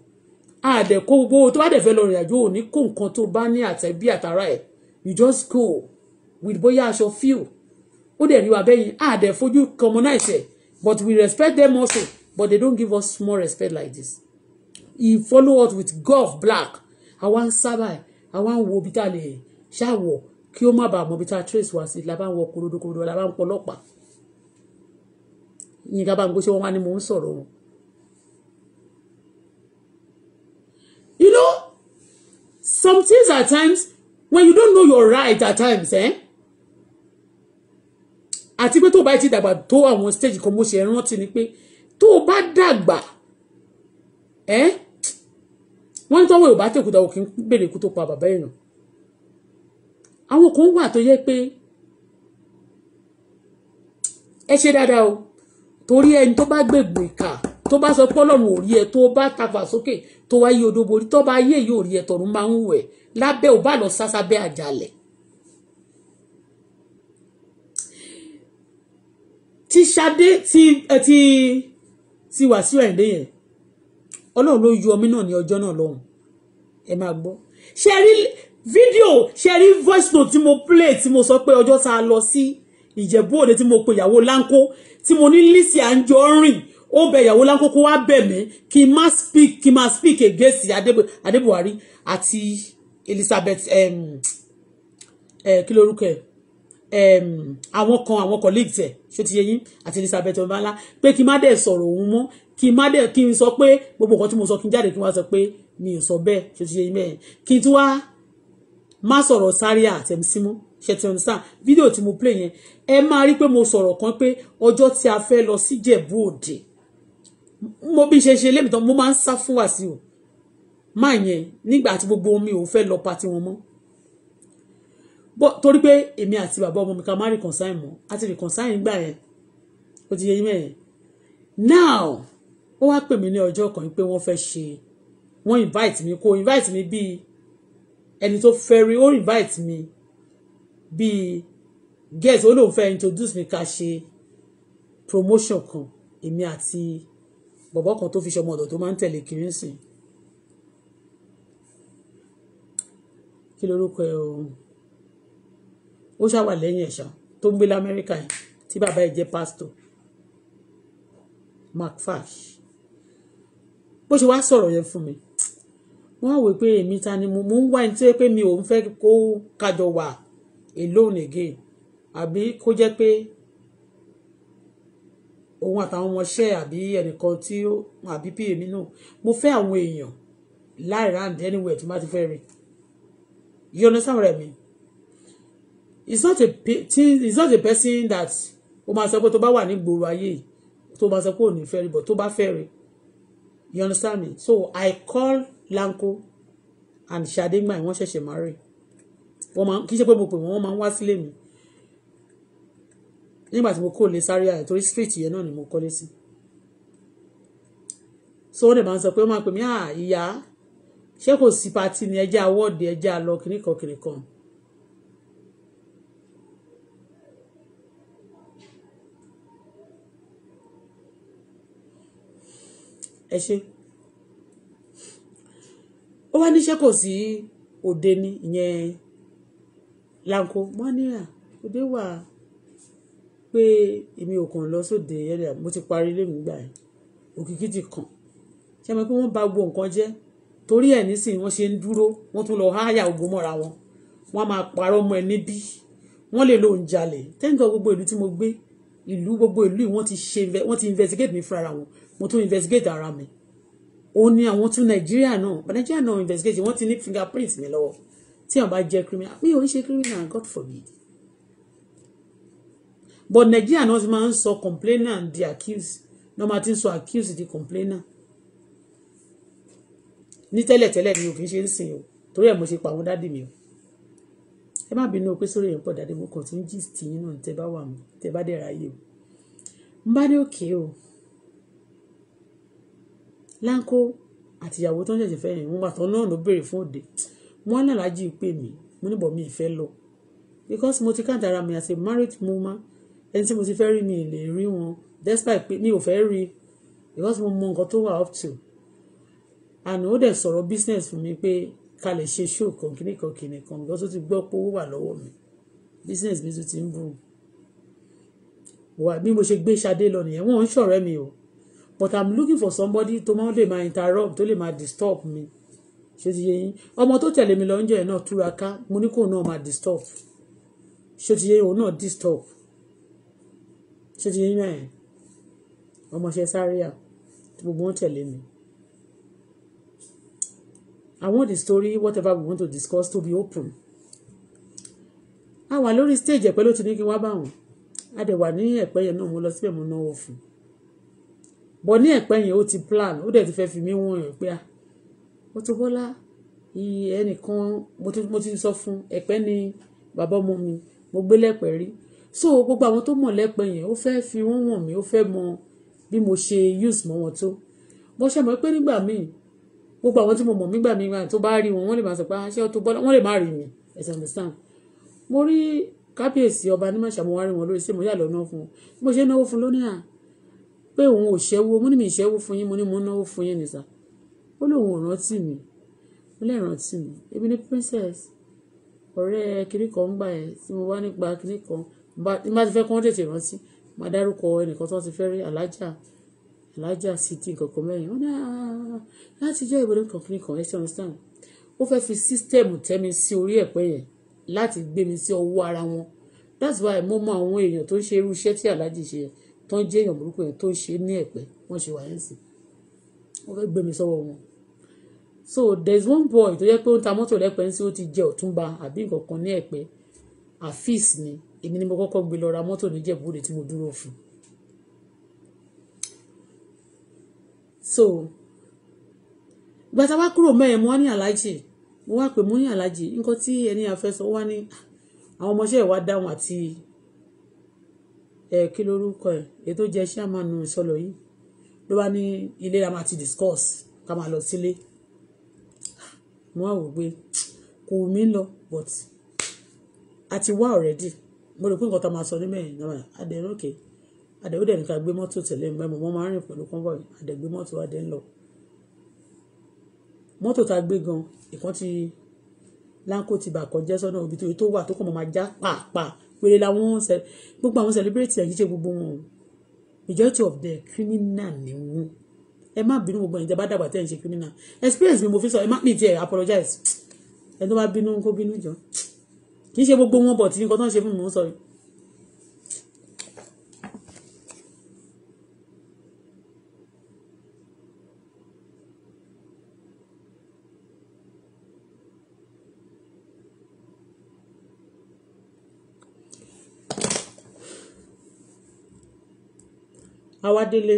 àdẹ̀kó gbogbo tó bá dẹ̀ fẹ́ lọ rìn àjò òní kó nǹkan tó bá ní àtẹ̀bí àtàrà ẹ̀ you just go with bóyá aṣọ fíl ó dẹ̀ rí wa bẹ́yìn àdẹ̀ fojú commonize ẹ̀ but we respect them also but they don't give us small respect like this he follow us with golf black àwa ń sábà àwa ń wo bí tá a lè ṣàwọ̀ kí ó má bàa mọ bí tá a trace wá sí làbá ń wọ korodo korodo làbá ń pọlọ́pàá yín ká bá ń gbé ṣé wọ́n wá ní mò ń sọ̀rọ̀ wọn You know, some things at times, when you don't know your right at times, eh? Àti pé tó bá ti dàgbà tó àwọn stage kan mo ṣe rántí ni pé tó o bá dàgbà ẹ́ eh? wọ́n ní tọ́wọ́ Yorùbá tẹ̀kùdà òkè ń bèrè ikú tó pa bàbá èèyàn. Àwọn kan wà tó yẹ pé ẹ ṣe dáadáa o torí ẹni tó bá gbègbè ìkà tó bá sọ pé ọlọ́run ò rí ẹ tó bá tafà sókè tó wá yí odò borí tó bá yé èyí ò rí ẹ tọ̀run máa ń wù ẹ lábẹ́ ò bá lọ sásábẹ́ àjàlẹ̀. ti ṣadé ti ẹ ti ti Wàsíù Àyìndé yẹn ọlọ́run ló yọ ọmí náà ní ọjọ́ náà lọ́hùn ẹ máa gbọ́ ṣe rí fídíò ṣe rí voice note tí mo play tí mo sọ pé ọjọ́ tá a lọ sí Ìjẹ̀bú Òde tí mo pe ìyàwó láńkó tí mo ní Lizzy Anjorin ó bẹ ìyàwó lákòókò wá bẹ̀ mí kí n má speak kí n má speak against adébùwárí àti Elizabeth um, uh, kí lorúkọ ẹ̀ um, àwọn kan àwọn colleagues ẹ ṣó àti Elizabeth ọmọlá pé kí n má dẹ̀ sọ̀rọ̀ òun mọ́ kí n má dẹ̀ kí n sọ pé gbogbo nǹkan tí mo sọ kí n jáde kí n wá sọ pé mi ò sọ bẹ́ẹ̀ ṣó ti yé yín bẹ́ẹ̀ kí n tún wá má sọ̀rọ̀ Zaria àtẹ̀mísí mọ́ ṣe fídíò tí mo play yẹn ẹ máa rí pé mo sọ̀rọ̀ kan pé ọjọ́ tí a fẹ́ lọ sí Òde mo bí ṣe ṣe lémi tán mo máa ń sá fún Wàsíù máa yẹn nígbà tí gbogbo omi òun fẹ́ lọ pati wọn mọ́ torí pé èmi àti bàbá ọmọ mi ká má reconcile mọ́ àti reconcile gbà yẹn ó ti yẹ yín mẹ́yẹn now ó wá pè mí ní ọjọ́ kan pé wọ́n fẹ́ ṣe wọ́n invite mi kò invite mi bíi ẹni tó fẹ́ rí invite mi bíi guest ó lóun fẹ́ introduce mi ká ṣe promotion kan èmi àti bọ̀bọ́ kan tó fi ṣọmọ ọ̀dọ̀ tó máa ń tẹ̀lé kiri ń sìn kí lorúkọ ẹ o ó ṣàwà lẹ́yìn ẹ̀ṣà tó ń gbé lamẹ́ríkà yìí tí bàbá ẹ̀ jẹ́ pásítọ̀ mark fash bó ṣe wá sọ̀rọ̀ yẹn fún mi wọ́n á wò pé èmi ta ni mo ń wá ẹni tí ó pé mi ò ń fẹ́ kó kájọ wà alone again àbí kó jẹ́ pé òun àtàwọn ọmọọṣẹ́ àbí ẹnìkan tí ó àbí pa èmi náà mo fẹ́ àwọn èèyàn láì round anywhere tí mo bá ti fẹ́ rí you understand what I mean it's not a it's not a person that o máa sọ pé tó bá wà ní gbòòrò ayé tó máa sọ pé ò ní fẹ́ rí but tó bá fẹ́ rí you understand me so I call Lanko and Ṣadé gbà wọ́n ṣẹ̀ṣẹ̀ marry wọ́n máa kì í ṣe pé mo pè wọ́n wọ́n máa ń wá sílé mi nígbà tí mo kúrò ní Zaria ẹ̀ torí street yẹn náà ni mo kọ́lé sí so ó dẹ̀ máa ń sọ pé ó máa pè mí à ah, ìyá ṣé kò sí pati ni ẹja awọ́ọ̀dì ẹja lọ kìnnìkan kìnnìkan ẹ ṣe ó wá níṣẹ́ kò sí òde ni ìyẹn lanko wọ́n ní à ah, òde wà á pé èmi ò kàn lọ sóde ẹ̀rẹ̀ mo ti parí ilé mi gbà yẹn òkìkí ti kàn ṣe mọ̀ pé wọ́n bà gbogbo nǹkan jẹ́ torí ẹ̀ nísìn wọ́n ṣe ń dúró wọ́n tún lọ háyà ògbó mọ́ra wọn wọ́n máa parọ́ mọ́ ẹ níbí wọ́n lè lo òǹjalè tẹ́ǹkà gbogbo ìlú tí mo gbé ìlú gbogbo ìlú wọ́n ti ṣe wọ́n ti investigate mi fúnra wọn mo tún investigate ara mi òun ni àwọn tún nàìjíríà náà but nàìjíríà náà investigate wọ́n ti ní fingerprint mi lọ́wọ́ tí àwọn bá jẹ́ criminal mi ò ń ṣe criminal God forbid but Nigeria náà ti máa ń sọ complainant di accuse no máa ti ń sọ accused di complainant ní tẹ́lẹ̀tẹ́lẹ̀ ni òfin ṣe ń sìn o torí ẹ̀ mo ṣe pa àwọn dádì mi o ẹ má bínú pé sórí yẹn pọ̀ dádì mo kàn ti ń gist yín náà tẹ́ bá wà mí tẹ́ bá dẹ̀ ráyè o n bá ní òkè o láńkó àtìyàwó tó ń ṣẹ̀ṣẹ̀ fẹ́ yẹn wọn bàtọ́ náà ló béèrè fún òde wọn lálàájì pé mi mo níbọ̀ mi ìfẹ́ lọ because mo ti káàtà ara mi as a married woman ẹni tí mo ti fẹ́ rí mi lè rí wọn despite pé mi ò fẹ́ rí because mo mọ nǹkan tó wà up to and ó dẹ̀ sọ̀rọ̀ business fún mi pé ká lè ṣe show kan kíní kan kíní kan because ó ti gbọ́ pé owó wà lọ́wọ́ mi business mi tún ti ń bù wà bí mo ṣe gbé Ṣadé lọ nìyẹn wọn ò ń ṣọ̀rẹ́ mi o but i'm looking for somebody tó máa lè máa interrupt tó lè máa disturb mi ṣé ti yé yín ọmọ tó tẹ̀lé mi lọ́njọ́ yẹn náà túraká mo ní kó náà máa disturb ṣé ti yé yín òun náà disturb ṣé ti yín mẹ́rin ọmọọṣẹ́ sáríà tí gbogbo wọn tẹ̀lé mi I want the story whatever we want to discuss to be open a wà lórí stage ẹ̀pẹ́ ló ti ní kí wọ́n bá wọn a dẹ̀ wà ní ẹ̀pẹ́ yẹn náà mo lọ síbẹ̀ mo náwó fún un bọ̀ ní ẹ̀pẹ́ yẹn ó ti plan ó dẹ̀ ti fẹ́ fi mí wọ́n yàn pé a ó tó bọ́lá ẹnìkan mo ti sọ fún ẹ̀pẹ́ ni bàbá ọmọ mi mo gbé lẹ́pẹ́ rí so gbogbo àwọn tó mọ̀ lẹ́pẹ́ yẹn ó fẹ́ fi wọ́n wọ̀n mí ó fẹ́ mọ bí mo ṣe use mọ́ wọn tó mo ṣe mọ̀ pé nígbà míì gbogbo àwọn tí mo mọ̀ nígbà míì tó bá rí wọn wọ́n lè máa sọ pé aṣẹ́ Auto Bola wọ́n lè má rí mi ẹ̀sẹ̀ understand mo rí kábíyèsí ọba ní màṣà mo wá rí wọn lórí sí mo yà lọ́nà fún wọn mo ṣe náwó fún lónìí à ah, pé òun ò ṣẹ́wó mo ní mi ìṣẹ́wó fún yín mo ní mo náwó fún yín nìsa ó lóun ò rántí mi mo lè rántí mi ebi ní princess ọ̀rẹ́ kiri kan gbà ẹ̀ tí mo wá nípa kiri kan bí má ti fẹ́ kí wọ́n tètè rántí má dárúkọ ẹnìkan tó ti fẹ́ rí alájà alájà sí ti nǹkankan mẹ́rin wọn náà ah, láti jẹ́ ìbòdó nǹkan kan ẹ ti understand ó fẹ́ fi sísítẹ́ẹ̀mù tẹ́mi sí orí ẹ̀pẹ́ yẹn láti gbé mi sí ọwọ́ ara wọn that's why mo mọ àwọn èèyàn tó ń ṣe irú iṣẹ́ tí aláàjì ṣe yẹn tó ń jẹ́ èèyàn burúkú yẹn tó ń ṣe ní ẹ̀pẹ́ wọ́n ṣe wà yẹn sí wọ́n fẹ́ gbé mi sọ́wọ́ wọn so there's one boy tó yẹ pé ó ń ta mọ́tò lẹ́pẹ́ ń sí ó ti jẹ ọ̀túnba àbí nǹkan kan ní ẹ̀pẹ́ àfíìs ni èmi ni mo kọ́kọ́ gbé lọ ra mọ́tò níjẹ̀búrẹ́ tí mo dúró fún so gbàtà wá kúrò mẹ́rin mo wá ní aláàjì mo wá pè mo ní aláàjì nǹkan tí ẹni àfẹsọ wá ní àwọn ọmọọṣẹ́ ìwà dáhùn àti ẹ kí lórúkọ ẹ ètò jẹ ṣàmánu ìsọlọ yìí ló bá ní ilé la máa ti discuss ká máa lọ sílé mo wá wò pé kò mí lọ but a ti wá already mo rò pé nǹkan tá a máa sọ níbẹ̀ yìí náà adẹ̀rọ̀ òkè adẹ̀wò dẹ̀ nìkan gbé mọ́tò tẹ̀lé mi báyìí mo máa ń rìn pẹ̀lú kọ́ńbọ̀ì adẹ̀ gbé mọ́tò adẹ̀ ń lọ mọ́tò tá a gbé gan ìkan ti láńkó ti bà kọjá sọ́nà òbí tó wà tó kàn máa já pàápàá péré làwọn gbogbo àwọn celebrate ẹ̀ jíjẹ́ gbogbo wọn majority of the criminal ni wọn ẹ má bínú gbogbo ìjẹba dàgbà tẹ́ ẹ̀ ń ṣe criminal experience mi mo fi sọ ẹ má mi tiẹ̀ apologize ẹ tó bá bínú kó bínú jọ kì í ṣe gbogbo wọn bọ̀ tí nǹkan tó ń ṣe fún mi mò ń sọ yìí. awádélé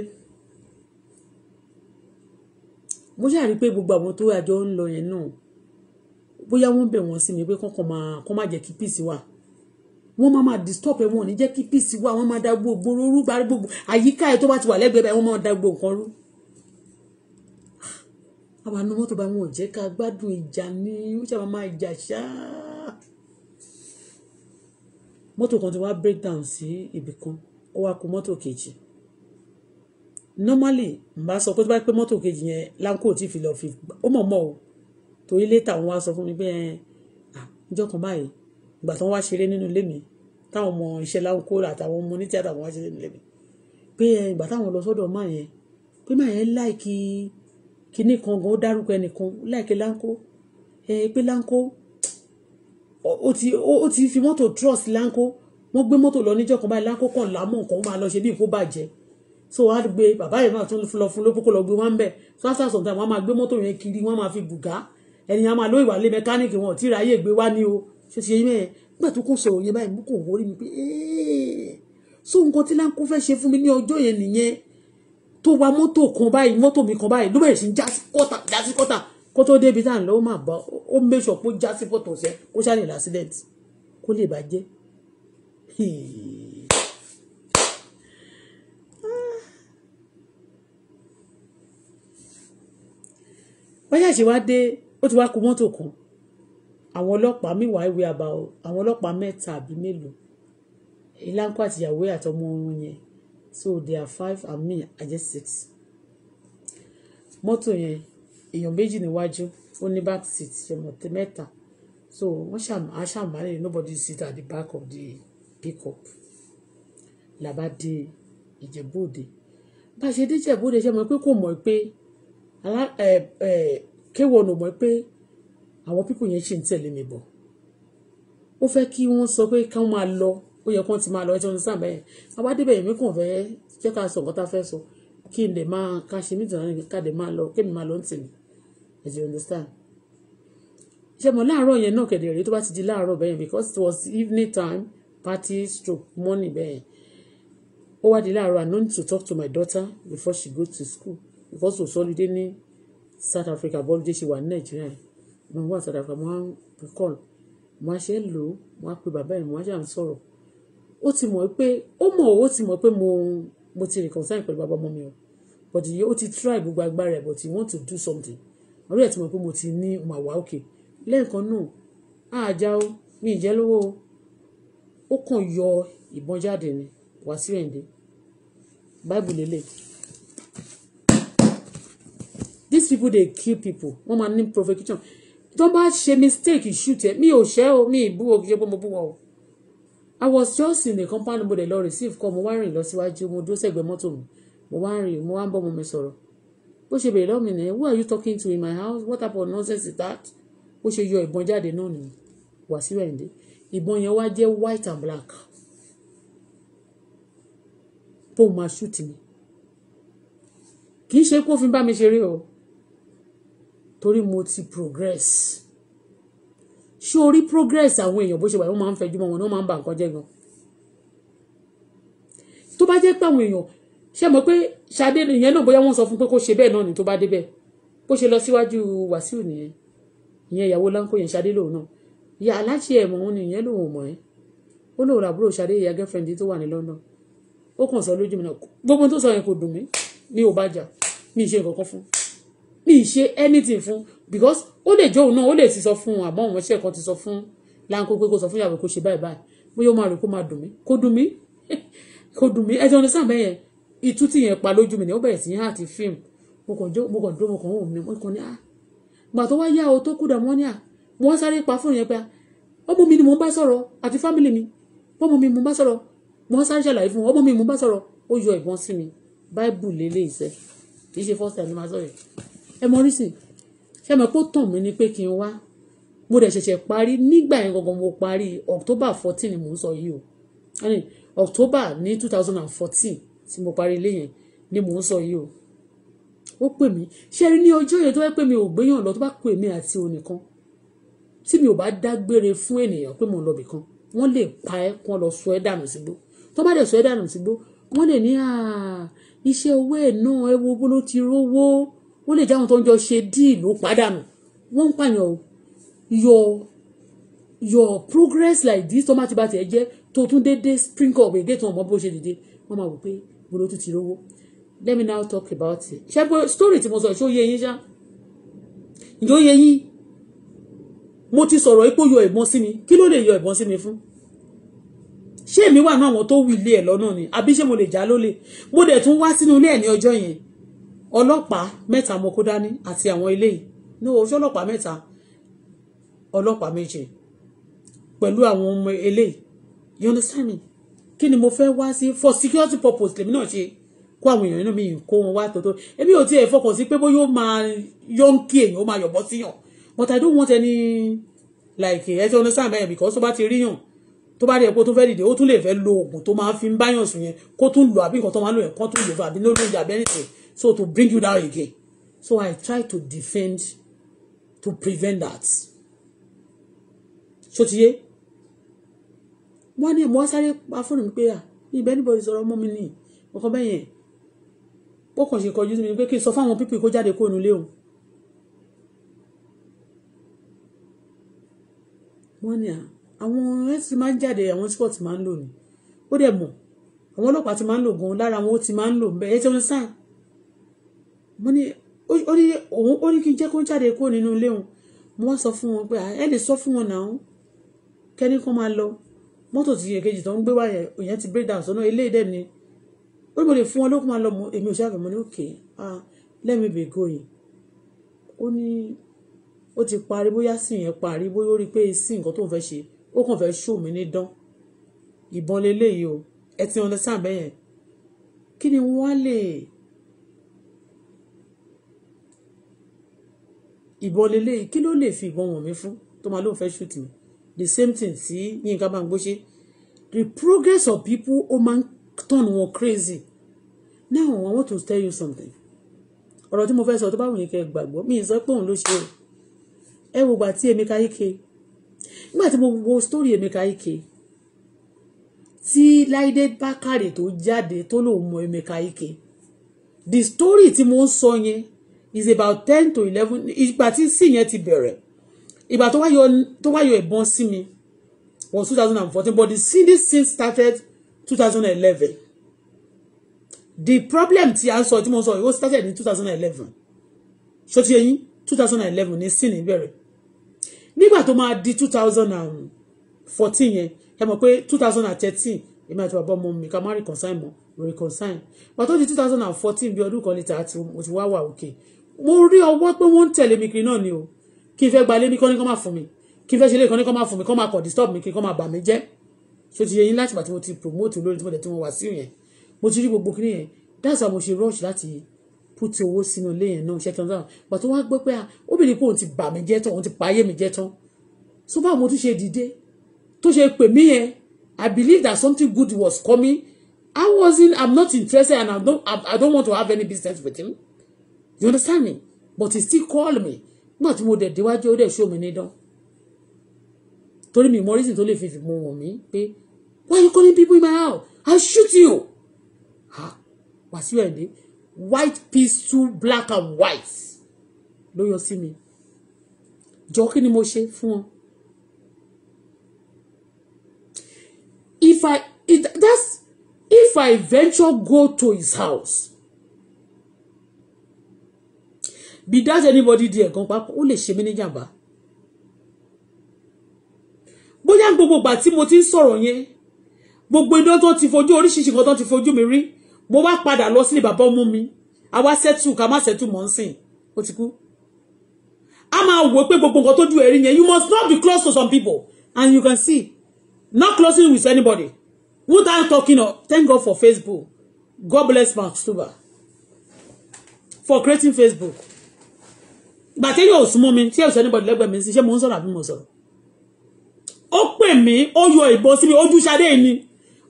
mo ṣáà rí i pé gbogbo àwọn tó àjọ ń lọ yẹn náà bóyá wọ́n bẹ̀ wọ́n sí mi pé kọ́kàn máa kọ́ má jẹ́ kí peace wà wọ́n máa máa disturb ẹ̀ wọ́n ò ní jẹ́ kí peace wà wọ́n máa da gbogbo rúrú bá gbogbo àyíká ẹ̀ tó bá ti wà lẹ́gbẹ̀ẹ́ báyìí wọ́n máa da gbogbo nǹkan rú. àwọn àna mọ́tò bá wọn ò jẹ́ ká gbádùn ìjà ni ó ṣàmà máa jà ṣá. mọ́tò kan ti wá break down sí ibì kan ó wá kù mọ́tò kejì normally n bá sọ pé tó bá pẹ́ mọ́tò kejì yẹn láńkó ò tí ì fi lọ fi ó mọ̀ mọ́ o torí létà wọn wá sọ fún mi pé ìjọ kan báyìí ìgbà tí wọn wá ṣeré nínú ilé mi táwọn ọmọ iṣẹ́ láwùkọ àtàwọn ọmọ onítìátà wọn wá ṣeré nínú ilé mi pé ìgbà táwọn lọ sọ́dọ̀ máa yẹn pé máa yẹn láìkí kinní kan gan ó dárúkọ ẹnìkan láìkí láńkó ẹ pé láńkó ó ti ó ti fi mọ́tò trust láńkó wọ́n gbé mọ́tò lọ níjọ́ kan báyìí láńkó kàn lámọ̀ nǹkan ó máa lọ ṣe bí nǹkó bàjẹ́ so wọ́n á gbé bàbá yẹn náà tún lọ fún lóko lọ gbé wọn bẹ̀ so after some time wọ́n á máa gbé mọ́tò yẹn kiri wọ́n á máa fi bùgá ènìyàn máa ló ìwà lé mẹkáníìkì wọn tí ìráyè gbé wá ní o ṣe ṣe mẹ́ẹ̀ nígbà tó kún sọ̀rọ̀ yẹn báyìí mú kò wọ́n rí mi pé so nǹkan tí láńkó fẹ́ ṣe fún mi ní ọjọ́ yẹn nìyẹn tó wa mọ́tò kan báyìí mọ́tò mi kan báyìí ló bẹ̀rẹ̀ sí já sí kọ́tà já sí kọ́tà kó tó débi tá à ń lọ́wọ́ máa bá ó ń mẹ́sọ̀ pé ó já sí pọ̀tọ̀ sẹ́ kó ṣáà lè l'accident kó lè bàjẹ́ wọ́n ṣàṣì wá dé ó ti wá ku mọ́tò kan àwọn ọlọ́pàá meanwhile ìwé àbá àwọn ọlọ́pàá mẹ́ta àbí mélòó èyí láńkó àtìyàwó àtọmọ wọn yẹn so they are five and me i just six mọ́tò yẹn èèyàn méjì níwájú ó ní back seat ṣẹmọ̀tẹ mẹ́ta so wọ́n ṣàmàlẹ́ nobody sit at the back of the pickup làbá dé ìjẹ̀bú òde bá a ṣe dé ìjẹ̀bú òde ṣe mọ̀ pé kò mọ̀ pé eh, eh, kéwọn ò mọ̀ pé àwọn pípò yẹn ṣì ń tẹ̀lé mi bọ̀ ó fẹ́ kí wọ́n sọ pé káwọn máa lọ ó yẹ kí wọ́n ti máa lọ ẹjọ́ ní sáà bẹ́ẹ̀ àwa débẹ̀ èmi kàn fẹ́ jẹ́ ká sọ nǹkan tá a fẹ́ sọ kí n lè máa ká ṣe mí dùn ká lè máa lọ kémi máa lọ ń tèmi as you understand ṣe mọ̀ láàárọ̀ yẹn náà kẹ̀dẹ̀ rèé tó bá ti di láàárọ̀ bẹ́ẹ̀ because it was evening time party stroke morning bẹ́ẹ̀ ó wá di láàárọ̀ I no need to talk to my daughter before she go to school because òṣòlùdé ní South Africa bọ́lúdé ṣe wà ní Nàìjíríà yìí mo wà South Africa mo wá ń call mo wá ṣe ń lò ó mo wá pe bàbá yìí mo wá ṣe à ń sọ̀rọ̀ ó ti mọ̀ pé ó mọ̀ ó ti mọ̀ pé mo mo ti reconcile pẹ̀lú bàbá ọmọ mi o but ó ti try gbogbo agbára ẹ̀ but he want to do something ọ̀rẹ́ ẹ̀ ti mọ̀ pé mo ti ní mà wá òkè lẹ́ẹ̀kan náà àjà o mi ìjẹ́ lówó o ó kàn yọ ìbọn jáde ni wá sí ẹ̀ǹdẹ́ báìbù lélẹ̀ people dey kill people wọ́n máa ní provocation tó bá ṣe mistake shoot ẹ mi ò ṣẹ́ o mi ìbú o kìí ṣe pé mo bú wọn o i was just in the compound mo dẹ̀ lọ receive call mo wá rìn lọ síwájú mo dúró sẹ́gbẹ̀ẹ́ mọ́tò mi mo wá rìn mo wá ń bọ́ mo mi sọ̀rọ̀ bó ṣe bèrè lọ́mìn nìyẹn who are you talking to in my house what type of nonsense is that bó ṣe yọ ìbọn jáde náà nìyẹn Wàsíù Àyìndé ìbọn yẹn wá jẹ́ white and black bó máa shoot mi kì í ṣe kó fi bá mi ṣeré o torí mo ti progress ṣé o rí progress àwọn èèyàn bó ṣe wà wọ́n máa ń fẹjú mọ́ wọn wọ́n máa ń bà nǹkan jẹ́ gan tó bá jẹ́ pé àwọn èèyàn ṣe mọ̀ pé ṣadé ìyẹn náà bóyá wọ́n sọ fún pé kó ṣe bẹ́ẹ̀ náà ni tó bá débẹ̀ bó ṣe lọ síwájú wàsíù nìyẹn ìyẹn ìyàwó láńkó yẹn ṣadé lòun náà ìyá aláṣẹ ẹ̀mọ́ òun ni ìyẹn lòun mọ̀ ẹ́ ó lòun làbúrò ṣadé ìyá girlfriend tó wà ní London ó kàn sọ lójú mi náà gbogbo tó sọ yẹn kò dùn mí mi ò bá jà mi ì ṣe nǹkan kan fún un mi ì ṣe anything fún because ó lè jóun náà ó lè ti sọ fún un àmọ́ òun ṣe kan ti sọ fún láńkó pé kó sọ fún ìyàwó kó ṣe báyìí báyìí bóyá ó máa rò kó máa dùn mí kó dùn mí [laughs] kó dùn mí ẹjọ́ ní sàmẹ́ yẹn itú tí yẹn pa lójú mi ni ó bẹ̀rẹ̀ sí yẹn àti fíìmù mo kàn jó mo kàn dúró mo kàn wò mí mo kàn ní à ah. gbà tó wá yá o tó kú dà mọ́ ní à ah. wọ́n sáré pa fóònù yẹn pé ah. ọmọ mi ni mo bá sọ̀rọ̀ àti fámìlì mi ọmọ mi mo bá sọ̀rọ̀ wọ́n sáré ṣàlàyé fún ọmọ mi mo bá sọ̀rọ̀ ó yọ ìbọn sí mi báìbù lélẹ́yìí sẹ́ kì í ṣe first time ni màá sọ̀rọ̀ ẹ mọ nísìn ṣé mo pé ó tàn mí ni pé kí n wá mo dẹ̀ ṣẹ̀ṣẹ̀ parí nígbà yẹn gangan mo parí October fourteen ni mò ń sọ yìí o October ní two thousand and fourteen tí mo parí ilé yẹn ni mò ń sọ yìí o ó pè mí ṣe rí ní ọjọ́ yẹn tó fẹ́ pè mí ò gbéyàn lọ tó bá pè mí àti onìkan tí mi ò bá dágbére fún ènìyàn pé mo ń lọbì kan wọ́n lè pa ẹ́ kó lọ sọ ẹ́ dànù sígbó tó bá dẹ̀ sọ ẹ́ dànù sígbó wọ́n lè ní iṣẹ́ owó ẹ̀ náà ẹ wo bó ló ti rówó ó lè jáwọn tó ń jọ ṣe díìlù pàdánù wọ́n ń pààyàn o your your progress like this tó má ti bá tiẹ̀ jẹ́ tó tún déédéé sprinkle, up èdè tó ọmọ bó ṣe dìde wọ́n máa wò pé gbọ́dọ̀ tún ti rówó let me now talk about it ṣé pé story tí mo sọ ṣé ó yé yín ṣá ǹjẹ́ ó yé yín mo ti sọ̀rọ̀ ipò yọ ìbọn sí mi kí ló lè yọ ìbọn sí mi fún ṣé èmi wà náà àwọn tó wù ilé ẹ̀ lọ́nà ni àbí ṣé mo lè já lólè mo dẹ̀ tún wá sínú ilé ẹ̀ ní ọjọ́ yẹn ọlọ́pàá mẹ́ta mo kó dání àti àwọn eléyìí ní ojú ọlọ́pàá mẹ́ta ọlọ́pàá méje pẹ̀lú àwọn ọmọ eléyìí you understand me kí ni mo fẹ́ wá sí for security purpose lèmi náà ṣe kó àwọn èèyàn inú mi kó wọn wá tòótọ́ èmi ò tiẹ̀ fọkàn sí pé bó yóò máa yọǹkì èèyàn ó máa yọ̀bọ síyàn but I don't want any like ẹ ti understand bẹ́ẹ̀ because tó bá ti ríyàn tó bá rí epo tó fẹ́ dìde ó tún lè fẹ́ lo oògùn tó máa fi ń báyàn sùn yẹn kó tún lò àbí nǹkan tó máa lò yẹn kó tún lò fún àbí lórí oúnjẹ àbẹ́rẹ́ so to bring you down again so I try to defend to prevent that sotiye wọ́n ní mo sáré pa fóònù mi pé à ah, ibẹ̀ níbo ìsọ̀rọ̀ ọmọ mi nì ọkọ bẹ́ẹ̀ yẹn ó kàn ṣe kọjú sí mi pé kí n sọ fáwọn pípì kó jáde kó nulẹ̀ òun wọ́n ní ah, àwọn ẹ̀sìn máa ń jáde àwọn sport máa ń lò ní ó dẹ̀ mọ̀ àwọn ọlọ́pàá ti máa ń lò gan lára àwọn ó ti máa ń lò bẹ́ẹ̀ ẹ̀ ṣe ń sàn mo ní ó ní òun ó ní kí n jẹ́ kó ń jáde kó nínú ilé òun mo wá sọ fún wọn pé ẹ lè sọ fún wọn náà kẹ́ni kan máa lọ mọ́tò ti èkejì tó ń gbé wáyà òyìn ti break down sọ́nà ilé ìdẹ́ ni ó ní mo lè fún wọn lókun máa lọ èmi ò ṣàbẹ̀ mo ní òkè ah let me be going ó ní ó ti parí bóyá sì yẹn parí bóyá ó rí i pé sí nǹkan tó ń fẹ́ ṣe ó kàn fẹ́ ṣó mi ní dán ìbọn lélẹ́yìí o ẹ ti understand bẹ́yẹn kí ni wọ́n lè. ìbọn lélẹ́yìí kí ló lè fi ìbọn wọ̀n mí fún tó máa lóun fẹ́ ṣùtì mí the same thing sí Yínká Bámigbóṣe the progress of people ó máa ń turn wọn crazy now I want to tell you something ọ̀rọ̀ tí mo fẹ́ sọ tó bá wù ní kẹ́ gbàgbọ́ mi ì sọ pé òun ló ṣe o ẹ wo gbà tí Emeka Ike nígbà tí mo wo story Emeka Ike tí Láìdé Bákàrè tó jáde tó lòun mọ Emeka Ike the story tí mo ń sọ yẹn is about ten to eleven ìgbà tí sí yẹn ti bẹ̀rẹ̀ ìgbà tó wáyọ tó wáyọ ìbọn sí mi was two thousand and fourteen but the city since started two thousand and eleven the problem ti à ń sọ tí mo sọ ìwọ started in two thousand and eleven So ti yẹn two thousand and eleven ní sin ìbẹ̀rẹ̀ nígbà tó máa di two thousand and fourteen yẹn ẹ mọ̀ pé two thousand and thirteen èmi àti bàbá ọmọ mi ká má reconcile mọ́ reconcile but ó di two thousand and fourteen bí ọdún kan lè ta àti mo ti wá wà òkè mo rí ọwọ́ pé wọ́n ń tẹ̀lé mi kiri náà ni o kí n fẹ́ gba lémi kọ́ni kọ́ máa fún mi kí n fẹ́ ṣe lé kọ́ni kọ́ máa fún mi kọ́ máa kọ̀ disturb mi kí n kọ́ máa bà mí jẹ́ ṣé o ti yẹ yín láti pàtó mo ti promote olórin tí mo dẹ̀ tí mo wà sí yẹn mo ti rí gbogbo kiri yẹn that's why mo ṣe rush láti put owó sínú ilé yẹn náà ṣe tán náà pàtó wá gbọ́ pé ah, obìnrin kò ti bà mí jẹ́ tán òun ti pa ayé mi jẹ́ tán so báwo mo tún ṣe dìde tó ṣe pè mí yẹn I believe that something good was coming I wasn't I'm not interested and I don't I, I don't want to have any business with him you understand me but he still call me nígbà tí mo dẹ̀ déwájú ó dẹ̀ ṣó mi nídán torí mi mọ reason tó lè fi fi mo wọ̀n mí pé why you calling people in my house I shoot you Ha. wàsíù ẹ̀dẹ́ white pistol black and white ló yọ sí mi jọ kí ni mo ṣe fún ọ if I if that's if I venture go to his house bí does anybody di ẹ̀gàn papọ̀ ó lè ṣe mí níjàmbá bóyá gbogbo ìgbà tí mo ti ń sọ̀rọ̀ yẹn gbogbo iná tó ti fojú oríṣiríṣi nǹkan tó ti fojú mi rí mo wá padà lọ sílé bàbá ọmú mi àwa ṣẹ́tù ká má ṣẹ́tù mọ́ ń sìn ó ti kú a máa wò pé gbogbo nǹkan tó ju ẹ̀rí yẹn you must not be close to some people and you can see not closing with anybody what i'm talking of thank God for Facebook God bless Mark Stuber for creating Facebook ìgbà tí yóò súnmọ́ mi tí yóò anybody lẹ́gbẹ̀ẹ́ mi sí ṣé mo ń sọ̀rọ̀ àbí mo sọ̀rọ̀ ó pè mí ó yọ ìbọn sí mi ojú Ṣadé ni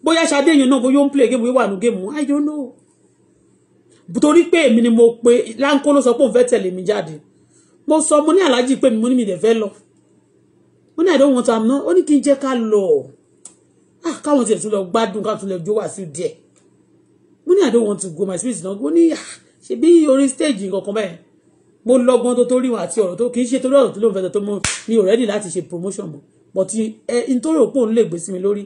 bóyá Ṣadé yẹn náà bóyá ó ń play game wíwà nù géèmù I don't know torí pé èmi ni mo pe láńkó ló sọ pé òun fẹ́ tẹ̀lé mi jáde mo sọ mo ní aláàjì pé mo ní mi lè fẹ́ lọ mo ní I don't want am náà ó ní kí n jẹ́ ká lọ ah káwọn tiẹ̀ tún lọ gbádùn káwọn tún lọ jó wà sí díẹ̀ mo ní I don't want to go my spirit náà ó ní ah, ṣe bí orí stage nǹkan kan bẹ́ẹ̀ mo lọ́gbọ́n tó torí wà àti ọ̀rọ̀ tó kì í ṣe torí ọ̀rọ̀ tó ló ń fẹ́ tó mọ́ mi ò rẹ́dì láti ṣe promotion mọ́ but ẹ n tó rò pé òun lè gbé sí mi lórí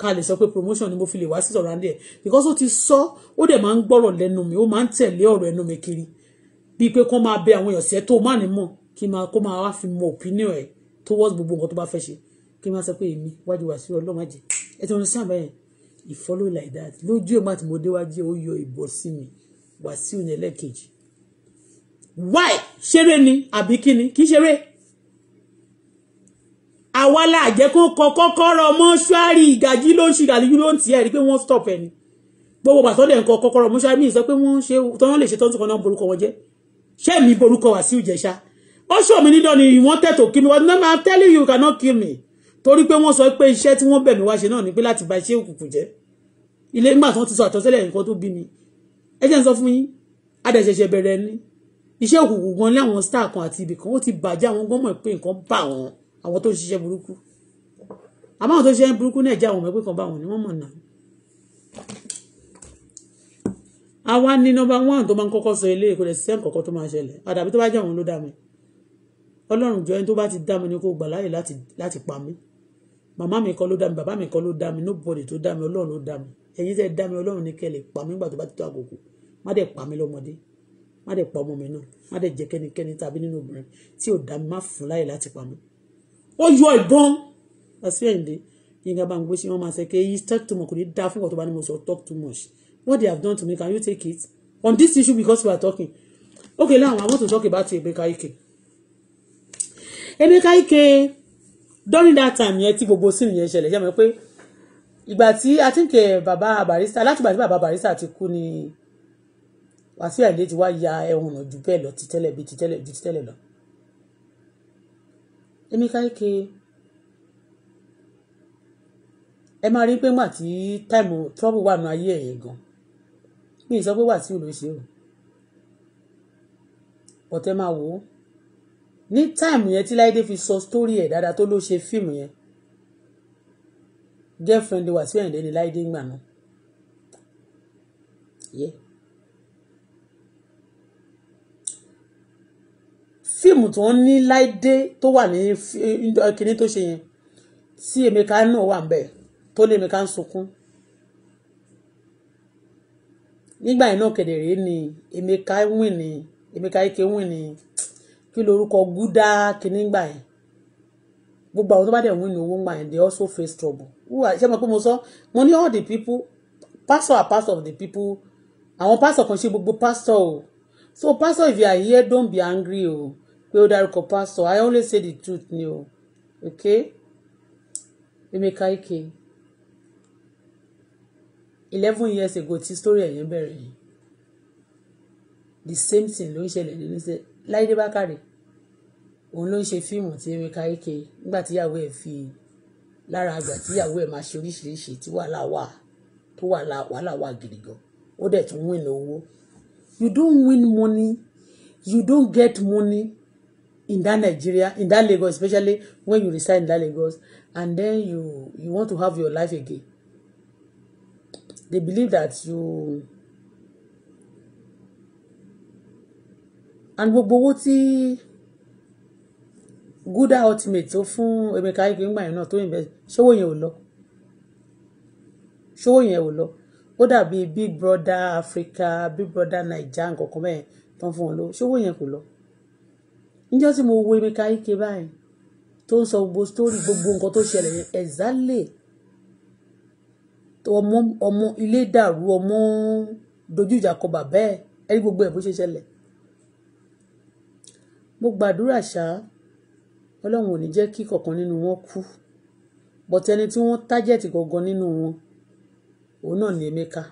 ká lè sọ pé promotion ni mo fi lè wá sí sọ̀rọ̀ àndẹ̀ because ó ti sọ ó dẹ̀ máa ń gbọ́rọ̀ lẹ́nu mi ó máa ń tẹ̀lé ọ̀rọ̀ ẹnu mi kiri bíi pé kó máa bẹ àwọn èèyàn sí ẹ tó má ní mọ̀ kí máa kó máa wá fi mọ opinion ẹ towards gbogbo nǹkan tó bá fẹ́ ṣe kí máa sọ pé èmi wájú wá sí ọlọ́mọ àjẹ ẹ ti wọn sí àbẹ̀yẹn ìfollow like that lójú ẹ̀ má ti mo déwájú ó yọ ìbọ̀ sí mi wá sí òun ẹlẹ́ẹ̀kejì why ṣeré ni àbí kíni kì í ṣeré àwa la jẹ́ kó kọ kọ́kọ́rọ́ mọ́ṣúárì ìgàjí ló ń ṣe ìgàjí ló ń tiẹ̀ rí pé wọ́n stop ẹ̀ ni gbogbo bàtọ́ dẹ̀ ń kọ kọ́kọ́rọ́ mọ́ṣúárì mi sọ pé wọ́n ṣe tọ́wọ́n lè ṣe tọ́ntì kan náà borúkọ wọn jẹ́ ṣé mi borúkọ wá sí ìjẹ̀ṣà ó ṣò mí nídọ̀ ni you wanted to kill me but now I'm telling you you cannot kill me torí pé wọ́n sọ pé iṣẹ́ tí wọ́n bẹ̀ mí wá ṣe náà ni pé láti ba iṣẹ́ òkùnkùn jẹ́ ilé nígbà tí wọ́n ti sọ àtọ́sílẹ̀ nǹkan tó bí mi ẹ jẹ́ ń sọ fún yín adẹ̀ṣẹ̀ṣẹ̀ bẹ̀rẹ̀ ni iṣẹ́ òkùnkùn gan lé àwọn star kan àti ibì kan ó ti bàjẹ́ àwọn gan mọ̀ pé nǹkan bà wọ́n àwọn tó ń ṣiṣẹ́ burúkú àmọ́ àwọn tó ń ṣiṣẹ́ burúkú náà jẹ́ àwọn ọmọ ẹgbẹ́ kan bá wọn ni wọ́n mọ̀ náà. àwa ní nọ́mbà one tó máa ń kọ́kọ́ sọ ilé ìkọlẹ̀ sí ẹ̀ǹkọ̀kọ́ tó máa ń ṣẹlẹ̀ àdàbí tó bá jẹ́ àwọn ló dá mi ọlọ́run jọ ẹni tó bá ti dá mi ni kó gbà láàyè láti pa mí màmá mi kọ́ ló dá mi bàbá mi kọ́ ló dá mi nobody tó dá mi ọlọ́run ló dá mi ẹ̀yin tẹ́ dá mi ọlọ́run ní kẹ́lẹ̀ pa mí nígbà tó bá ti tó àkókò má dẹ̀ pa mí lọ́mọdé má dẹ̀ pa ọmọ mi náà má dẹ̀ jẹ́ kẹ́nikẹ́ni tàbí nínú obìnrin tí ò dá mi má fún láyè láti pa ó yọ ìbọn Wasiu Yinka Bámigbé ṣé wọ́n máa ṣe ké yìí talk too much kò ní dáa fún ọ̀tọ̀ bá ní mo sọ talk too much what they have done to me can you take it on this issue because we are talking okay now I want to talk about Emeka Ike Emeka Ike during that time yẹn tí gbogbo sin yẹn ṣẹlẹ̀ ṣe mọ̀ pé ìgbà tí I think eh, Baba barista láti gbà tí bàbá barista ti kú ni. Wàsíù Àyìndé ti wá ya ẹ̀wọ̀n náà ju bẹ́ẹ̀ lọ ti tẹ́lẹ̀ bí ti tẹ́lẹ̀ ju ti tẹ́lẹ̀ lọ. Emeka Ike ẹ máa rí pé ńgbà tí táìmù trọ́bù wà nù ayé ẹ̀yẹ gan mi ì sọ pé Wàsíù ló ṣe o ọ̀tẹ̀ máa wò ó ní táìmù yẹn tí Láídé fi sọ sítórì ẹ̀ dáadáa tó ló ṣe fíìmù yẹn girlfriend Wàsíù Àyìndé ni Láídé ń gbà náà. Yeah. fíìmù tó ń ní láìdé tó wà ní kíní tó ṣe yẹn tí Emeka náà wà ńbẹ̀ tó ní Emeka ń sunkún nígbà yẹn náà kẹ̀dẹ̀ ni Emeka wìn ní Emeka ike wìn ní kí lorúkọ gúdá kíní gbà yẹn gbogbo àwọn tó bá dẹ̀ win owó ń gbà yẹn they also face trouble wúwa ṣé mo pé mo sọ mo ní all the people pastor are part of the people àwọn pastor kan ṣe gbogbo pastor o so pastor if you are here don't be angry o. Oh pé ó dárúkọ pastor I only say the truth ni o okay Emeka Ike eleven years ago tí story ẹ̀yẹn bẹ̀rẹ̀ yìí the same thing ló ń ṣẹlẹ̀ nínú ṣe Láìdé Bákàrè òun ló ń ṣe fíìmù tí Emeka Ike nígbà tíyàwó ẹ̀ fi lára àgbà tíyàwó ẹ̀ máa ṣe oríṣiríṣi tí wàhálà wà tó wàhálà wà gidi gan ó dẹ̀ tún win owó you don't win money you don't get money in that Nigeria, in that Lagos, especially when you reside in that Lagos, and then you you want to have your life again. They believe that you and gbogbo owó tí Gúdà ultimate tó fún Emeka Ike ńgbà yẹn náà tó invest ṣówó yẹn ò lọ ṣówó yẹn ò lọ ó dàbí Big Brother Africa Big Brother Naija nǹkan kan bẹ́ẹ̀ tán fún wọn lọ ṣówó yẹn kò lọ níjọ́ tí mo wo Emeka Ike báyìí tó ń sọ gbogbo sítórì gbogbo nǹkan tó ṣẹlẹ̀ yẹn exactly ọmọ ọmọ ilé dàrú ọmọ dojú ìjà kọ bàbá ẹ̀ ẹ̀rí gbogbo ẹ̀ bó ṣe ṣẹlẹ̀ mo gbàdúrà ṣá ọlọ́run ò ní jẹ́ kí kọ̀ọ̀kan nínú wọn kú bọ̀tẹ́ni tí wọ́n tájẹ̀tì gangan nínú wọn òun náà ni Emeka.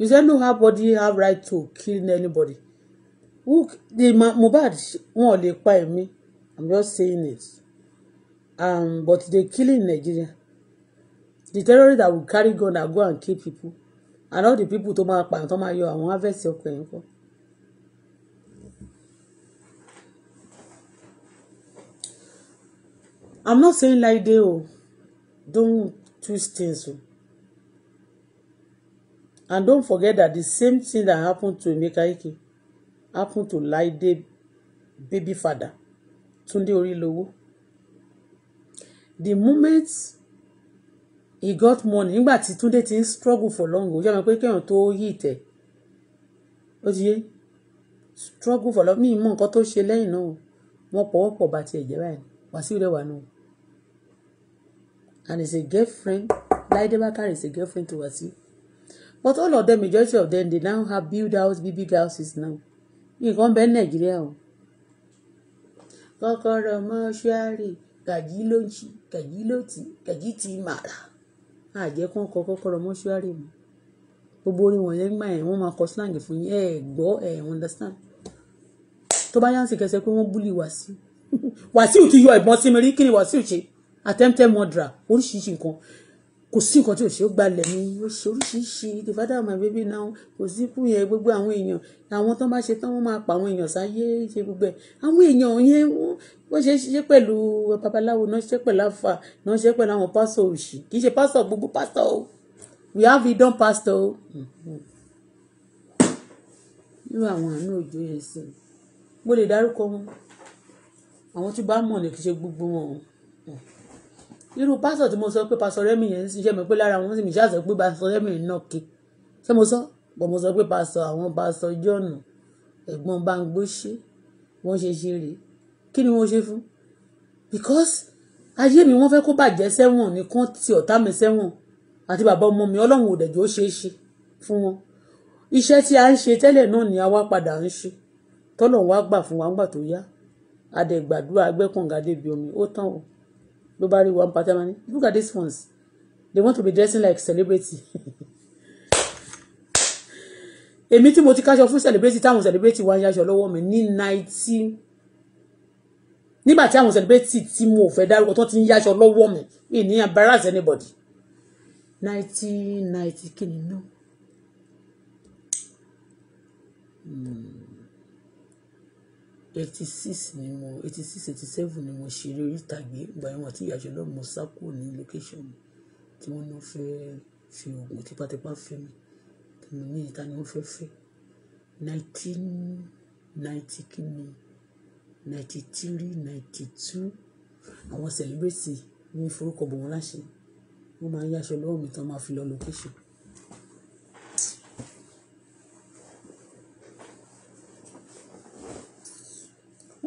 You say no have body have right to kill anybody. Who the Mohbad wọn ò lè pa èmi. I'm just saying it. Um, but they killing Nigeria. The terrorists that will carry gun that go and kill people. And all the people to máa pa tó máa yọ àwọn harvest ọkọ yẹn kọ. I'm not saying like they oh don't twist things oh. and don't forget that the same thing that happened to Emeka Ike happened to Laide baby father Tunde Orilowo the moment he got money nígbà tí Tunde ti ń struggle for long o jẹ́ mi pé kéèyàn tó yí ìtẹ̀ ó ti yé struggle for long mi ì mọ nǹkan tó ṣe lẹ́yìn náà o wọ́n pọ̀wọ́pọ̀ bá tiẹ̀ jẹ́ báyìí wàásù rẹ̀ wà náà and is a girlfriend. Laide Bakare is a girlfriend to Wasiu. But all of them, majority of them, they now have build house, big, big houses now. Nǹkan bẹ́ẹ̀ Nàìjíríà o. Kọ́kọ́rọ́ mọ́ṣúárì, kàjí ló ń ṣí, kàjí ló ti, kàjí ti màrà. Àjẹkùn kọ kọ́kọ́rọ́ mọ́ṣúárì mu. Gbogbo orin wọ̀nyẹn gbà yẹn, wọ́n máa kọ slang fún yín, ẹ̀ gbọ́ ẹ̀ understand. Tó bá yánsì kẹsẹ̀ pé wọ́n búlì Wasiu. [laughs] Wasiu ti yọ ìbọn sí mi rí, kí ni Wasiu ṣe? attempted murder oríṣiríṣi nǹkan kò sí nǹkan tí ò ṣe ó gbalẹ̀ mi ó ṣe oríṣiríṣi the father of my baby now kò sí fún yẹn gbogbo àwọn èèyàn àwọn tó bá ṣe tán wọ́n máa pa àwọn èèyàn sáyé ṣe gbogbo ẹ̀ àwọn èèyàn yẹn wọ́n ṣe ṣiṣẹ́ pẹ̀lú babaláwo náà ṣiṣẹ́ pẹ̀lú àfà náà ṣiṣẹ́ pẹ̀lú àwọn pásítọ̀ òṣì kì í ṣe pásítọ̀ gbogbo pásítọ̀ o we have idán pásítọ̀ o mm-hmm. irú àwọn àánú òjò yẹn sí i mo lè dárúkọ wọn àwọn tí bá mọ̀ ní kì í ṣe gbogbo wọn o irú pásọ tí mo sọ pé pásọ rẹmi yẹn ń ṣiṣẹ́ mi pé lára wọn sì mi ṣáà sọ pé pásọ rẹmi yẹn náà ké ṣé mo sọ bọ mo sọ pé pásọ àwọn pásọ jọ̀nù ẹ̀gbọ́n Bámgbóṣé wọ́n ṣe ṣe rèé kí ni wọ́n ṣe fún because ayé mi wọ́n fẹ́ kó bàjẹ́ sẹ́wọ̀n nìkan ti ọ̀tá mi sẹ́wọ̀n àti bàbá ọmọ mi ọlọ́run òdẹ̀jọ́ ṣe é ṣe fún wọn iṣẹ́ tí a ń ṣe tẹ́lẹ̀ náà ni a wá padà ń ṣe tọ́lọ̀ wá gbà fún wa ńgbà tó yá adẹ̀gbàdúrà agbẹ́kànga débi omi ó tán o. Nobody want rí money. look at these ones they want to be dressing like celebrity A [laughs] meeting mo ti káṣọ celebrity táwọn celebrity wá ń yáṣọ lọ́wọ́ mi ní ninety nígbà tí àwọn celebrity tí mo fẹ́ dárúkọ tó woman. ń yáṣọ embarrass anybody nineteen ninety kìnìún náà. Hmm eighty six ni mo eighty six eighty seven ni mo ṣeré orí ìtàgé ìgbà yẹn wọn àti ìyàjọ náà mo sá kúrò ní location mi tí wọ́n náà fẹ́ fi oògùn tipátipá fẹ́ mi tí mo ní ìta ni wọ́n fẹ́ fẹ́ nineteen ninety kíni ninety three two àwọn celebrate mi forúkọ bò wọ́n láṣẹ wọ́n máa ń yáṣọ lọ́wọ́ mi tán máa fi lọ location.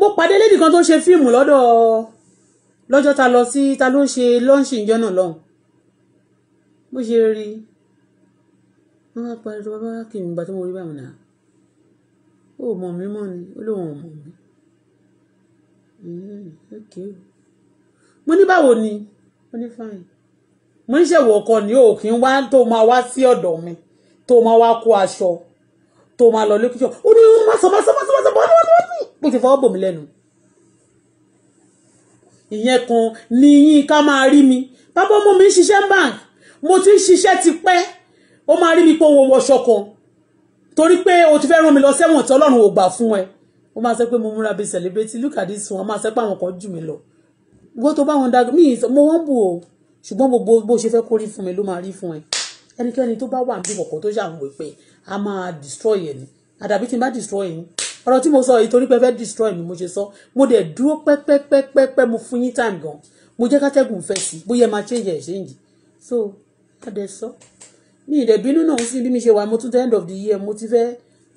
mo pàdé lédì kan tó ń ṣe fíìmù lọ́dọ̀ lọ́jọ́ ta lọ sí ta ló ń ṣe lọ́ọ̀ṣì ìjọ náà lọ́hùn bó ṣe rí wọn wá pariwo bá wá kìí gbà tó mo rí báwọn náà ó mọ̀ mí mọ́ ni ó lóun ò mọ̀ mí mo ní báwo ni mo ní fáìn mo ń ṣèwọ̀ ọkọ ni o kì í wá tó máa wá sí ọ̀dọ̀ mi tó máa wá kó aṣọ tó máa lọ lókìṣọ́ ó ní wọ́n máa sọ máa sọ máa sọ máa sọ bọ́ọ̀dọ́ bọ́ọ̀dọ́ bó ti fọwọ́ bò mí lẹ́nu ìyẹn kan ni yín ká máa rí mi bàbá ọmọ mi ń ṣiṣẹ́ bank mo ti ń ṣiṣẹ́ tipẹ́ ó máa rí mi pé òun wọṣọ kan torí pé o ti fẹ́ rán mi lọ sẹ́wọ̀n tí ọlọ́run ò gbà fún ẹ ó máa sọ pé mo múra bíi celebrity look at this one máa sọ pé àwọn kan jù mí lọ wọ́n tó bá wọn dágbé mi mo wọ́n bù o ṣùgbọ́n gbogbo bó ṣe fẹ́ kó rí fún mi ló máa rí fún ẹ ẹnikẹ́ni tó bá wà níbi kọ̀ọ̀kan tó ṣàwọn wípé a máa destroy ẹ àdàbí tí n bá destroy ẹ ọ̀rọ̀ tí mo sọ yìí torí pé fẹ́ destroy mi mo ṣe sọ mo dẹ̀ dúró pẹ́pẹ́pẹ́pẹ́ mo fún yín time gan mo jẹ́ kátẹ́gùn fẹ́ sí bóyá máa change ẹ̀ so adẹ sọ mi ìdẹ̀ bínú náà sí bí mi ṣe wà mo tún tẹ́ end of the year mo ti fẹ́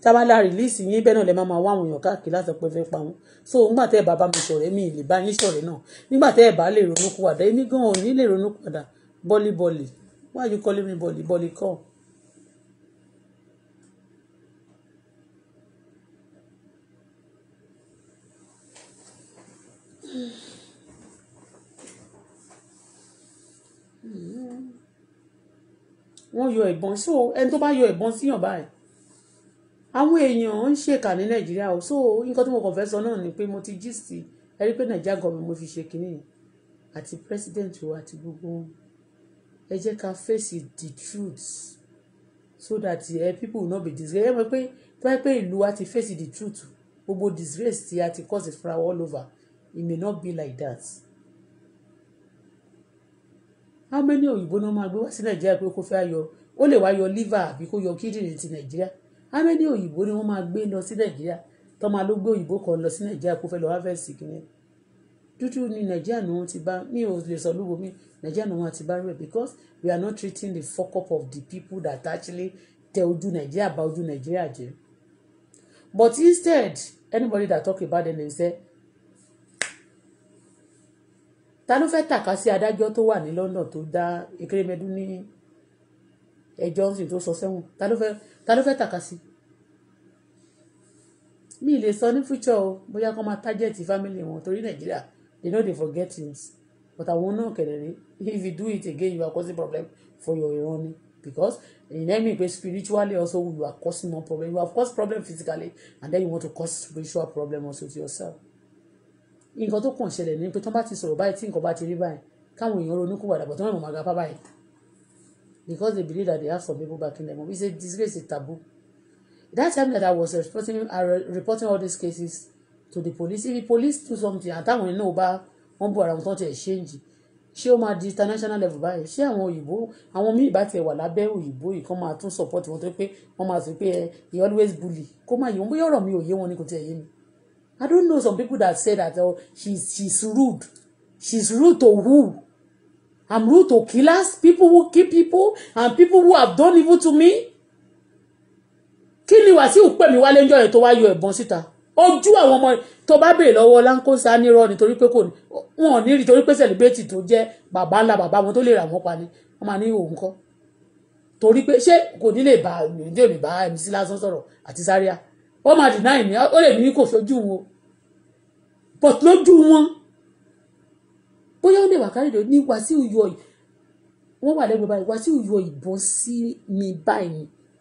tábàlà release yín bẹ́ẹ̀ náà lẹ máa máa wá àwọn èèyàn káàkiri láti pẹ́ fẹ́ pa wọn so nígbà tẹ́ ẹ̀ bá bá mi ṣọ̀rẹ́ mi lè bá yín ṣọ̀rẹ́ náà nígbà tẹ́ ẹ̀ bá lè ronú kúwàdà èmi gan-an ò ní lè ronú kúwàdà bọ́líbọ́lì why you calling me bọ́líbọ́lì kọ́ wọ́n yọ ìbọn so ẹni tó bá yọ ìbọn síyàn báyìí àwọn èèyàn ń ṣèkà ní nàìjíríà o so nǹkan tí mo kàn fẹ́ sọ náà ni pé mo ti gist ẹ rí pé nàìjíríà gọ̀ọ̀mù mo fi ṣe kínní àti president o àti gbogbo ẹ jẹ́ ká face the truth so that ẹ eh, people will not be disgraced ẹ mọ̀ pé tó bá pé ìlú wa ti face the truth gbogbo disgrace ti a ti cause it for all over it may not be like that how many òyìnbó náà máa gbé wá sí nàìjíríà pé kó fẹ́ yọ ó lè wá yọ liver àbí kó yọ kidney ti nàìjíríà how many òyìnbó ni wọ́n máa gbé lọ sí nàìjíríà tó máa ló gbé òyìnbó kan lọ sí nàìjíríà kó fẹ́ lọ harvest kìíní dúdú ni nàìjíríà ni wọ́n ti bá mi ò lè sọ lóko mi nàìjíríà ni wọ́n ti bá rẹ̀ because we are not treating the fuck up of the people that actually tẹ ojú nàìjíríà bà ojú nàìjíríà jẹ́ but instead anybody that talk about them they say ta ló fẹ́ẹ́ tàka sí adájọ́ tó wà ní London tó dá Ekéremẹ́dú ní ẹjọ́ nsìn tó sọ sẹ́wọ̀n ta ló fẹ́ẹ́ tàka sí. mi lè sọ ní future o bóyá kó máa target family wọn torí Nàìjíríà they no dey forget things but àwọn náà kẹ̀lẹ́rẹ́ if you do it again you are causing problem for your own because in any way spiritually also you are causing more problem you have caused problem physically and then you want to cause spiritual problem also to yourself nǹkan tó kàn ṣẹlẹ̀ ni pé tí wọ́n bá ti sọ̀rọ̀ báyìí tí nǹkan bá ti rí báyìí káwọn èèyàn ronú kó wàdà bọ̀ tí wọ́n mọ̀ máa gapá báyìí because they believe that they have some people back in them we say disgrace is taboo that time that I was reporting I reporting all these cases to the police if the police do something àtàwọn iná ò bá wọn bú ara wọn tán ti exchange ṣé ó máa di international level báyìí ṣé àwọn òyìnbó àwọn míì bá tiẹ̀ wà lábẹ́ òyìnbó yìí kán máa tún support wọn tó pé wọ́n máa sọ pé eh, he always bully kó má yẹ wọn bóyá ọ̀rọ̀ mi ò yé wọn ni kò tiẹ̀ yé mi I don't know some people that say that oh, she's, she's rude. She's rude to who? I'm rude to killers, people who kill people, and people who have done evil to me. Kí ni Wàsíù pè mí wálé ńjọ́ yẹn tó wá yọ ẹ̀bọn síta? Ojú àwọn ọmọ tó bá béèrè lọ́wọ́ Lankosa nírọ́ nítorí pé kò ní wọn ò ní rí torí pé sẹ̀lẹ́bẹ̀tì tó jẹ́ bàbá ńlá bàbá wọn tó lè rà wọ́n pa ni wọ́n máa ní òun kọ́. Torí pé ṣé kò ní lè bá mi dé lásán sọ̀rọ̀ àti Zaria ó máa deny mi ó lè ní kò ṣojú wọn but lójú wọn bóyá ó lè wà kárí ní Wàsíù yọ wọ́n wà lẹ́nu báyìí Wàsíù yọ ìbọn sí mi báyìí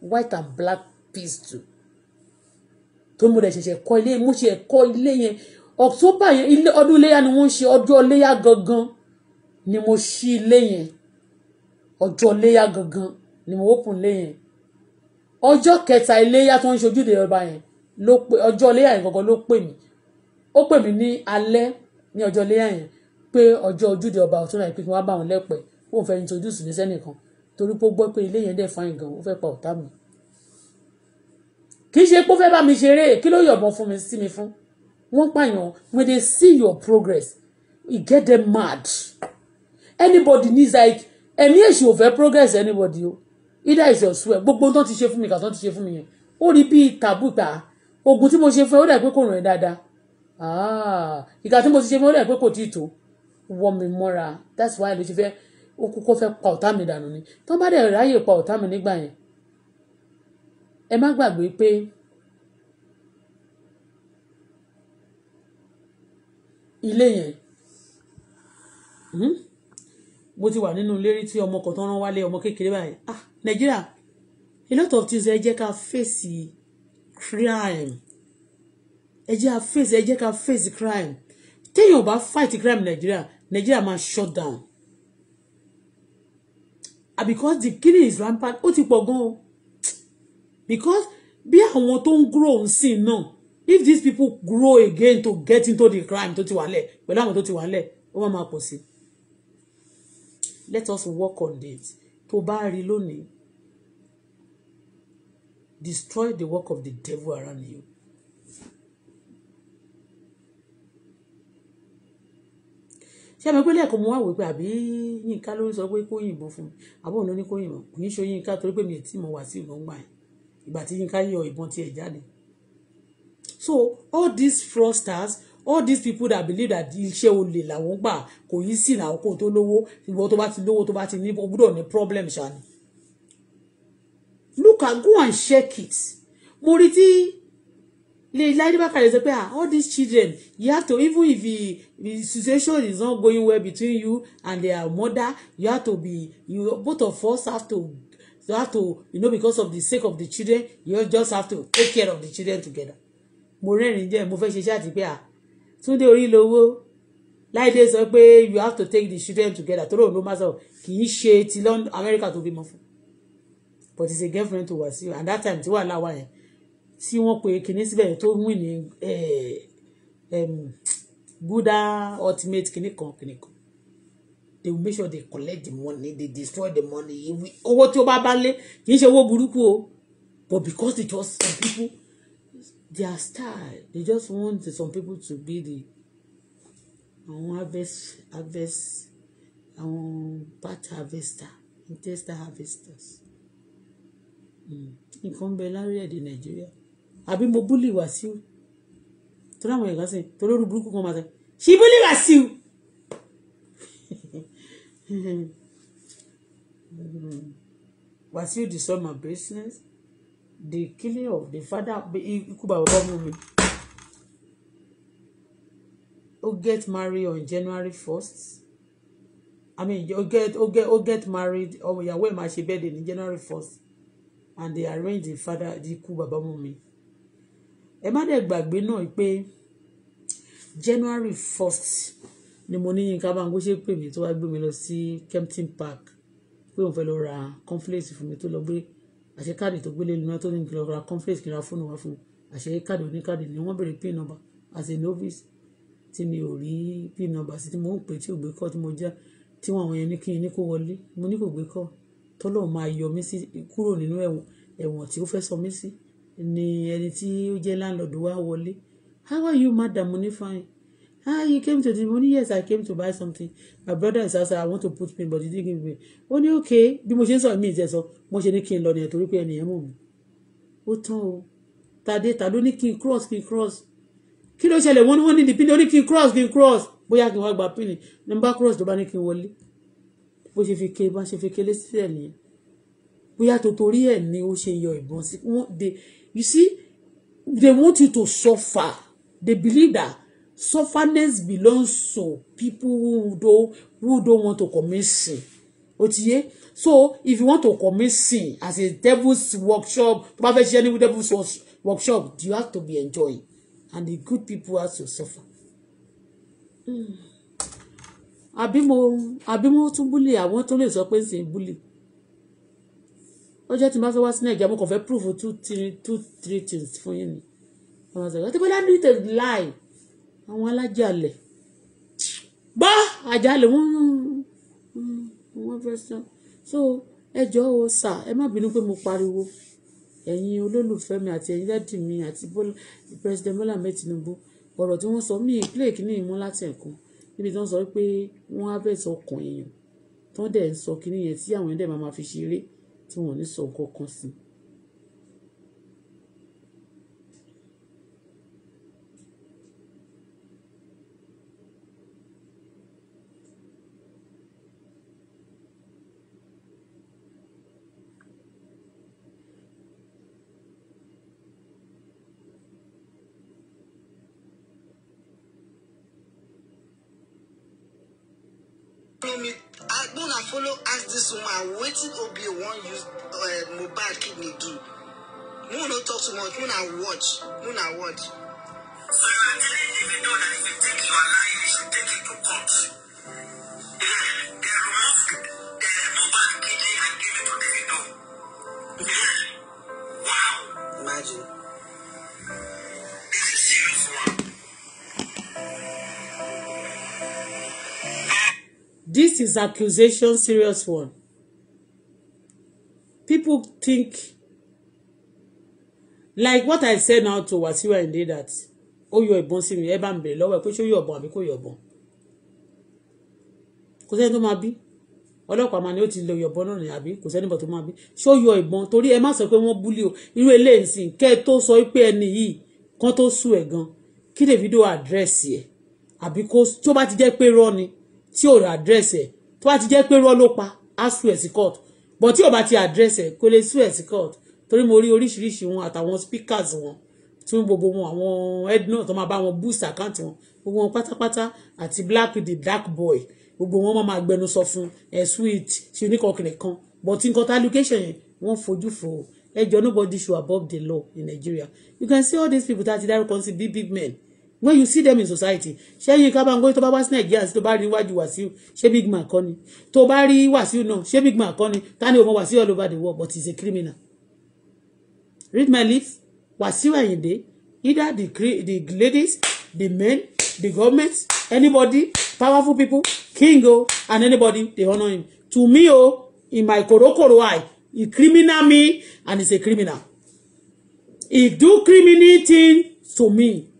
white and black pistol tó mú rẹ̀ ṣẹ̀ṣẹ̀ kọ́ ilé mú ṣe ẹ̀kọ́ ilé yẹn October yẹn ilé ọdún iléyà ni wọ́n ń ṣe ọjọ́ iléyà gangan ni mo ṣí ilé yẹn ọjọ́ iléyà gangan ni mo open ilé yẹn ọjọ́ kẹta iléyà tó ń ṣojúde ọba yẹn ló pé ọjọ́ ilé àyè gangan ló pè mí ó pè mí ní alẹ́ ní ọjọ́ ilé àyè pé ọjọ́ ojúde ọba ọ̀tún náà pé kí wọ́n bá wọn lẹ́pẹ́ ó fẹ́ introduce ní sẹ́nìkan torí pé ó gbọ́ pé ilé yẹn dẹ̀ fáyìn gan ó fẹ́ pa ọ̀tá mi kì í ṣe pé ó fẹ́ bá mi ṣeré kí ló yọ̀bọ̀ fún mi sí mi fún wọ́n pààyàn when they see your progress e get them mad anybody needs like ẹ̀mí èṣù ò fẹ́ progress anybody o either is your swear gbogbo tó ti ṣe fún mi kà tó ti ṣe fún mi yẹn ó rí bíi tàbùtà oògùn tí mo ṣe fún ẹ ó dà pé kò ràn ẹ́ dáadáa ah, ìgbà tí mo ṣe fún ó dà pé kò tíì tó wọ́ mi mọ́ra that's why ló ti fẹ́ ó kúkọ́ fẹ́ pa ọ̀tá mi dànù ni tó bá dẹ̀ ráyè pa ọ̀tá mi nígbà yẹn ẹ má gbàgbé pé ilé yẹn hmm? mo ti wà nínú ilé tí ọmọ kan tó rán wálé ọmọ kékeré báyìí ah Nàìjíríà a lot of things ẹ jẹ́ ká fèsì crime ẹ jẹ́ a face ẹ jẹ́ ká face crime téèyàn ò bá fight crime Nigeria Nigeria máa shut down ah because the killing is rampant ó ti pọ̀ gan o because bí àwọn tó ń grow ń sìn náà if these people grow again to get into the crime tó ti wà lẹ̀ pẹ̀lú àwọn tó ti wà lẹ̀ ó máa máa pọ̀ sí let us work on this tó bá rí lónìí destroy the work of the devil around you. ṣé àmì ìpínlẹ̀ èkó mo wá pé àbí yínká ló ń sọ pé kó yìnbọn fún mi àbọ̀ òun ló kó yìnbọn kò ní ṣe yínká torí pé mi ò tí mo wà sí ìgbọ̀ngbà yẹn ìgbà tí yínká yọ ìbọn tiẹ̀ jáde. so all these fraudsters all these people that believe that iṣẹ́ olè làwọn gbà kò yí sí ìnáwó kó tó lówó ìwọ tó bá ti lówó tó bá ti ní gbọ́dọ̀ ní problem ṣáà ni look at go and check it mo rí tí lè láyé bákàrẹ̀ sọ pé ah all these children you have to even if the situation is not going well between you and their mother you have to be you both of us have to you have to you know because of the sake of the children you just have to take care of the children together mo rẹ́rìn-ín jẹ́ mo fẹ́ ṣe ṣáàtì pé ah túndé orí lowó láìdé sọ pé you have to take the children together tó lóun ló máa sọ kì í ṣe ti London America tó bímọ fún but it's a girlfriend to Wasiu and that time tí wàhálà wà yẹn tí wọ́n pe kinní síbẹ̀ yẹn tó win ní eh, buddha ultimate kinní kan kinní kan they make sure they collect the money they destroy the money owó tí ó bá bá lé kì í ṣe owó burúkú o but because they just some people their style they just want some people to be the àwọn harvest harvest àwọn part harvester intestinal harvesters. Hmm. nǹkan ń bẹ lórílẹ̀‐èdè nàìjíríà àbí mo búlì Wàsíù torí àwọn èèyàn sìn torí orí burúkú kan máa sọ ṣì búlì Wàsíù. [laughs] Wàsíù destroy my business the killing of the father ikú bàbá ọmọ mi ó get married on January first i mean ó get ó get ó get married ọmọ ìyàwó ẹ̀ máa ṣe bẹ́ẹ̀ dé ní January first and they arrange the father the ikú bàbá Wùnmí ẹ má dẹ̀ gbàgbé náà pé January first ni mo ní Yínká Báńgó ṣe pè mí tó wá gbé mi lọ sí Kempton Park pé òun fẹ́ lọ ra conflace fún mi tó lọ gbé àṣẹ káàdì tó gbélé lóná tó ní kí lọ ra conflace kí n ra fóònù wá fún àṣẹ káàdì oníkáàdì ni wọ́n béèrè pin number as a novice tí mi ò rí pin number sí tí mo ń pè tí ò gbé kọ́ tí mo já tí wọn àwọn yẹn ní kí n ní kó wọlé mo ní kó gbé kọ́ tọ́lọ́run máa yọ mí sí kúrò nínú ẹ̀wọ̀n ẹ̀wọ̀n tí ó fẹ́ sọ mí sí ni ẹni tí ó jẹ́ láńlọ́ọ̀dù wá wọlé how are you madam mo ní fine ah you came to the money yes i came to buy something my brother is outside i want to put pin but he didn't give me ó ní okay bí mo ṣe ń sọ mí ìjẹsọ mo ṣe ní kí n lọ nìyẹn torí pé ẹnìyẹn mọ̀ mí ó tán o tàdé tàdó ní kí n cross kí n cross kí ló ṣẹlẹ̀ wọ́n ní wọ́n ní the pin ó ní kí n cross kí n cross bóyá kí n wá gba pin ní n cross tó bá ní kí n wọlé bó ṣe fi ké bá ṣe fi kélé sílẹ̀ nìyẹn bóyá tòtórí ẹ̀ ni ó ṣe yọ ìbọn sí wọn they you see they want you to suffer they believe that sufferness belongs to people who don't who don't want to commit sin ó ti yé so if you want to commit sin as a devil's workshop tó bá fẹ́ ṣiṣẹ́ ní devil's workshop you have to be enjoying and the good people have to suffer. Mm àbí mo àbí mo tún búlì àwọn tó lè sọ pé ń sìn búlì ọjọ́ tí mo bá fẹ́ wá sí nàìjíríà mo kàn fẹ́ proof two three two three things fún yín ni àwọn àṣà tí bọ́lá ní tèmi láì àwọn alájàlẹ̀ gbọ́ àjàlẹ̀ wọ́n wọ́n fẹ́ sọ so ẹ jọ̀ọ́ o sà ẹ má bínú pé mo pariwo ẹ̀yin olólùfẹ́ mi àti ẹ̀yin dádì mi àti president Bọ́lá Ahmed Tinubu ọ̀rọ̀ tí wọ́n sọ mí ìpínlẹ̀ kìíní ìmú láti níbi tí wọ́n sọ pé wọ́n á fẹ̀sọ̀ ọkàn èèyàn tó dẹ̀ ń sọ kínní yẹn tí àwọn ẹ̀dẹ̀ máa fi ṣeré tí wọ́n ní sọ nǹkan kan sí i This woman wetin obi wan use uh, mobile kidney do moon no talk too much moon na watch moon na watch. so you are telling individual that if you take your life you should take it to court. This is accusation, serious one. People think, like what I said now to Wasiu Ayinde that, ó yọ ìbọn sí mi, ẹ bá ń bèrè lọ́wọ́ ẹ̀ pé ṣé ó yọ ìbọn àbí kò yọ ìbọn. Kò sẹ́ni tó máa bí. Ọlọ́pàá máa ní ó ti lọ yọ ìbọn náà ní àbí kò sẹ́ni bọ̀ tó máa bí. Ṣé ó yọ ìbọn torí ẹ má sọ pé wọ́n búlì o. Irú eléyìí sìn kẹ́ ẹ tó sọ pé kan tó sùn ẹ̀ gan. Kí Davido àdírẹ́sì ẹ̀ àbí kó tó bá ti jẹ́ pé rọ́ ni tí ò address ẹ̀ tó bá ti jẹ́ pé rọ́ ló pa á sue ẹ̀ sí court but tí ò bá ti address ẹ̀ kó lè sue ẹ̀ sí court torí mo rí oríṣiríṣi wọn àtàwọn speakers wọn tí wọn gbogbo wọn àwọn edna tó máa bá wọn boost account wọn gbogbo wọn pátápátá àti black the dark boy gbogbo wọn máa gbẹnu sọ fún ẹ sweet ṣe oníkọkìnrin kan but nǹkan tá location yẹn wọn fojú fo ẹjọ nobody should above the law in Nigeria you can see all these people tá a ti dárúkọ sí big big men when you see them in society ṣé yín ká bá ń gbé tó bá wá sí nàìjíríà sí tó bá rí wájú wàsíù ṣé big man kọ́ ni tó bá rí wàsíù náà ṣé big man kọ́ ni ta ni o mọ̀ wàsíù all over the world but he is a criminal read my lips wàsíù àyìndé either the the ladies the men the government anybody powerful people king o and anybody dey honour him to me o in my korokoro eye he criminal me and he is a criminal he do criminal thing to me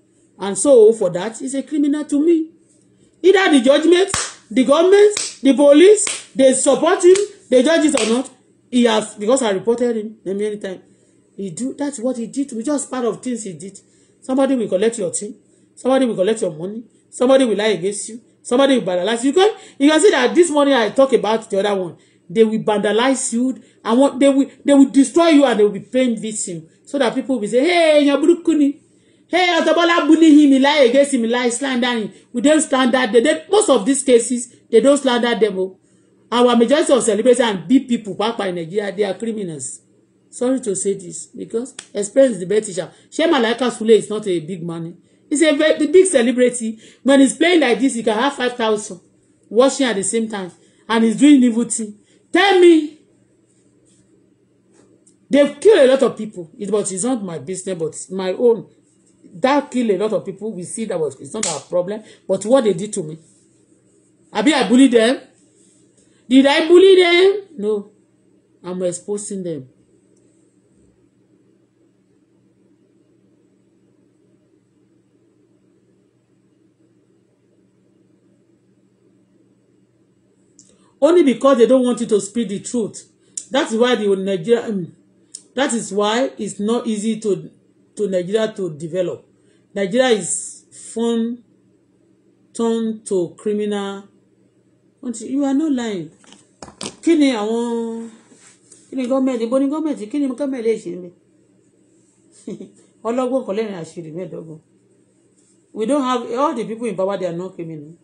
And so for that, he's a criminal to me. Either the judgment, the government, the police, they support him, the judges or not. He has because I reported him many many times. He do that's what he did. We just part of things he did. Somebody will collect your thing. Somebody will collect your money. Somebody will lie against you. Somebody will vandalize you. You can you can see that this morning I talk about the other one. They will vandalize you. and want they will they will destroy you and they will be paying victim so that people will say, Hey, you're Hey, Otobola bullying him, he lie against him, he lie him. We don't slander them. They, most of these cases, they don't slander them. Oh. Our majority of celebrities and big people, Papa in Nigeria, they are criminals. Sorry to say this, because experience the best teacher. Shey Malaika Sule is not a big money. He's a very the big celebrity. When he's playing like this, he can have five thousand watching at the same time. And he's doing evil thing. Tell me, they've killed a lot of people. It, but it's not my business, but my own that kill a lot of people we see that was it's not our problem but what they did to me abi I bully them did I bully them no I'm exposing them only because they don't want you to speak the truth that's why the Nigeria um, that is why it's not easy to to Nigeria to develop. Nigeria is fun turned to criminal. You are not lying. Kí ni àwọn kí ni gọ́ọ̀mẹ̀ntì bó ni gọ́ọ̀mẹ̀ntì kí ni gọ́ọ̀mẹ̀ntì lè ṣe mí? [laughs] Ọlọ́gbọ́n kan lẹ́rìn àṣírí mẹ́ẹ̀ẹ́dọ́gbọ̀n. We don't have all the people in power they are not criminal.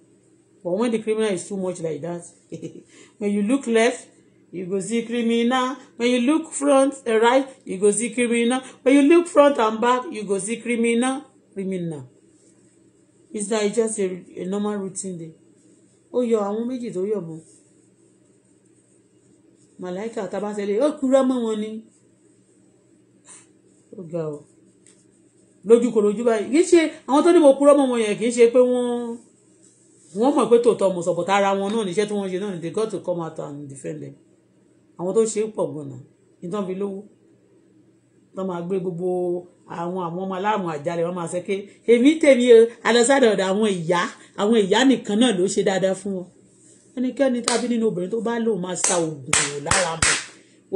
But when the criminal is too much like that, [laughs] when you look left, you go see criminal when you look front and eh, right you go see criminal when you look front and back you go see criminal criminal is that just a, a normal routine day ó yọ àwọn méjì tó yọ̀ bọ̀ màláìka tabatẹ́lẹ̀ ó kúrẹ́ mọ́ wọn ni ó ga ọ lójúkorojú báyìí kì í ṣe àwọn tó ní mo kúrọ́ mọ́ wọn yẹn kì í ṣe pé wọ́n wọ́n mọ̀ pé tòótọ́ mo sọ̀bọ̀tà ara wọn náà níṣẹ́ tí wọ́n ṣe náà they got to come out and defend them àwọn tó ṣe é pọ̀ gan-an nítorí fi lówó tó máa gbé gbogbo àwọn àwọn ọmọ aláàmú àjálẹ̀ wọn máa sọ pé èmi tèmi o alọ́sàdọ̀ ọ̀dọ̀ àwọn ìyá àwọn ìyá nìkan náà ló ṣe dáadáa fún wọn ẹnikẹ́ni tàbí nínú obìnrin tó bá lóun máa sa oògùn rò lára mọ̀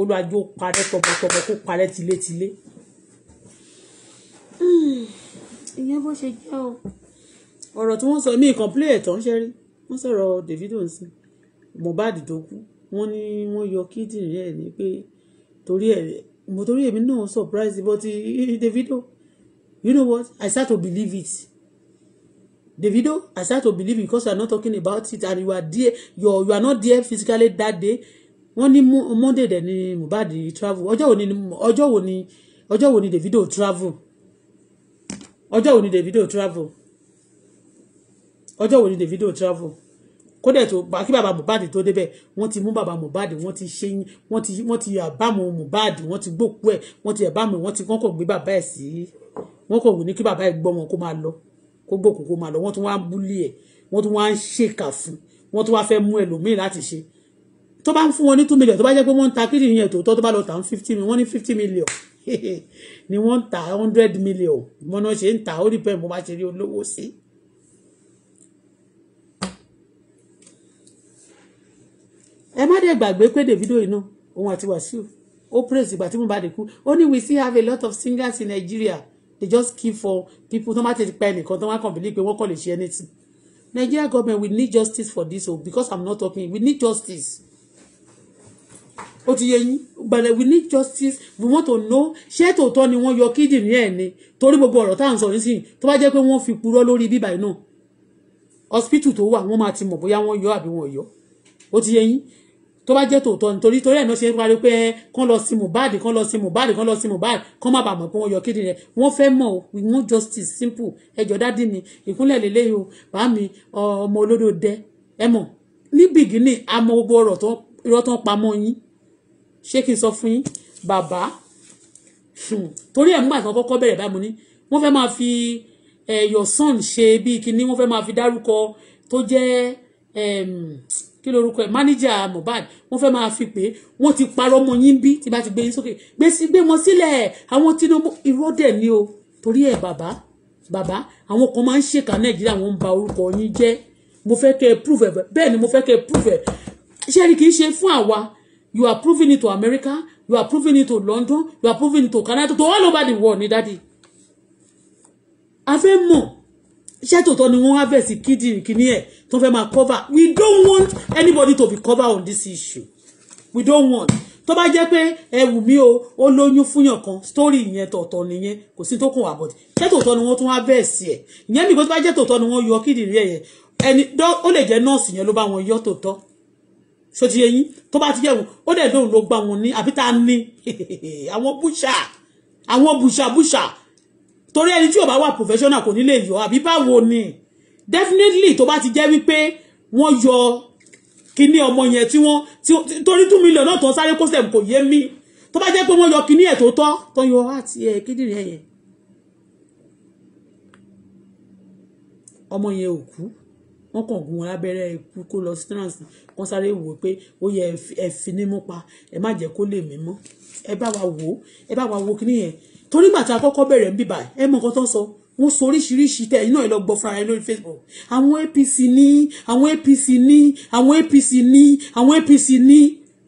olùwàjò parẹ́ tọmọtọmọ kó parẹ́ tilétilé. [sighs] ìyẹn bó ṣe jẹ́ o ọ̀rọ̀ tí wọ́n sọ mí kàn pílẹ̀ ẹ̀tọ́ ń ṣẹ́rí wọ́n sọ̀rọ̀ Davido ń sìn Mohbad tó kú wọ́n ní wọ́n yọ kíndìnrín ẹ̀ ní pé torí ẹ̀ mo torí èmi náà surprise but Davido you know what I start to believe it Davido I start to believe it because you are not talking about it and you are there you are, you are not there physically that day wọ́n ní Monday dẹ̀ ni Mohbad travel ọjọ́ wo ni ọjọ́ wo ni ọjọ́ wo ni Davido travel ọjọ́ wo ni Davido travel ọjọ́ wo ni Davido travel kódẹ̀ tó bá kí bàbá Mohbad tó débẹ̀ wọ́n ti mú bàbá Mohbad wọ́n ti ṣe wọ́n ti wọ́n ti àbámu Mohbad wọ́n ti gbókú ẹ̀ wọ́n ti àbámu wọ́n ti wọ́n kò gbé bàbá ẹ̀ sí wọ́n kò ní kí bàbá ẹ̀ gbọ́ wọn kó máa lọ kó gbòkú kó máa lọ wọ́n tún wá búlí ẹ̀ wọ́n tún wá ń ṣèkà fún wọ́n tún wá fẹ́ mú ẹlòmíì láti ṣe tó bá ń fún wọn ní two million tó bá jẹ́ pé wọ́n ń ta kídìrín yẹn tòótọ́ tó bá lọ tà ń fifty million wọ́n ní fifty million [laughs] ni wọ́n ń ta hundred million mọ́nà ṣe ń ta ó rí bẹ́ẹ̀ mo bá ṣe rí olówó sí i ẹ má dẹ̀ gbàgbé pé Davido yìí náà òun àti Wàsíù ó praise ìgbà tí mo bá dé kú ó ní we still have a lot of singers in Nigeria they just keep for people tó má ti pa ẹnìkan tó má kàn bílí pé wọ́n kàn lè ṣe anything Nigeria government we need justice for this o because I'm not talking we need justice ó ti yẹ yín but we need justice we want to know ṣé tòótọ́ ni wọ́n yọ kíndìnrín ẹ̀ ni torí gbogbo ọ̀rọ̀ tá à ń sọ nísìnyí tó bá jẹ́ pé wọ́n fi purọ́ lórí bíbà yìí náà hospital tó wà wọ́n máa ti mọ̀ bóyá wọ́n yọ àbí wọ́n yọ ó ti yẹ yín tó bá jẹ́ tòótọ́ nítorí torí ẹ̀ náà ṣe ń parí pé kán lọ sí Mohbad kán lọ sí Mohbad kán lọ sí Mohbad kán má bàa mọ̀ pé wọ́n yọ kíndìnrín rẹ̀ wọ́n fẹ́ mọ̀ we want justice simple ẹjọ́ dádì mi ìkúnlẹ̀ lélẹ́yìn o bá mi ọmọ olódò dẹ ẹ mọ̀ ní bìgínì àmọ́ gbogbo ọ̀rọ̀ tó irọ́ tó ń pamọ́ yín ṣé kí n sọ fún yín bàbá hmm. torí ẹ̀ nígbà tí bẹ̀rẹ̀ báyìí mo ní wọ́n eh, your son ṣe bíi kinní wọ́n fẹ́ máa fi dárúkọ kí lorúkọ ẹ̀ mánéjà Mohbad wọ́n fẹ́ máa fi pé wọ́n ti parọ́ ọmọ yín bí tí bá ti gbé yín sókè gbé sí gbé wọn sílẹ̀ àwọn Tinubu irọ́ dẹ̀ ni o torí ẹ̀ bàbá bàbá àwọn kan máa ń ṣèkà Nàìjíríà wọ́n ń ba orúkọ yín jẹ́ mo fẹ́ kẹ́ prove ẹ̀ bẹ́ẹ̀ ni mo fẹ́ kẹ́ prove ẹ̀ ṣé ni kì í ṣe fún àwa you are proving it to America you are proving it to London you are proving it to Canada to all over the world ni dadi a fẹ́ mọ̀ iṣẹ́ tòótọ́ ni wọ́n harvest kidney kìíní ẹ̀ tó fẹ́ máa cover we don't want anybody to be cover on this issue we don't want tó bá jẹ́ pé ẹwù mi o ó lóyún fúnyàn kan story yẹn tọ̀tọ̀ nìyẹn kò sí tó kàn wá bọ̀dì iṣẹ́ tòótọ́ ni wọ́n tún harvest ẹ̀ ìyẹn mi kó tó bá jẹ́ tòótọ́ ni wọ́n yọ kidney ẹ̀ yẹn ẹni ó lè jẹ́ nọ́ọ̀sì yẹn ló bá wọn yọ tòótọ́ so ti yeyin tó bá ti jẹ́ wọn ó dẹ̀ lóhùn ló gbá wọn ní àbí ta ni [laughs] àwọn búṣà àwọn búṣà búṣà torí ẹni tí ò bá wà professional kò ní lè yọ àbí báwo ni definitely tó bá ti jẹ́ wípé wọ́n yọ kíní ọmọ yẹn tí wọ́n torí two million náà tó sáré kó sẹ̀m kò yé mi tó bá jẹ́ pé wọ́n yọ kíní ẹ̀ tó tọ́ tó yọ àti ẹ̀ kíndìnrín ẹ̀yẹn ọmọ yẹn ò kú wọ́n kàn gún wọn lábẹ́rẹ́ ikú kó lọ sí trans wọ́n sáré wò pé ó yẹ ẹ pa ẹ má jẹ́ kó lè mímọ́ ẹ bá wa wò ó ẹ bá wa wò kíní yẹn torí gbà tá a kọ́kọ́ bẹ̀rẹ̀ ń bíbà ẹ mọ nǹkan tó ń sọ wọ́n sọ oríṣiríṣi tẹ iná ẹ lọ gbọ́ fúnra ẹ lórí Facebook àwọn APC ní àwọn APC ní àwọn APC ní àwọn APC ní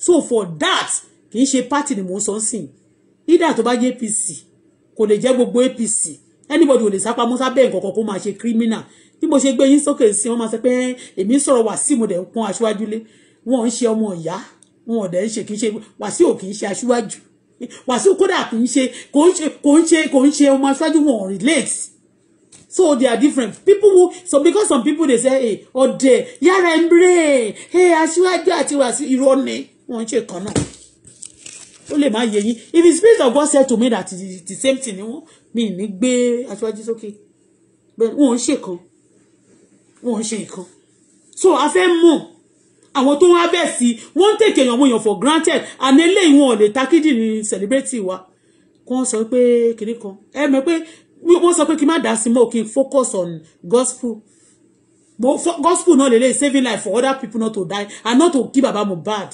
so for that kì í ṣe party ni mò ń sọ ń sìn leader tó bá jẹ́ APC kò lè jẹ́ gbogbo APC anybody ò lè sá pamọ́ sábẹ́ nǹkan kan kó máa ṣe criminal bí mo ṣe gbé yín sókè sí wọn máa sọ pé èmi ń sọ̀rọ̀ Wàsíù mo dẹ̀ ń pọ́n aṣíwájú lé wọn ń ṣe ọmọ ìyá wọn ò dẹ̀ ń ṣe kì í ṣe Wàsíù kì í ṣe aṣíwájú wàásù kódà kì í ṣe kò ń ṣe kò ń ṣe kò ń ṣe ọmọ aṣáájú wọn relate so they are different people who so because some people dey say hey ọdẹ yàrá ẹ ń bèrè hey aṣíwájú àti wàásù irọ́ ni wọ́n ń ṣe kan náà ó lè má yẹ yín if the spirit of God said to me that the, the same thing ni wọ́n mi ní gbé aṣíwájú sókè bẹ́ẹ̀ wọ́n ń ṣe kan wọ́n ń ṣe nǹkan so a fẹ́ mọ̀ àwọn tó ń harvest wọ́n ń tètè èèyàn wọ̀nyàn for granted àná eléyìí wọn ò lè ta kídìní celebrity wa kàn sọ pé kìnní kan ẹ mọ̀ pé wọ́n sọ pé kí n má dá mọ́ kí n focus on gospel but gospel náà lè lè saving life for other people not to die and not to give baba bad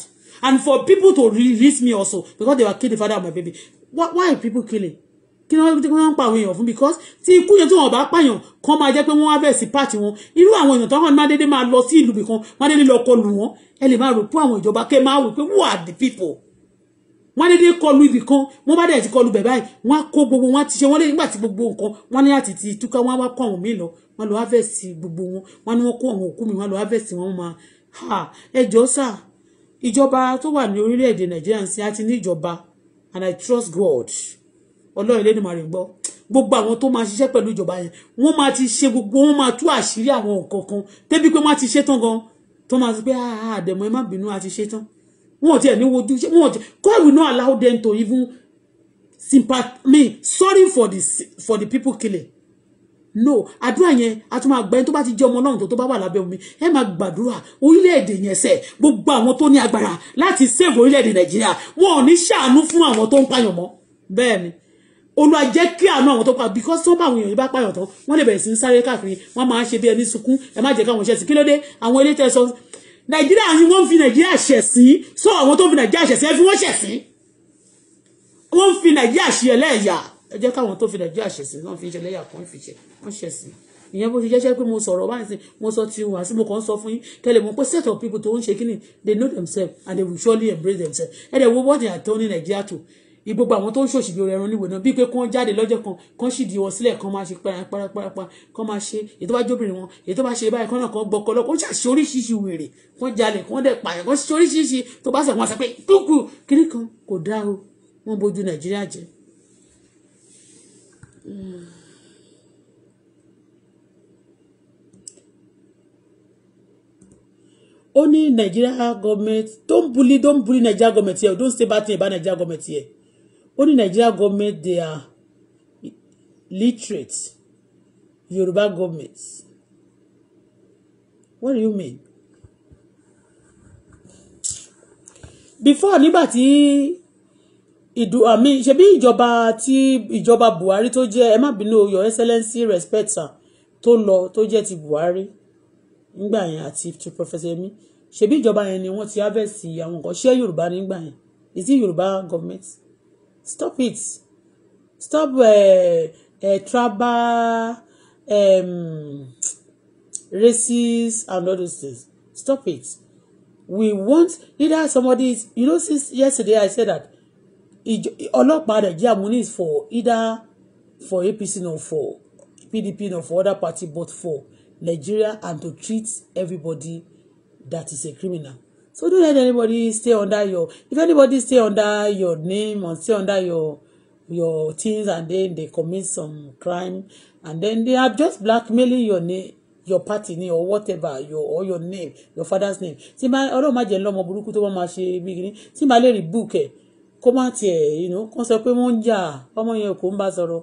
and for people to release me also because they were kill the father of my baby why, why are people killing kí wọ́n ń pa àwọn èèyàn fún because tí ikú yẹn tí wọ́n bá pààyàn kan máa jẹ́ pé wọ́n wá bẹ̀ sí pààtì wọn irú àwọn èèyàn tó hàn máa dédé máa lọ sí ìlú bìkan máa dédé lọ kọlù wọn ẹ lè máa rò pé àwọn ìjọba kẹ máa wò pé who are the people wọ́n dédé kọlù ibìkan wọ́n bá dẹ̀ ti kọlù bẹ̀ báyìí wọ́n á kó gbogbo wọn ti ṣe wọ́n lé nígbà tí gbogbo nǹkan wọ́n ní àti ti túká wọ́n á wá kó àwọn míì lọ wọ́n lọ harvest gbogbo wọn wọ́n ní wọ́n kó àwọn òkú mi wọ́n lọ harvest wọn máa ha ẹjọ́ sà ìjọba tó wà ní orílẹ̀-èdè nàìjíríà ń sin àti ní ìjọba and I trust God ọlọ́run Elédùmarè gbọ́ gbogbo àwọn tó máa ṣiṣẹ́ pẹ̀lú ìjọba yẹn wọ́n máa ti ṣe gbogbo wọ́n máa tú àṣírí àwọn nǹkan kan débi pé wọ́n á ti ṣe tán gan tó máa sọ pé ah, ah, àdẹ̀mọ́ ẹ má bínú a ti ṣe tán wọn ò tiẹ̀ ní wojú ṣe wọn ò tiẹ̀ We will not allow them to even sympath me sorry for the for the people killing no àdúrà yẹn a tún máa gba ẹni tó bá ti jẹ́ ọmọ Ọlọ́run tó tó bá wà lábẹ́ omi ẹ máa gbàdúrà orílẹ̀-èdè yẹn ṣe gbogbo àwọn tó ní agbára láti save orílẹ̀-èdè Nàìjíríà wọn ò ní ṣàánú fún àwọn tó ń pààyàn mọ́ bẹ́ẹ̀ ni olúwa jẹ́ kí àánú àwọn tó pa because tó bá àwọn èèyàn bá pààyàn tán wọ́n lè bẹ̀rẹ̀ sí ń sáré káàkiri wọ́n máa ń ṣe bí ẹni sunkún ẹ má jẹ́ káwọn ṣẹ̀sìn kí ló dé àwọn ilé tẹ̀ sọ nàìjíríà ni wọ́n ń fi nàìjíríà ṣẹ̀sìn so àwọn tó ń fi nàìjíríà ṣẹ̀sìn ẹ fi wọ́n ṣẹ̀sìn wọ́n ń fi nàìjíríà ṣe ẹlẹ́yà ẹ jẹ́ káwọn tó fi nàìjíríà ṣẹ̀sìn náà fi ṣẹlẹ́yà kan fi ṣe wọ́n ṣẹ̀sìn ìyẹn bó ti jẹ́ṣẹ́ pé mo sọ̀rọ̀ báyìí sí mo sọ ti wà sí mo kàn ń sọ fún yín tẹ́lẹ̀ mo pé set of people tó ń ṣe kí ni they know themselves and they will surely embrace themselves ẹ̀ wo what they are turning Nigeria to ìgbogbo àwọn tó ń ṣòṣì bí ẹran níwèé náà bíi pé kán jáde lọ́jọ́ kan kán sì di wọn sílẹ̀ kán máa ṣe parapara kán máa ṣe ètò bá jóbìnrin wọn ètò bá ṣe báyìí kán náà kán gbọkọ lọ kó ṣàṣe oríṣiríṣi wèrè kán jalè kán dẹ̀ pààyàn kán ṣe oríṣiríṣi tó bá sẹ̀ wọ́n sọ pé kúkú kíní kan kò dá o wọ́n bójú nàìjíríà jẹ́. ó ní nàìjíríà gọọmenti don't bully don't bully nàìjíríà gọọmenti yẹ o don't say bad thing about nàìjíríà gọọmenti yẹ only Nigeria government they are literate Yoruba government what do you mean before nígbà tí ìdù àmì ṣebí ìjọba tí ìjọba Buhari tó jẹ ẹ má bínú your excellency respect sir tó lọ tó jẹ ti Buhari nígbà yẹn àti ti professor Yemi ṣebí ìjọba yẹn ni wọ́n ti harvest àwọn nǹkan ṣé Yorùbá nígbà yẹn is it Yorùbá government stop it stop uh, uh, tribal um, races and all those things stop it we want either somebody is you know since yesterday I said that ọlọ́pàá Nigeria money is for either for APC nor for PDP nor for other party but for Nigeria and to treat everybody that is a criminal So don't let anybody stay under your if anybody stay under your name or stay under your your things and then they commit some crime and then they are just blackmailing your name your party name, or whatever your or your name your father's name tí ma ọlọ́run má jẹ́ lọ́mọ burúkú tó wọ́n máa ṣe bí kìíní tí ma lè rí book ẹ̀ kó má tiẹ̀ you know kó sọ pé wọ́n ń jà ọmọ yẹn kò ń bá sọ̀rọ̀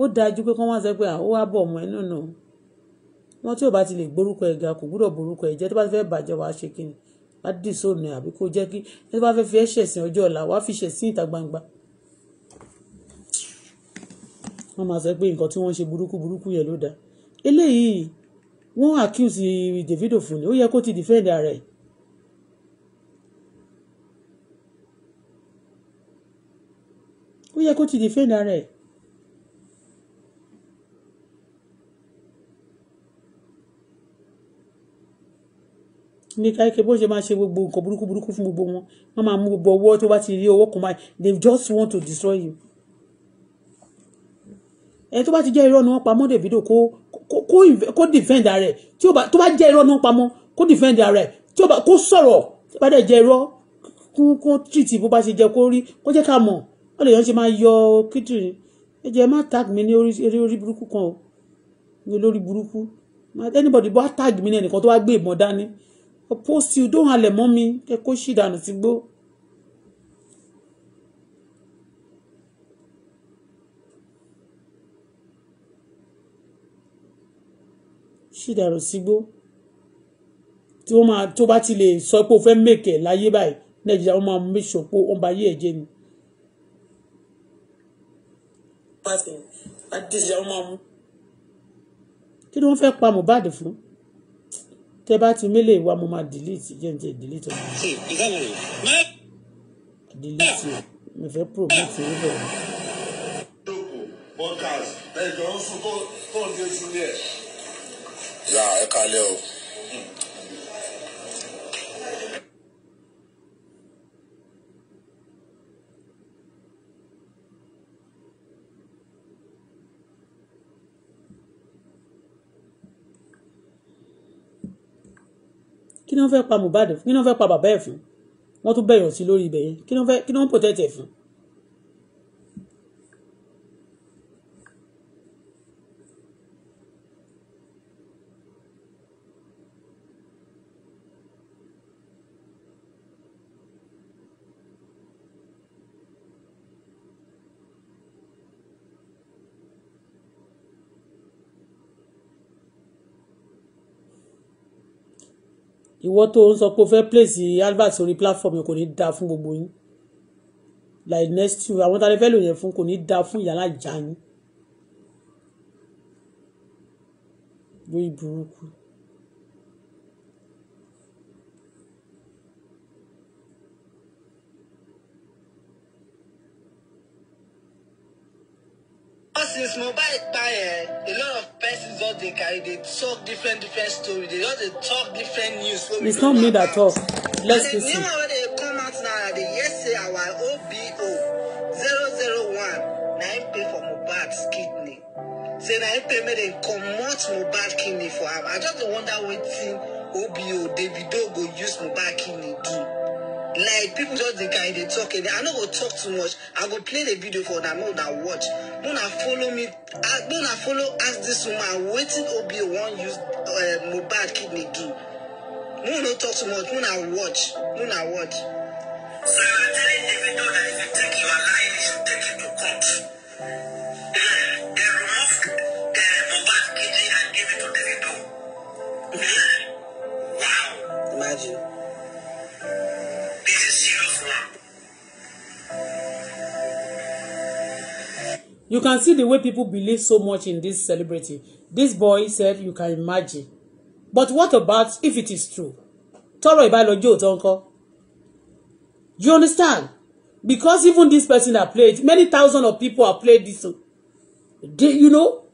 ó dájú pé kó wọ́n sọ pé ah, ó wá bọ̀ ọmọ ẹ̀ nùnú wọn tí ò bá ti lè gborúkọ ẹ̀ ga kò gbúdọ̀ gborúkọ ẹ̀ jẹ́ tó bá ti fẹ́ bàjẹ́ wàá ṣe kí wá dìsóònù àbí kó jẹ́ kí ẹni bá fẹ́ fi ẹ́ ṣẹ̀sìn ọjọ́ ọ̀la wá fi ṣẹ̀sìn ìta gbangba wọ́n máa sọ pé nǹkan tí wọ́n ṣe burúkú burúkú yẹn ló dáa eléyìí wọ́n accuse Davido fún ni ó yẹ kó ti defend ara ẹ̀ ó yẹ kó ti defend ara ẹ̀ ní káyọ̀kẹ́ bó ṣe máa ṣe gbogbo nǹkan burúkú burúkú fún gbogbo wọn wọ́n máa mú gbogbo ọwọ́ tó bá ti rí owó kan báyìí they just want to destroy you. ẹ tó bá ti jẹ́ irọ́ ni wọ́n pamọ́ Davido kó kó kó defend ara ẹ̀ tó bá jẹ́ irọ́ ni wọ́n pamọ́ kó defend ara ẹ̀ kó sọ̀rọ̀ tó bá dẹ̀ jẹ́ irọ́ kún kó tìtì bó bá ṣe jẹ́ kó rí kó jẹ́ ká mọ̀ wọ́n lè yàn ṣe máa yọ kíndìnrín ẹ jẹ́ má tag mi ní orí burúkú kan o ní olórí burúkú anybody bá tag mi ní ẹnìkan tó wá gbé ìbọn dání oppose you don't halẹ̀ mọ́ mi ẹ kó ṣì dànù sí gbó. ṣì dànù sí gbó tí wọ́n máa tó bá ti lè sọ pé o fẹ́ mèkè láyé báyìí nàìjíríà wọ́n máa make sure pé ó ń ba ayé ẹ̀ jẹ́ ni. kí ni wọ́n fẹ́ pa Mohbad fún tẹ bá ti mélè wa mo máa delete jẹ́ n tẹ delete ọ̀nà delete o mi fẹ́ promote owó bẹ̀rẹ̀. podcast ẹ̀jọ̀ ń fún tó ń dé sílé ẹ̀. yà á ẹ̀ka o. kí ni wọ́n fẹ́ pa Mohbad fún kí ni wọ́n fẹ́ pa bàbá ẹ̀ fún wọ́n tún bẹ̀yọ̀ sí lórí ibẹ̀ yẹn kí ni wọ́n protect ẹ̀ fún ìwọ tó ń sọ pé o fẹ́ place advert orí platform yẹn kò ní dáa fún gbogbo yín like next two àwọn tá a lè fẹ́ lò yẹn fún kò ní dáa fún ìyálà ìjà yín lórí burúkú. since mobile kpai a lot of persons just dey carry dey talk different different story dey just dey talk different news. it's not me that talk let's face it. the new one wey dey come out now na the hear our obo zero zero one na im pay for mohbad kidney say na im pay make dem comot mohbad kidney for am i just dey wonder wetin obo davido go use mohbad kidney do like people just dey kind dey talk i no go talk too much i go play the video for una make una watch make una follow me make una follow ask this woman wetin obi wan use eh, mohbad kidney do make no talk too much make una watch make una watch. so you are telling davido that if you take your life you take it to court. You can see the way people believe so much in this celebrity. This boy said you can imagine. But what about if it is true? Tọ́rọ̀ ìbálòjó òtọ́ ńkọ́. You understand? Because even this person that played, many thousands of people have played this. They, you know,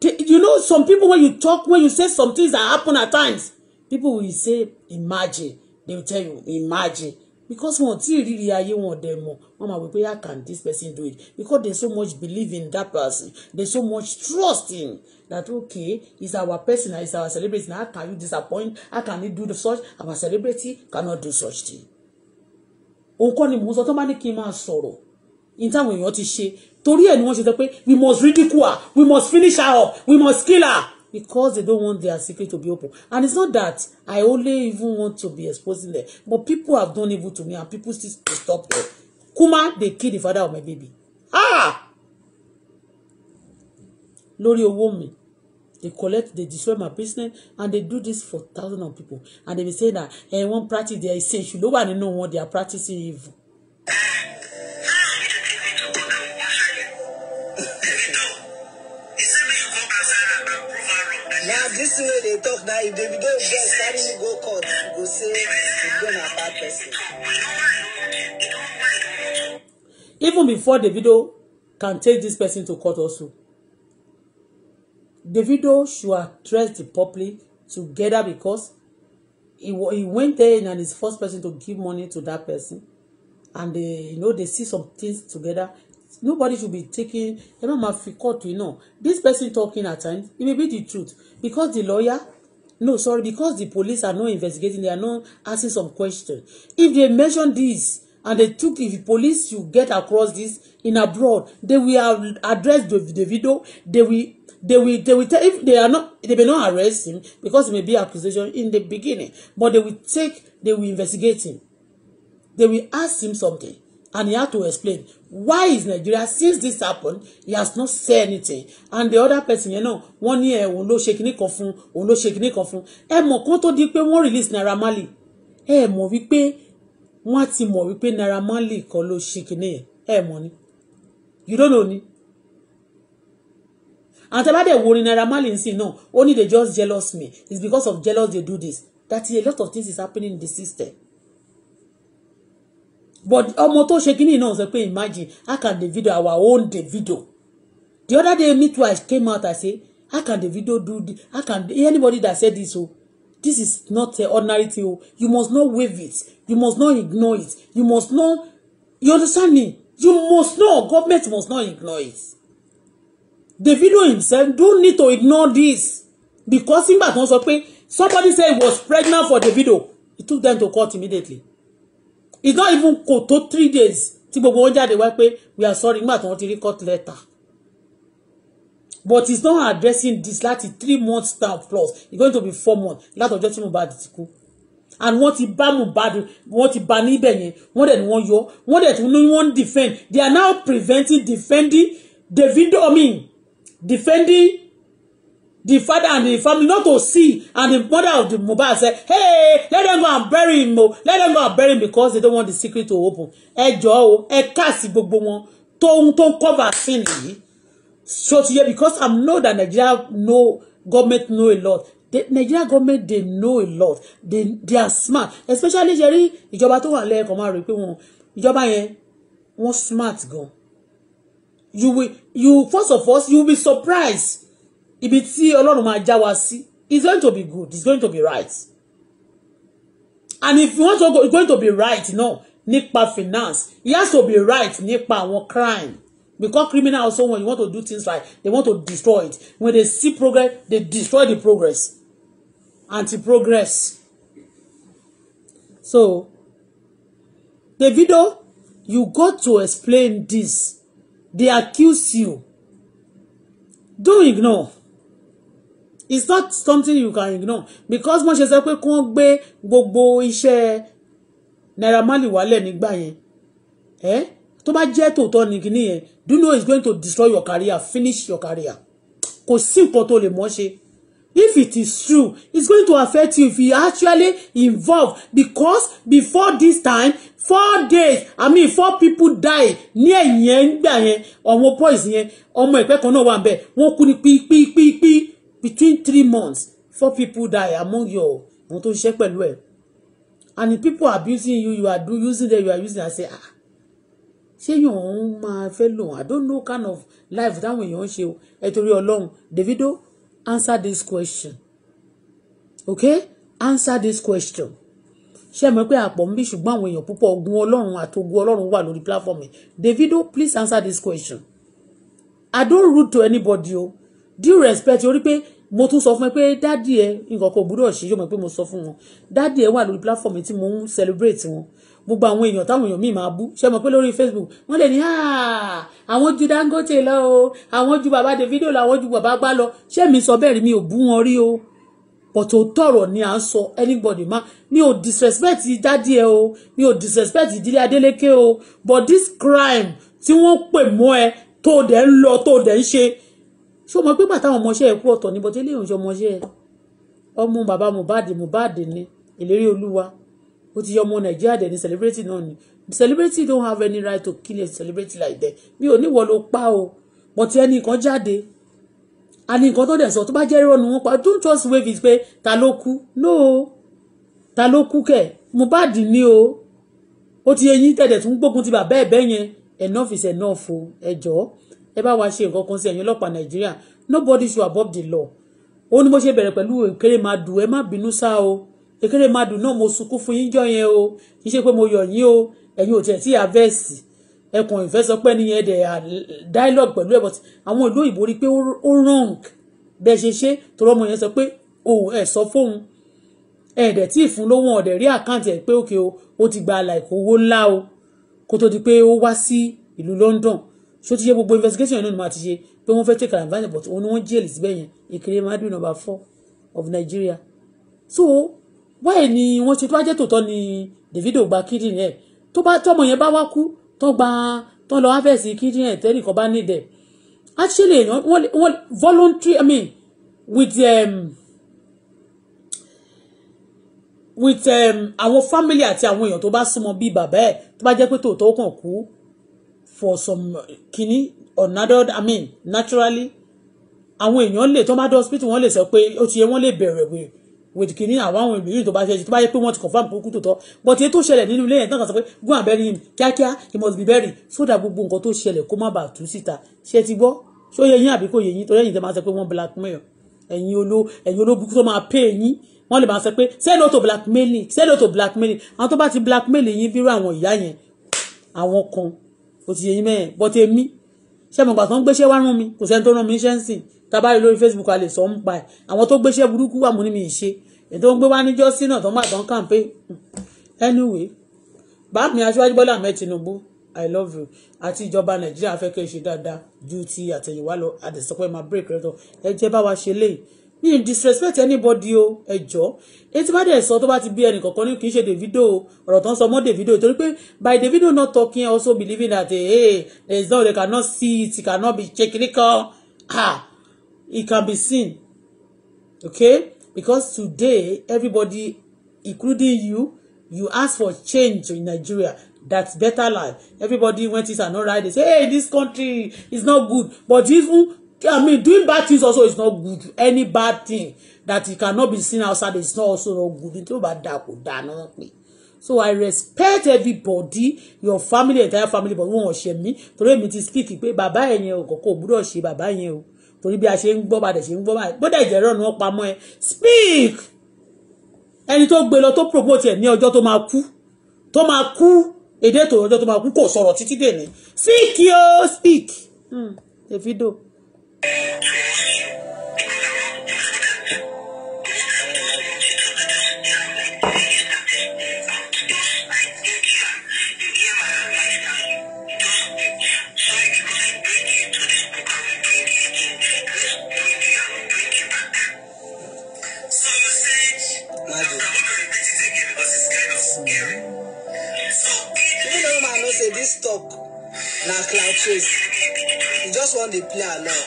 they, you know, some people when you talk, when you say some things that happen at times, people will say, imagine. They will tell you, imagine because wọn tí ìrírí ayé wọn dẹ̀ mọ̀ wọn máa wí pé how can this person do it because they so much believe in that person they so much trust him that okay is our person is our celebrity now how can you disappoint how can you do such our celebrity cannot do such thing. òun kọ́ ni mò ń sọ tó bá ní kí n máa sọ̀rọ̀ ní táwọn èèyàn ti ṣe torí ẹ̀ ni wọ́n ṣe sọ pé we must ridicule her we must finish her up we must kill her because they don't want their secret to be open and it's not that I only even want to be exposing them but people have done evil to me and people still stop them Kuma they kill the father of my baby ah lórí owó mi they collect they destroy my business and they do this for thousands of people and they be saying that eh, one practice their essential ló wà nínú wọn they are practicing evil. dis thing wey dey talk na if davido get carry me go court you go say davido na bad person. even before davido can take dis person to court also davido should address the public together because he, he went there and he's first person to give money to that person and they you know they see some things together nobody should be taking ẹ má máa fi court yìí náà this person talking at times it may be the truth because the lawyer no sorry because the police are not investigating they are not asking some questions if they mention this and they took if the police you get across this in abroad they will address the the video. they will they will they will tell if they are not they may not arrest him because it may be accusation in the beginning but they will take they will investigate him they will ask him something and he had to explain why is Nigeria since this happened he has not said anything and the other person you know, wọ́n ní ẹ eh, òun ló ṣe kinní kan fún òun ló ṣe kinní kan fún ẹ mọ̀ kán tó di pé wọ́n release Naira Marley ẹ mọ̀ wípé wọ́n ti mọ̀ wípé Naira Marley kan ló ṣe kinní ẹ mọ̀ ni you don't know ni and tẹ bá dẹ̀ wo ni Naira Marley nsìn náà ó they just jealous me it's because of jealous they do this that is a lot of things is happening in the system but ọmọ tó ṣe kínní náà sọ pé imagine how can the video our own the video? the other day me came out I say how can the video do this how can anybody that said this o. Oh, this is not a ordinary thing o oh, you must not wave it you must not ignore it you must not you understand me you must not government must not ignore it The video himself do need to ignore this because Simba kan sọ pé somebody say he was pregnant for the video. he took them to court immediately it's not even kò tó three days tí gbogbo wọn jáde wá pé we are sorry nígbà tí wọ́n ti rí court letter but it's not addressing this láti three months down plus it's going to be four months látọjọ́ tí Mohbad ti kú and wọ́n ti bá Mohbad wọ́n ti bá níbẹ̀ yẹn wọ́n dẹ̀ ni wọ́n yọ wọ́n dẹ̀ tún ní wọ́n defend they are now preventing defending Davido I mean defending the father and the family not to see and the mother of the mobile say hey let them go and bury him o let them go and bury him because they don't want the secret to open ẹ jọ̀ọ́ o ẹ káàsì gbogbo wọn tóun tó ń cover sin yìí so to hear because I'm know that Nigeria know government know a lot the Nigeria government dey know a lot they they are smart especially jerry ìjọba tó wà lẹ́ẹ̀kan máa rí pé wọn ìjọba yẹn wọ́n smart gan you will you first of all you will be surprised ibi tí ọlọ́run máa já wa sí it's going to be good it's going to be right and if you want to go it's going to be right you know nípa finance He has to be right nípa àwọn crime because criminal also when you want to do things like they want to destroy it when they see progress they destroy the progress anti-progress so Davido you got to explain this they accuse you don't ignore it's not something you can ignore because wọ́n ṣe sọ pé kí wọ́n gbé gbogbo iṣẹ́ Naira Marley wálẹ̀ nígbà yẹn ẹ́ eh? tó bá jẹ́ tòótọ́ ní kíní yẹn do you know it's going to destroy your career finish your career kò sí nǹkan tó lè mọ́ ṣe if it is true it's going to affect you if you actually involve because before this time four days i mean four people die ní ẹ̀yìn ẹ̀ ń gbà yẹn ọ̀wọ́n boys yẹn ọmọ ìpẹ́kan náà wà bẹ́ẹ̀ wọ́n kú ní pípípípí between three months four people die among your àwọn tó ń ṣiṣẹ́ pẹ̀lú ẹ̀ and if people abusing you you are do, using them you are using them I say ah ṣé yòówù máa fẹ́ lò wọ́n I don't know kind of life táwọn èèyàn ń ṣe o ẹ torí Ọlọ́run Davido answer this question okay answer this question ṣé ẹ mọ̀ pé àpọ̀ ń bí ṣùgbọ́n àwọn èèyàn púpọ̀ ogun Ọlọ́run àtogun Ọlọ́run wà lórí platform yìí Davido please answer this question I don't root to anybody o. Oh due respect orí pé mo tún sọ fún ẹ pé dádì ẹ nǹkan kò gbúdọ̀ ṣe yóò mọ̀ pé mo sọ fún wọn dádì ẹ wà lórí platform tí mo ń celebrate wọn gbogbo àwọn èèyàn táwọn èèyàn míì máa bú ṣe mọ̀ pé lórí Facebook wọ́n lè ní àwọn ju Dangote lọ o àwọn ju bàbá Davido lọ àwọn ju bàbá gbá lọ ṣé mi sọ bẹ́ẹ̀ rí mi ò bú wọn rí o but òótọ́rọ̀ ni à ń sọ anybody ma mi ò disrespect dádì ẹ o mi ò disrespect ìdílé Adeleke o but this crime tí wọ́n pè mọ́ ẹ tó dẹ̀ ń lọ tó dẹ̀ ń ṣe ṣó mọ pé pàtàkì àwọn ọmọọṣẹ́ ẹ̀ kú ọ̀tọ̀ ní bọ́tí eléyìí ọ̀ṣọ́ ọmọọṣẹ́ ẹ̀ ọmọ bàbá Mohbad Mohbad ni ìlérí olúwa ó ti yọ ọmọ Nàìjíríà dẹ̀ ní celebrity náà ni celebrity don't have any right to kill a celebrity like that mi ò níwọ̀ ló pa o bọ̀tí ẹnì kan jáde àní nǹkan tó dẹ̀ sọ tó bá jẹ́ irọ́ ni wọ́n pa don't just wave it pé ta ló kú no ta ló kú kẹ̀ Mohbad ni o ó ti eyín tẹ̀dẹ̀ tún gbógun ti bàbá ẹ̀ bẹ́yẹn enough is enough o ẹ jọ̀ọ́ ẹ bá wa ṣe nǹkan kan sí ẹ̀yin ọlọ́pàá nàìjíríà nobody should above the law ó ní mo ṣe bẹ̀rẹ̀ pẹ̀lú Ekéremadu ẹ má bínú sá o Ekéremadu náà mo sunkún fún yín jọ yẹn o kì í ṣe pé mo yọ̀ yín o ẹ̀yin ò tẹ̀ tí àvẹ́sì ẹkùn ìfẹ́ sọ pé nìyẹn dẹ̀ dialogue pẹ̀lú ẹ̀ but àwọn ìlú òyìnbó rí i pé ó wrong bẹ́ẹ̀ ṣe ṣe tọrọ ọmọ yẹn sọ pé òun ẹ̀ sọ fóun ẹ̀ dẹ̀ tí ì fún lówó ọ̀dẹ̀ rí àkáǹtì ẹ̀ pé òkè o ó ti gba àlàkò owó ńlá o kó tó di pé ó wá sí ìlú London so ti ṣe gbogbo investigation yẹn náà ni màá ti ṣe pé wọ́n fẹ́ take an advantage but òun ni wọ́n jail síbẹ̀ yẹn Ìkirè Madu number four of Nigeria so why ni wọ́n ṣe tó bá jẹ́ tòótọ́ ni Davido gba kídìrín ẹ̀ tó bá tọ́mọ yẹn bá wá kú tó gba tó lọ harvest kídìrín ẹ̀ tẹ́nìkan bá nídẹ̀ actually wọ́n voluntary I mean with um, with um, àwọn um, family àti àwọn èèyàn tó bá súnmọ́ bíi bàbá ẹ̀ tó bá jẹ́ pé tòótọ́ kàn kú for some uh, kini or another i mean naturally àwọn èèyàn lè tó bá dé hospital wọ́n lè sọ pé ó ti yẹ wọ́n lè bẹ̀rẹ̀ wèrè with kini àwọn àwọn ìbílẹ̀ tó bá ṣe tó bá yẹ pé wọ́n ti confam kókó tó tọ́ but èyí tó ṣẹlẹ̀ nínú ilé yẹn náà kàn sọ pé go and bury him kíákíá he must be buried so that gbogbo nǹkan tó ṣẹlẹ̀ kó má bàa tú síta ṣé ti gbọ́ ṣó yẹ yín àbí kò yẹ yín torí ẹ̀yin tẹ́ máa sọ pé wọ́n blackmail ẹ̀yin oló ẹ̀yin olóbùkún tó máa pay yín wọ́n lè máa sọ pé say no to blackmailing say no to blackmailing àwọn tó bá ti blackmail yín bírú àwọn ìyá yẹn kò ti yẹ yín mẹ́yẹn bọ́ ti mí ṣé mo gbà tó ń gbéṣẹ́ wá rán mi kò sẹ́ni tó rán mi iṣẹ́ ń sìn tábà rí lórí Facebook a lè sọ ń pa ẹ̀ àwọn tó gbéṣẹ́ burúkú wà mú ní mi ṣe ètò ń gbé wá níjọ́ sí náà tó má tán kàǹpé anyway bá mi aṣíwájú Bọ́lá Ahmed Tinubu I love you àti ìjọba Nàìjíríà fẹ́ kẹ́ ṣe dáadáa ju ti àtẹ̀yìnwá lọ àdìsọ́pẹ́ máa break rẹ̀ tán ẹ jẹ́ bá wa ṣe léyìí mi disrespect anybody o ẹjọ́ etí bá dẹ̀ sọ tó bá ti bí ẹnìkankan ní kì í ṣe Davido ọ̀rọ̀ tó ń sọ mọ́ Davido torí pé by Davido not talking also believing that hey, eh, eh, there is no they cannot see it it cannot be checking it kan ah it can be seen okay because today everybody including you you ask for change in Nigeria that's better life everybody went it and not right they say hey this country is not good but even I mean, doing bad things also is not good. Any bad thing that you cannot be seen outside is not also not good. Nítorí bá dáa kò dáa náà pé. So I respect everybody, your family, entire family, but wọn ò ṣe mí. Torí èmi ti speak pé bàbá ẹ̀ yẹn o, kòkó gbúdọ̀ ṣe bàbá yẹn o. Torí bí a ṣe ń gbọ́ bàdẹ̀ ṣe ń gbọ́ bàdẹ̀. Bó dẹ̀ jẹ̀rọ̀ ni wọ́n pamọ́ ẹ. Speak! Ẹni tó gbé lọ tó promote ẹ̀ ní ọjọ́ tó máa kú. Tó máa kú. Èdè tó ọjọ́ tó máa kú kò sọ̀rọ̀ títí dè ní. Speak yo! Speak! Hmm, Davido say this talk na cloud chase you just wan dey play along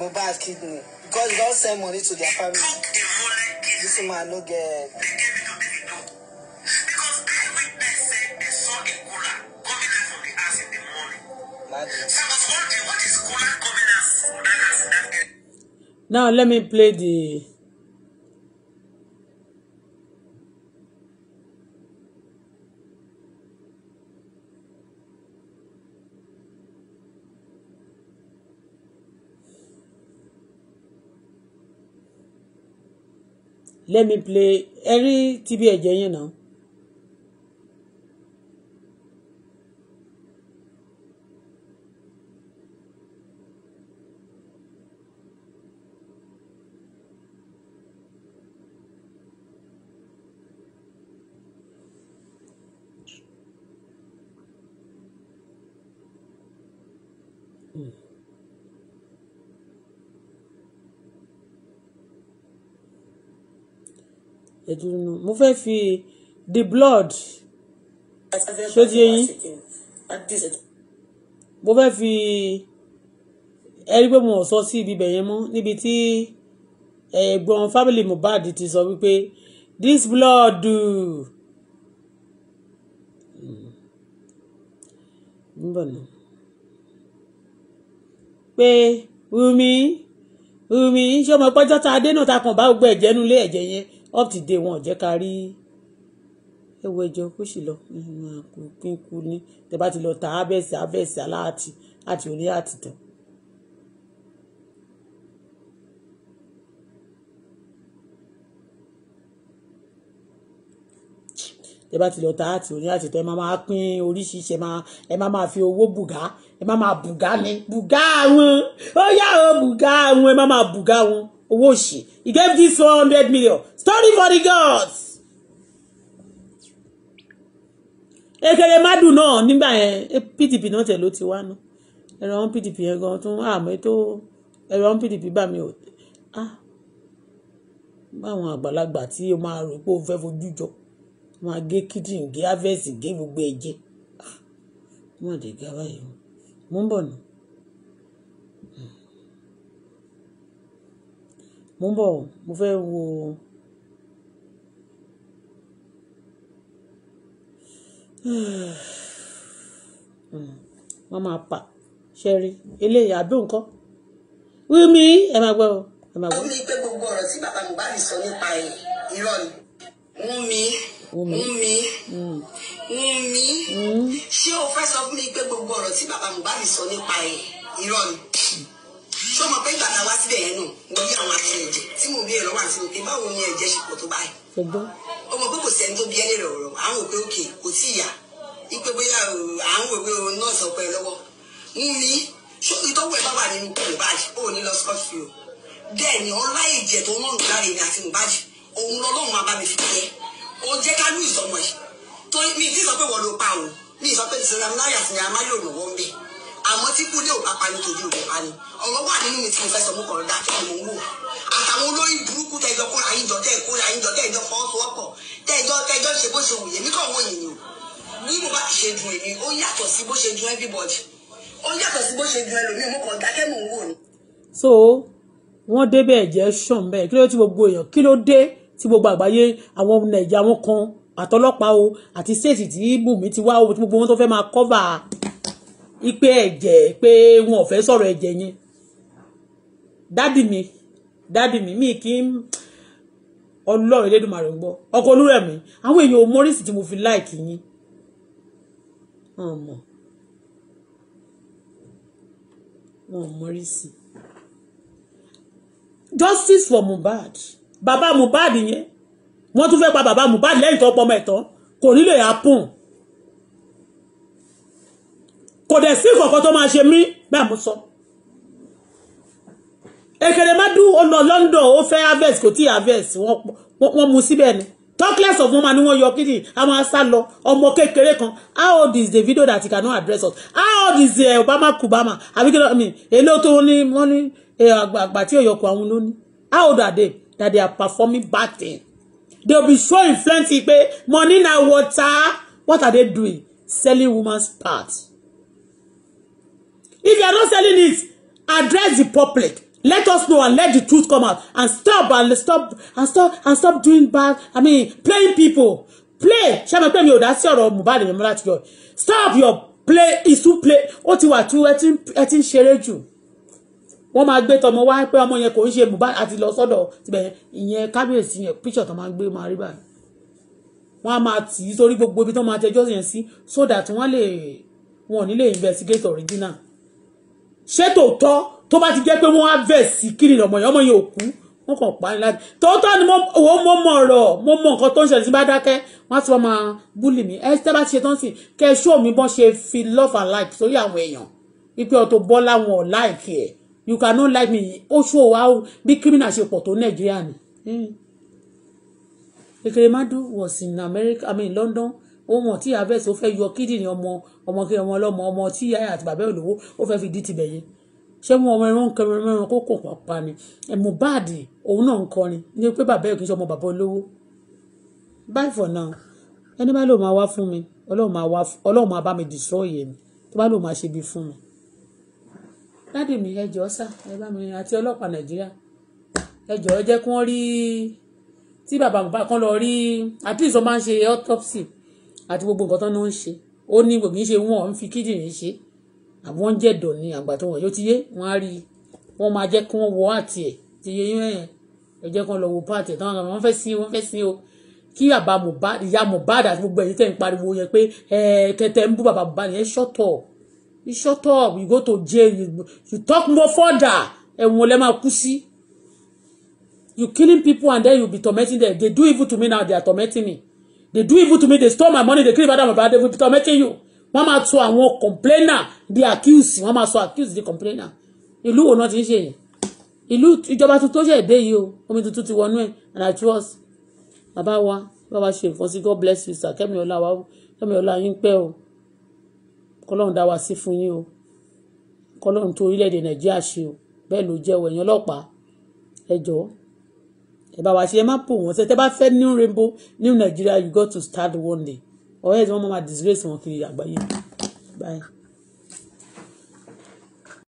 Mohbad kidney because they don send money to their family this woman no get. Now let me play the let me play ẹrí tíbi ẹ̀jẹ̀ yẹn náà. ẹ̀dùn nù mo fẹ́ fi the blood ṣó ti yẹn mo fẹ́ fi ẹ rí pé mo sọ sí ibi bẹ̀yẹn mọ́ níbi tí ẹ̀gbọ́n family Mohbad ti sọ wípé this blood pé Wumi Wumi ṣé ọmọ pẹ́jọ́ ta adé náà ta kàn bá gbogbo ẹ̀jẹ̀ nulẹ̀ ẹ̀jẹ̀ yẹn up to date wọn ò jẹ́ ká rí ewu ẹjọ́ kó sì lọ kò kín kú ní tẹ bá ti lọ tà á bẹ̀sẹ̀ á bẹ̀sẹ̀ aláàtì àti orí àtìtàn. tẹ bá ti lọ tà á àti orí àtìtàn ẹ máa máa pín oríṣiríṣi ẹ máa máa fi owó bùgá ẹ máa máa bùgá ní bùgá wọn ó yá ọ bùgá wọn ẹ máa máa bùgá wọn owó òṣì He gave this 100 million. Story for the gods. Ekele madu no? nígbà yẹn PDP eh, náà te ló ti wá nù. Ẹ̀rọ ń PDP yẹn gan tún àmọ́ tó ẹ̀rọ ń PDP bá mi ò ah báwọn àgbàlagbà tí o ma rò pé o fẹ́ fojú jọ máa gé kídìnrín gé harvest gé gbogbo ẹ̀jẹ̀ ah wọ́n de gá báyìí mo ń bọ̀ Mo ń bọ̀ o, mo fẹ́ wo wọ́n [sighs] máa pa. Ṣé rí? Eléyìí àbí nǹkan? Wunmi, ẹ máa gbọ́ o, ẹ máa gbọ́. Ó ní pé gbogbo ọ̀rọ̀ tí bàbá Mohbad sọ nípa ẹ̀ irọ́ ni. Wunmi, Wunmi, Wunmi, hmm. hmm. ṣé o fẹ́ sọ fún mi pé gbogbo ọ̀rọ̀ tí bàbá Mohbad sọ nípa ẹ̀ irọ́ ni? ṣé o mọ̀ pé ìgbà tá a wá síbẹ̀ yẹn nù mo rí àwọn aṣọ ẹ̀jẹ̀ tí mo rí ẹ̀rọ wà fún mi pé báwo ni ẹ̀jẹ̀ ṣe pọ̀ tó báyìí. o mọ̀ pé kò sẹ́ni tó bí ẹ́ lérò ọ̀rọ̀ à ń wò pé òkè kò tí ì yá ipe bóyá à ń wèwé o nọ́ọ̀sì ọ̀pẹ lọ́wọ́ ń mi ṣóbi tó wẹ̀ bá wà nínú kùn báyìí ó ní lọ sọ́ọ̀sì o bẹ́ẹ̀ ni ọlá ẹ̀jẹ̀ tó wọ́n lára èmi àti Mohbad òun lọ́lọ́run máa bá mi fi kẹ́ ó jẹ́ ká lù ìsọmọ yìí torí mi ti sọ pé wọ́n ló pa òun mi sọ pé ìsinmi aláyà sinmi amáyò lọ́wọ́ ń àmọ́ tí kúdé ò bá parí tòjú ò lè parí ọ̀rọ̀ wà nínú mi tí mo fẹ́ sọ mú kọ̀ọ̀rọ̀ dákẹ́ ni mo ń wò àtàwọn olórí burúkú tẹjọ kóra yín jọ tẹ kóra yín jọ tẹjọ fọwọ́sowọ́pọ̀ tẹjọ tẹjọ ṣe bó ṣe wù yẹn nítorí òun yìí ni bí mo bá ti ṣe dùn èmi ó yàtọ̀ sí bó ṣe dùn everybody ó yàtọ̀ sí bó ṣe dùn ẹlòmíì mo kàn dákẹ́ mò ń wò ni. so wọ́n débẹ̀ ẹ̀jẹ̀ sùn bẹ́ẹ̀ kí ló tí gbogbo èèyàn kí ló dé tí gbogbo àgbáyé àwọn nàìjíríà wọn kan àtọlọ́pàá o àti ṣéètì tí bùnmi ti wá o tí gbogbo wọn tó fẹ́ máa kọ́fà ipe ẹ̀jẹ̀ pé wọn ò fẹ́ sọ̀rọ̀ ẹ̀jẹ̀ yẹn dádì mi dádì mi mi kì í ọlọ́run elédùnmarè ń gbọ́ ọkọ olúrẹ̀mí àwọn èèyàn ò mọ́rìsì tí mo fi láìkì yín wọn mọ̀ wọn mọ́rìsì justice for Mohbad bàbá Mohbad yẹn wọ́n tún fẹ́ pa bàbá Mohbad lẹ́yìn tó pọ̀ mọ́ ẹ̀tọ́ kò nílò yà á kò dẹ̀ sí kọ̀ọ̀kan tó máa ṣe mí bẹ́ẹ̀ mo sọ. èkèrè má dún ọ̀nà London ó fẹ́ harvest kò tí harvest wọ́n mu síbẹ̀ ni talkless of woman ni wọ́n yọ kidi a máa sá lọ ọmọ kékeré kan how old is video that he cannot address us how old is the eh, Obama Kubama àbí kílọ̀ mi èlò tó ní wọ́n ní eh, àgbà tí òyọkọ̀ àwọn lónìí how old are they that they are performing bad things? they will be so influential pé money na water what are they doing selling woman's parts. If you are not selling it, address the public. Let us know and let the truth come out. And stop and stop and stop and stop doing bad. I mean, playing people. Play. Ṣé mo pè mí ò dá sí ọ̀rọ̀ Mohbad mi láti yọ? Stop your play isu play. Ó ti wà tú ẹ ti ń ṣeré jù. Wọ́n máa gbé tọmọ wá pé ọmọ yẹn kò ń ṣe Mohbad àti lọ sọ́dọ̀ tibẹ̀ ìyẹn kábíyèsí yẹn píṣọ̀ tó máa gbé máa rí báyìí. Wọ́n á máa tì í sórí gbogbo ibi tó máa tẹjọ́ yẹn sí so that wọ́n lè wọ́n ò ní lè investigate original ṣé tòótọ́ tó bá ti jẹ́ pé wọ́n á vẹ̀ sí kiri ọmọ yẹn ọmọ yẹn ò kú wọ́n kàn pa ni láti tòótọ́ ni owó mo mọ̀ ọ̀rọ̀ mo mọ̀ nǹkan tó ń ṣẹlẹ̀ sí bá dákẹ́ wọ́n á ti máa búlì mí ẹ tẹ́ bá ti ṣe tán sí kẹ́ ẹ ṣó mi bọ́n ṣe fi love and like sórí àwọn èèyàn wípé Auto Bola wọn ò like ẹ̀ you cannot like me ó ṣó wa bí criminal ṣe pọ̀ tó Nàìjíríà ni. Ekere hmm. Madu was in America, I mean London ohun tí harvest ó fẹ́ yọ kídìní ọmọ ọmọ kí ọmọ ọlọ́mọ ọmọ tí yáyà àti bàbá olówó ó fẹ́ fi dí ti bẹ̀yẹ ṣé wọn ọmọ ẹran kẹrin mẹrin kó kò pa ni Mohbad òun náà ń kọrin ní pé bàbá ẹ kì í ṣe ọmọ bàbá olówó bye for now ẹni bá lò máa wá fún mi ọlọ́run máa bá mi destroy yẹn ni tó bá lò máa ṣe bí fún mi dáàdì mi ẹ jọ̀ọ́ sá ẹ bá mi àti ọlọ́pàá nàìjíríà ẹ jọ̀ọ́ ẹ jẹ́ kí wọ́n rí tí bàbá Mohbad kan lọ rí at least wọ́n máa ń ṣe autopsy àti gbogbo nǹkan tán ló ń ṣe ó ní kò kì í ṣe wọn ń fi kíndìnrín ṣe àwọn ń jẹ̀dọ̀ ní àgbà tó wọ̀nyí ó ti yé wọn á rí i wọn máa jẹ́ kí wọ́n wọ àti ẹ̀ ti yé yín ẹ̀yẹn ẹ jẹ́ kí wọ́n lọ wo pàtẹ́ táwọn ọmọ wọn fẹ́ sí wọn fẹ́ sí o kí bàbá Mohbad ìyá Mohbad àti gbogbo ẹ̀yin tẹ̀ ń pariwo yẹn pé ẹ kẹtẹ ń bú bàbá Mohbad yẹn shut up you shut up you go to jail you, you talk more further ẹ̀wọ̀n lẹ́ máa kú sí you killing people and then you be tormenting them they do evil to me now they are tormenting me they do evil to me they store my money they kill my dad my dad they will be tormenting you wọ́n máa sọ àwọn complainer the accused wọ́n máa sọ accused the complainer ìlú wo náà ti ń ṣe yẹn ìlú ìjọba tuntun ṣe èdè yìí o omi tuntun ti wọnú ẹ and I trust bàbá wa bàbá ṣe nǹkan sí God bless you sir kẹ́mi ọlá wa kẹ́mi ọlá yín pẹ́ o kọ́lọ́run dá wa sí fún yín o kọ́lọ́run tó orílẹ̀-èdè Nàìjíríà ṣe o bẹ́ẹ̀ ló jẹ́ o ẹ̀yin ọlọ́pàá ẹ jọ̀ọ́ ẹ bá wa ṣe ẹ má pò wọn ṣe tẹ bá fẹ́ new rainbow new Nigeria you got to start one day or else wọn máa disgrace wọn kiri àgbáyé bye.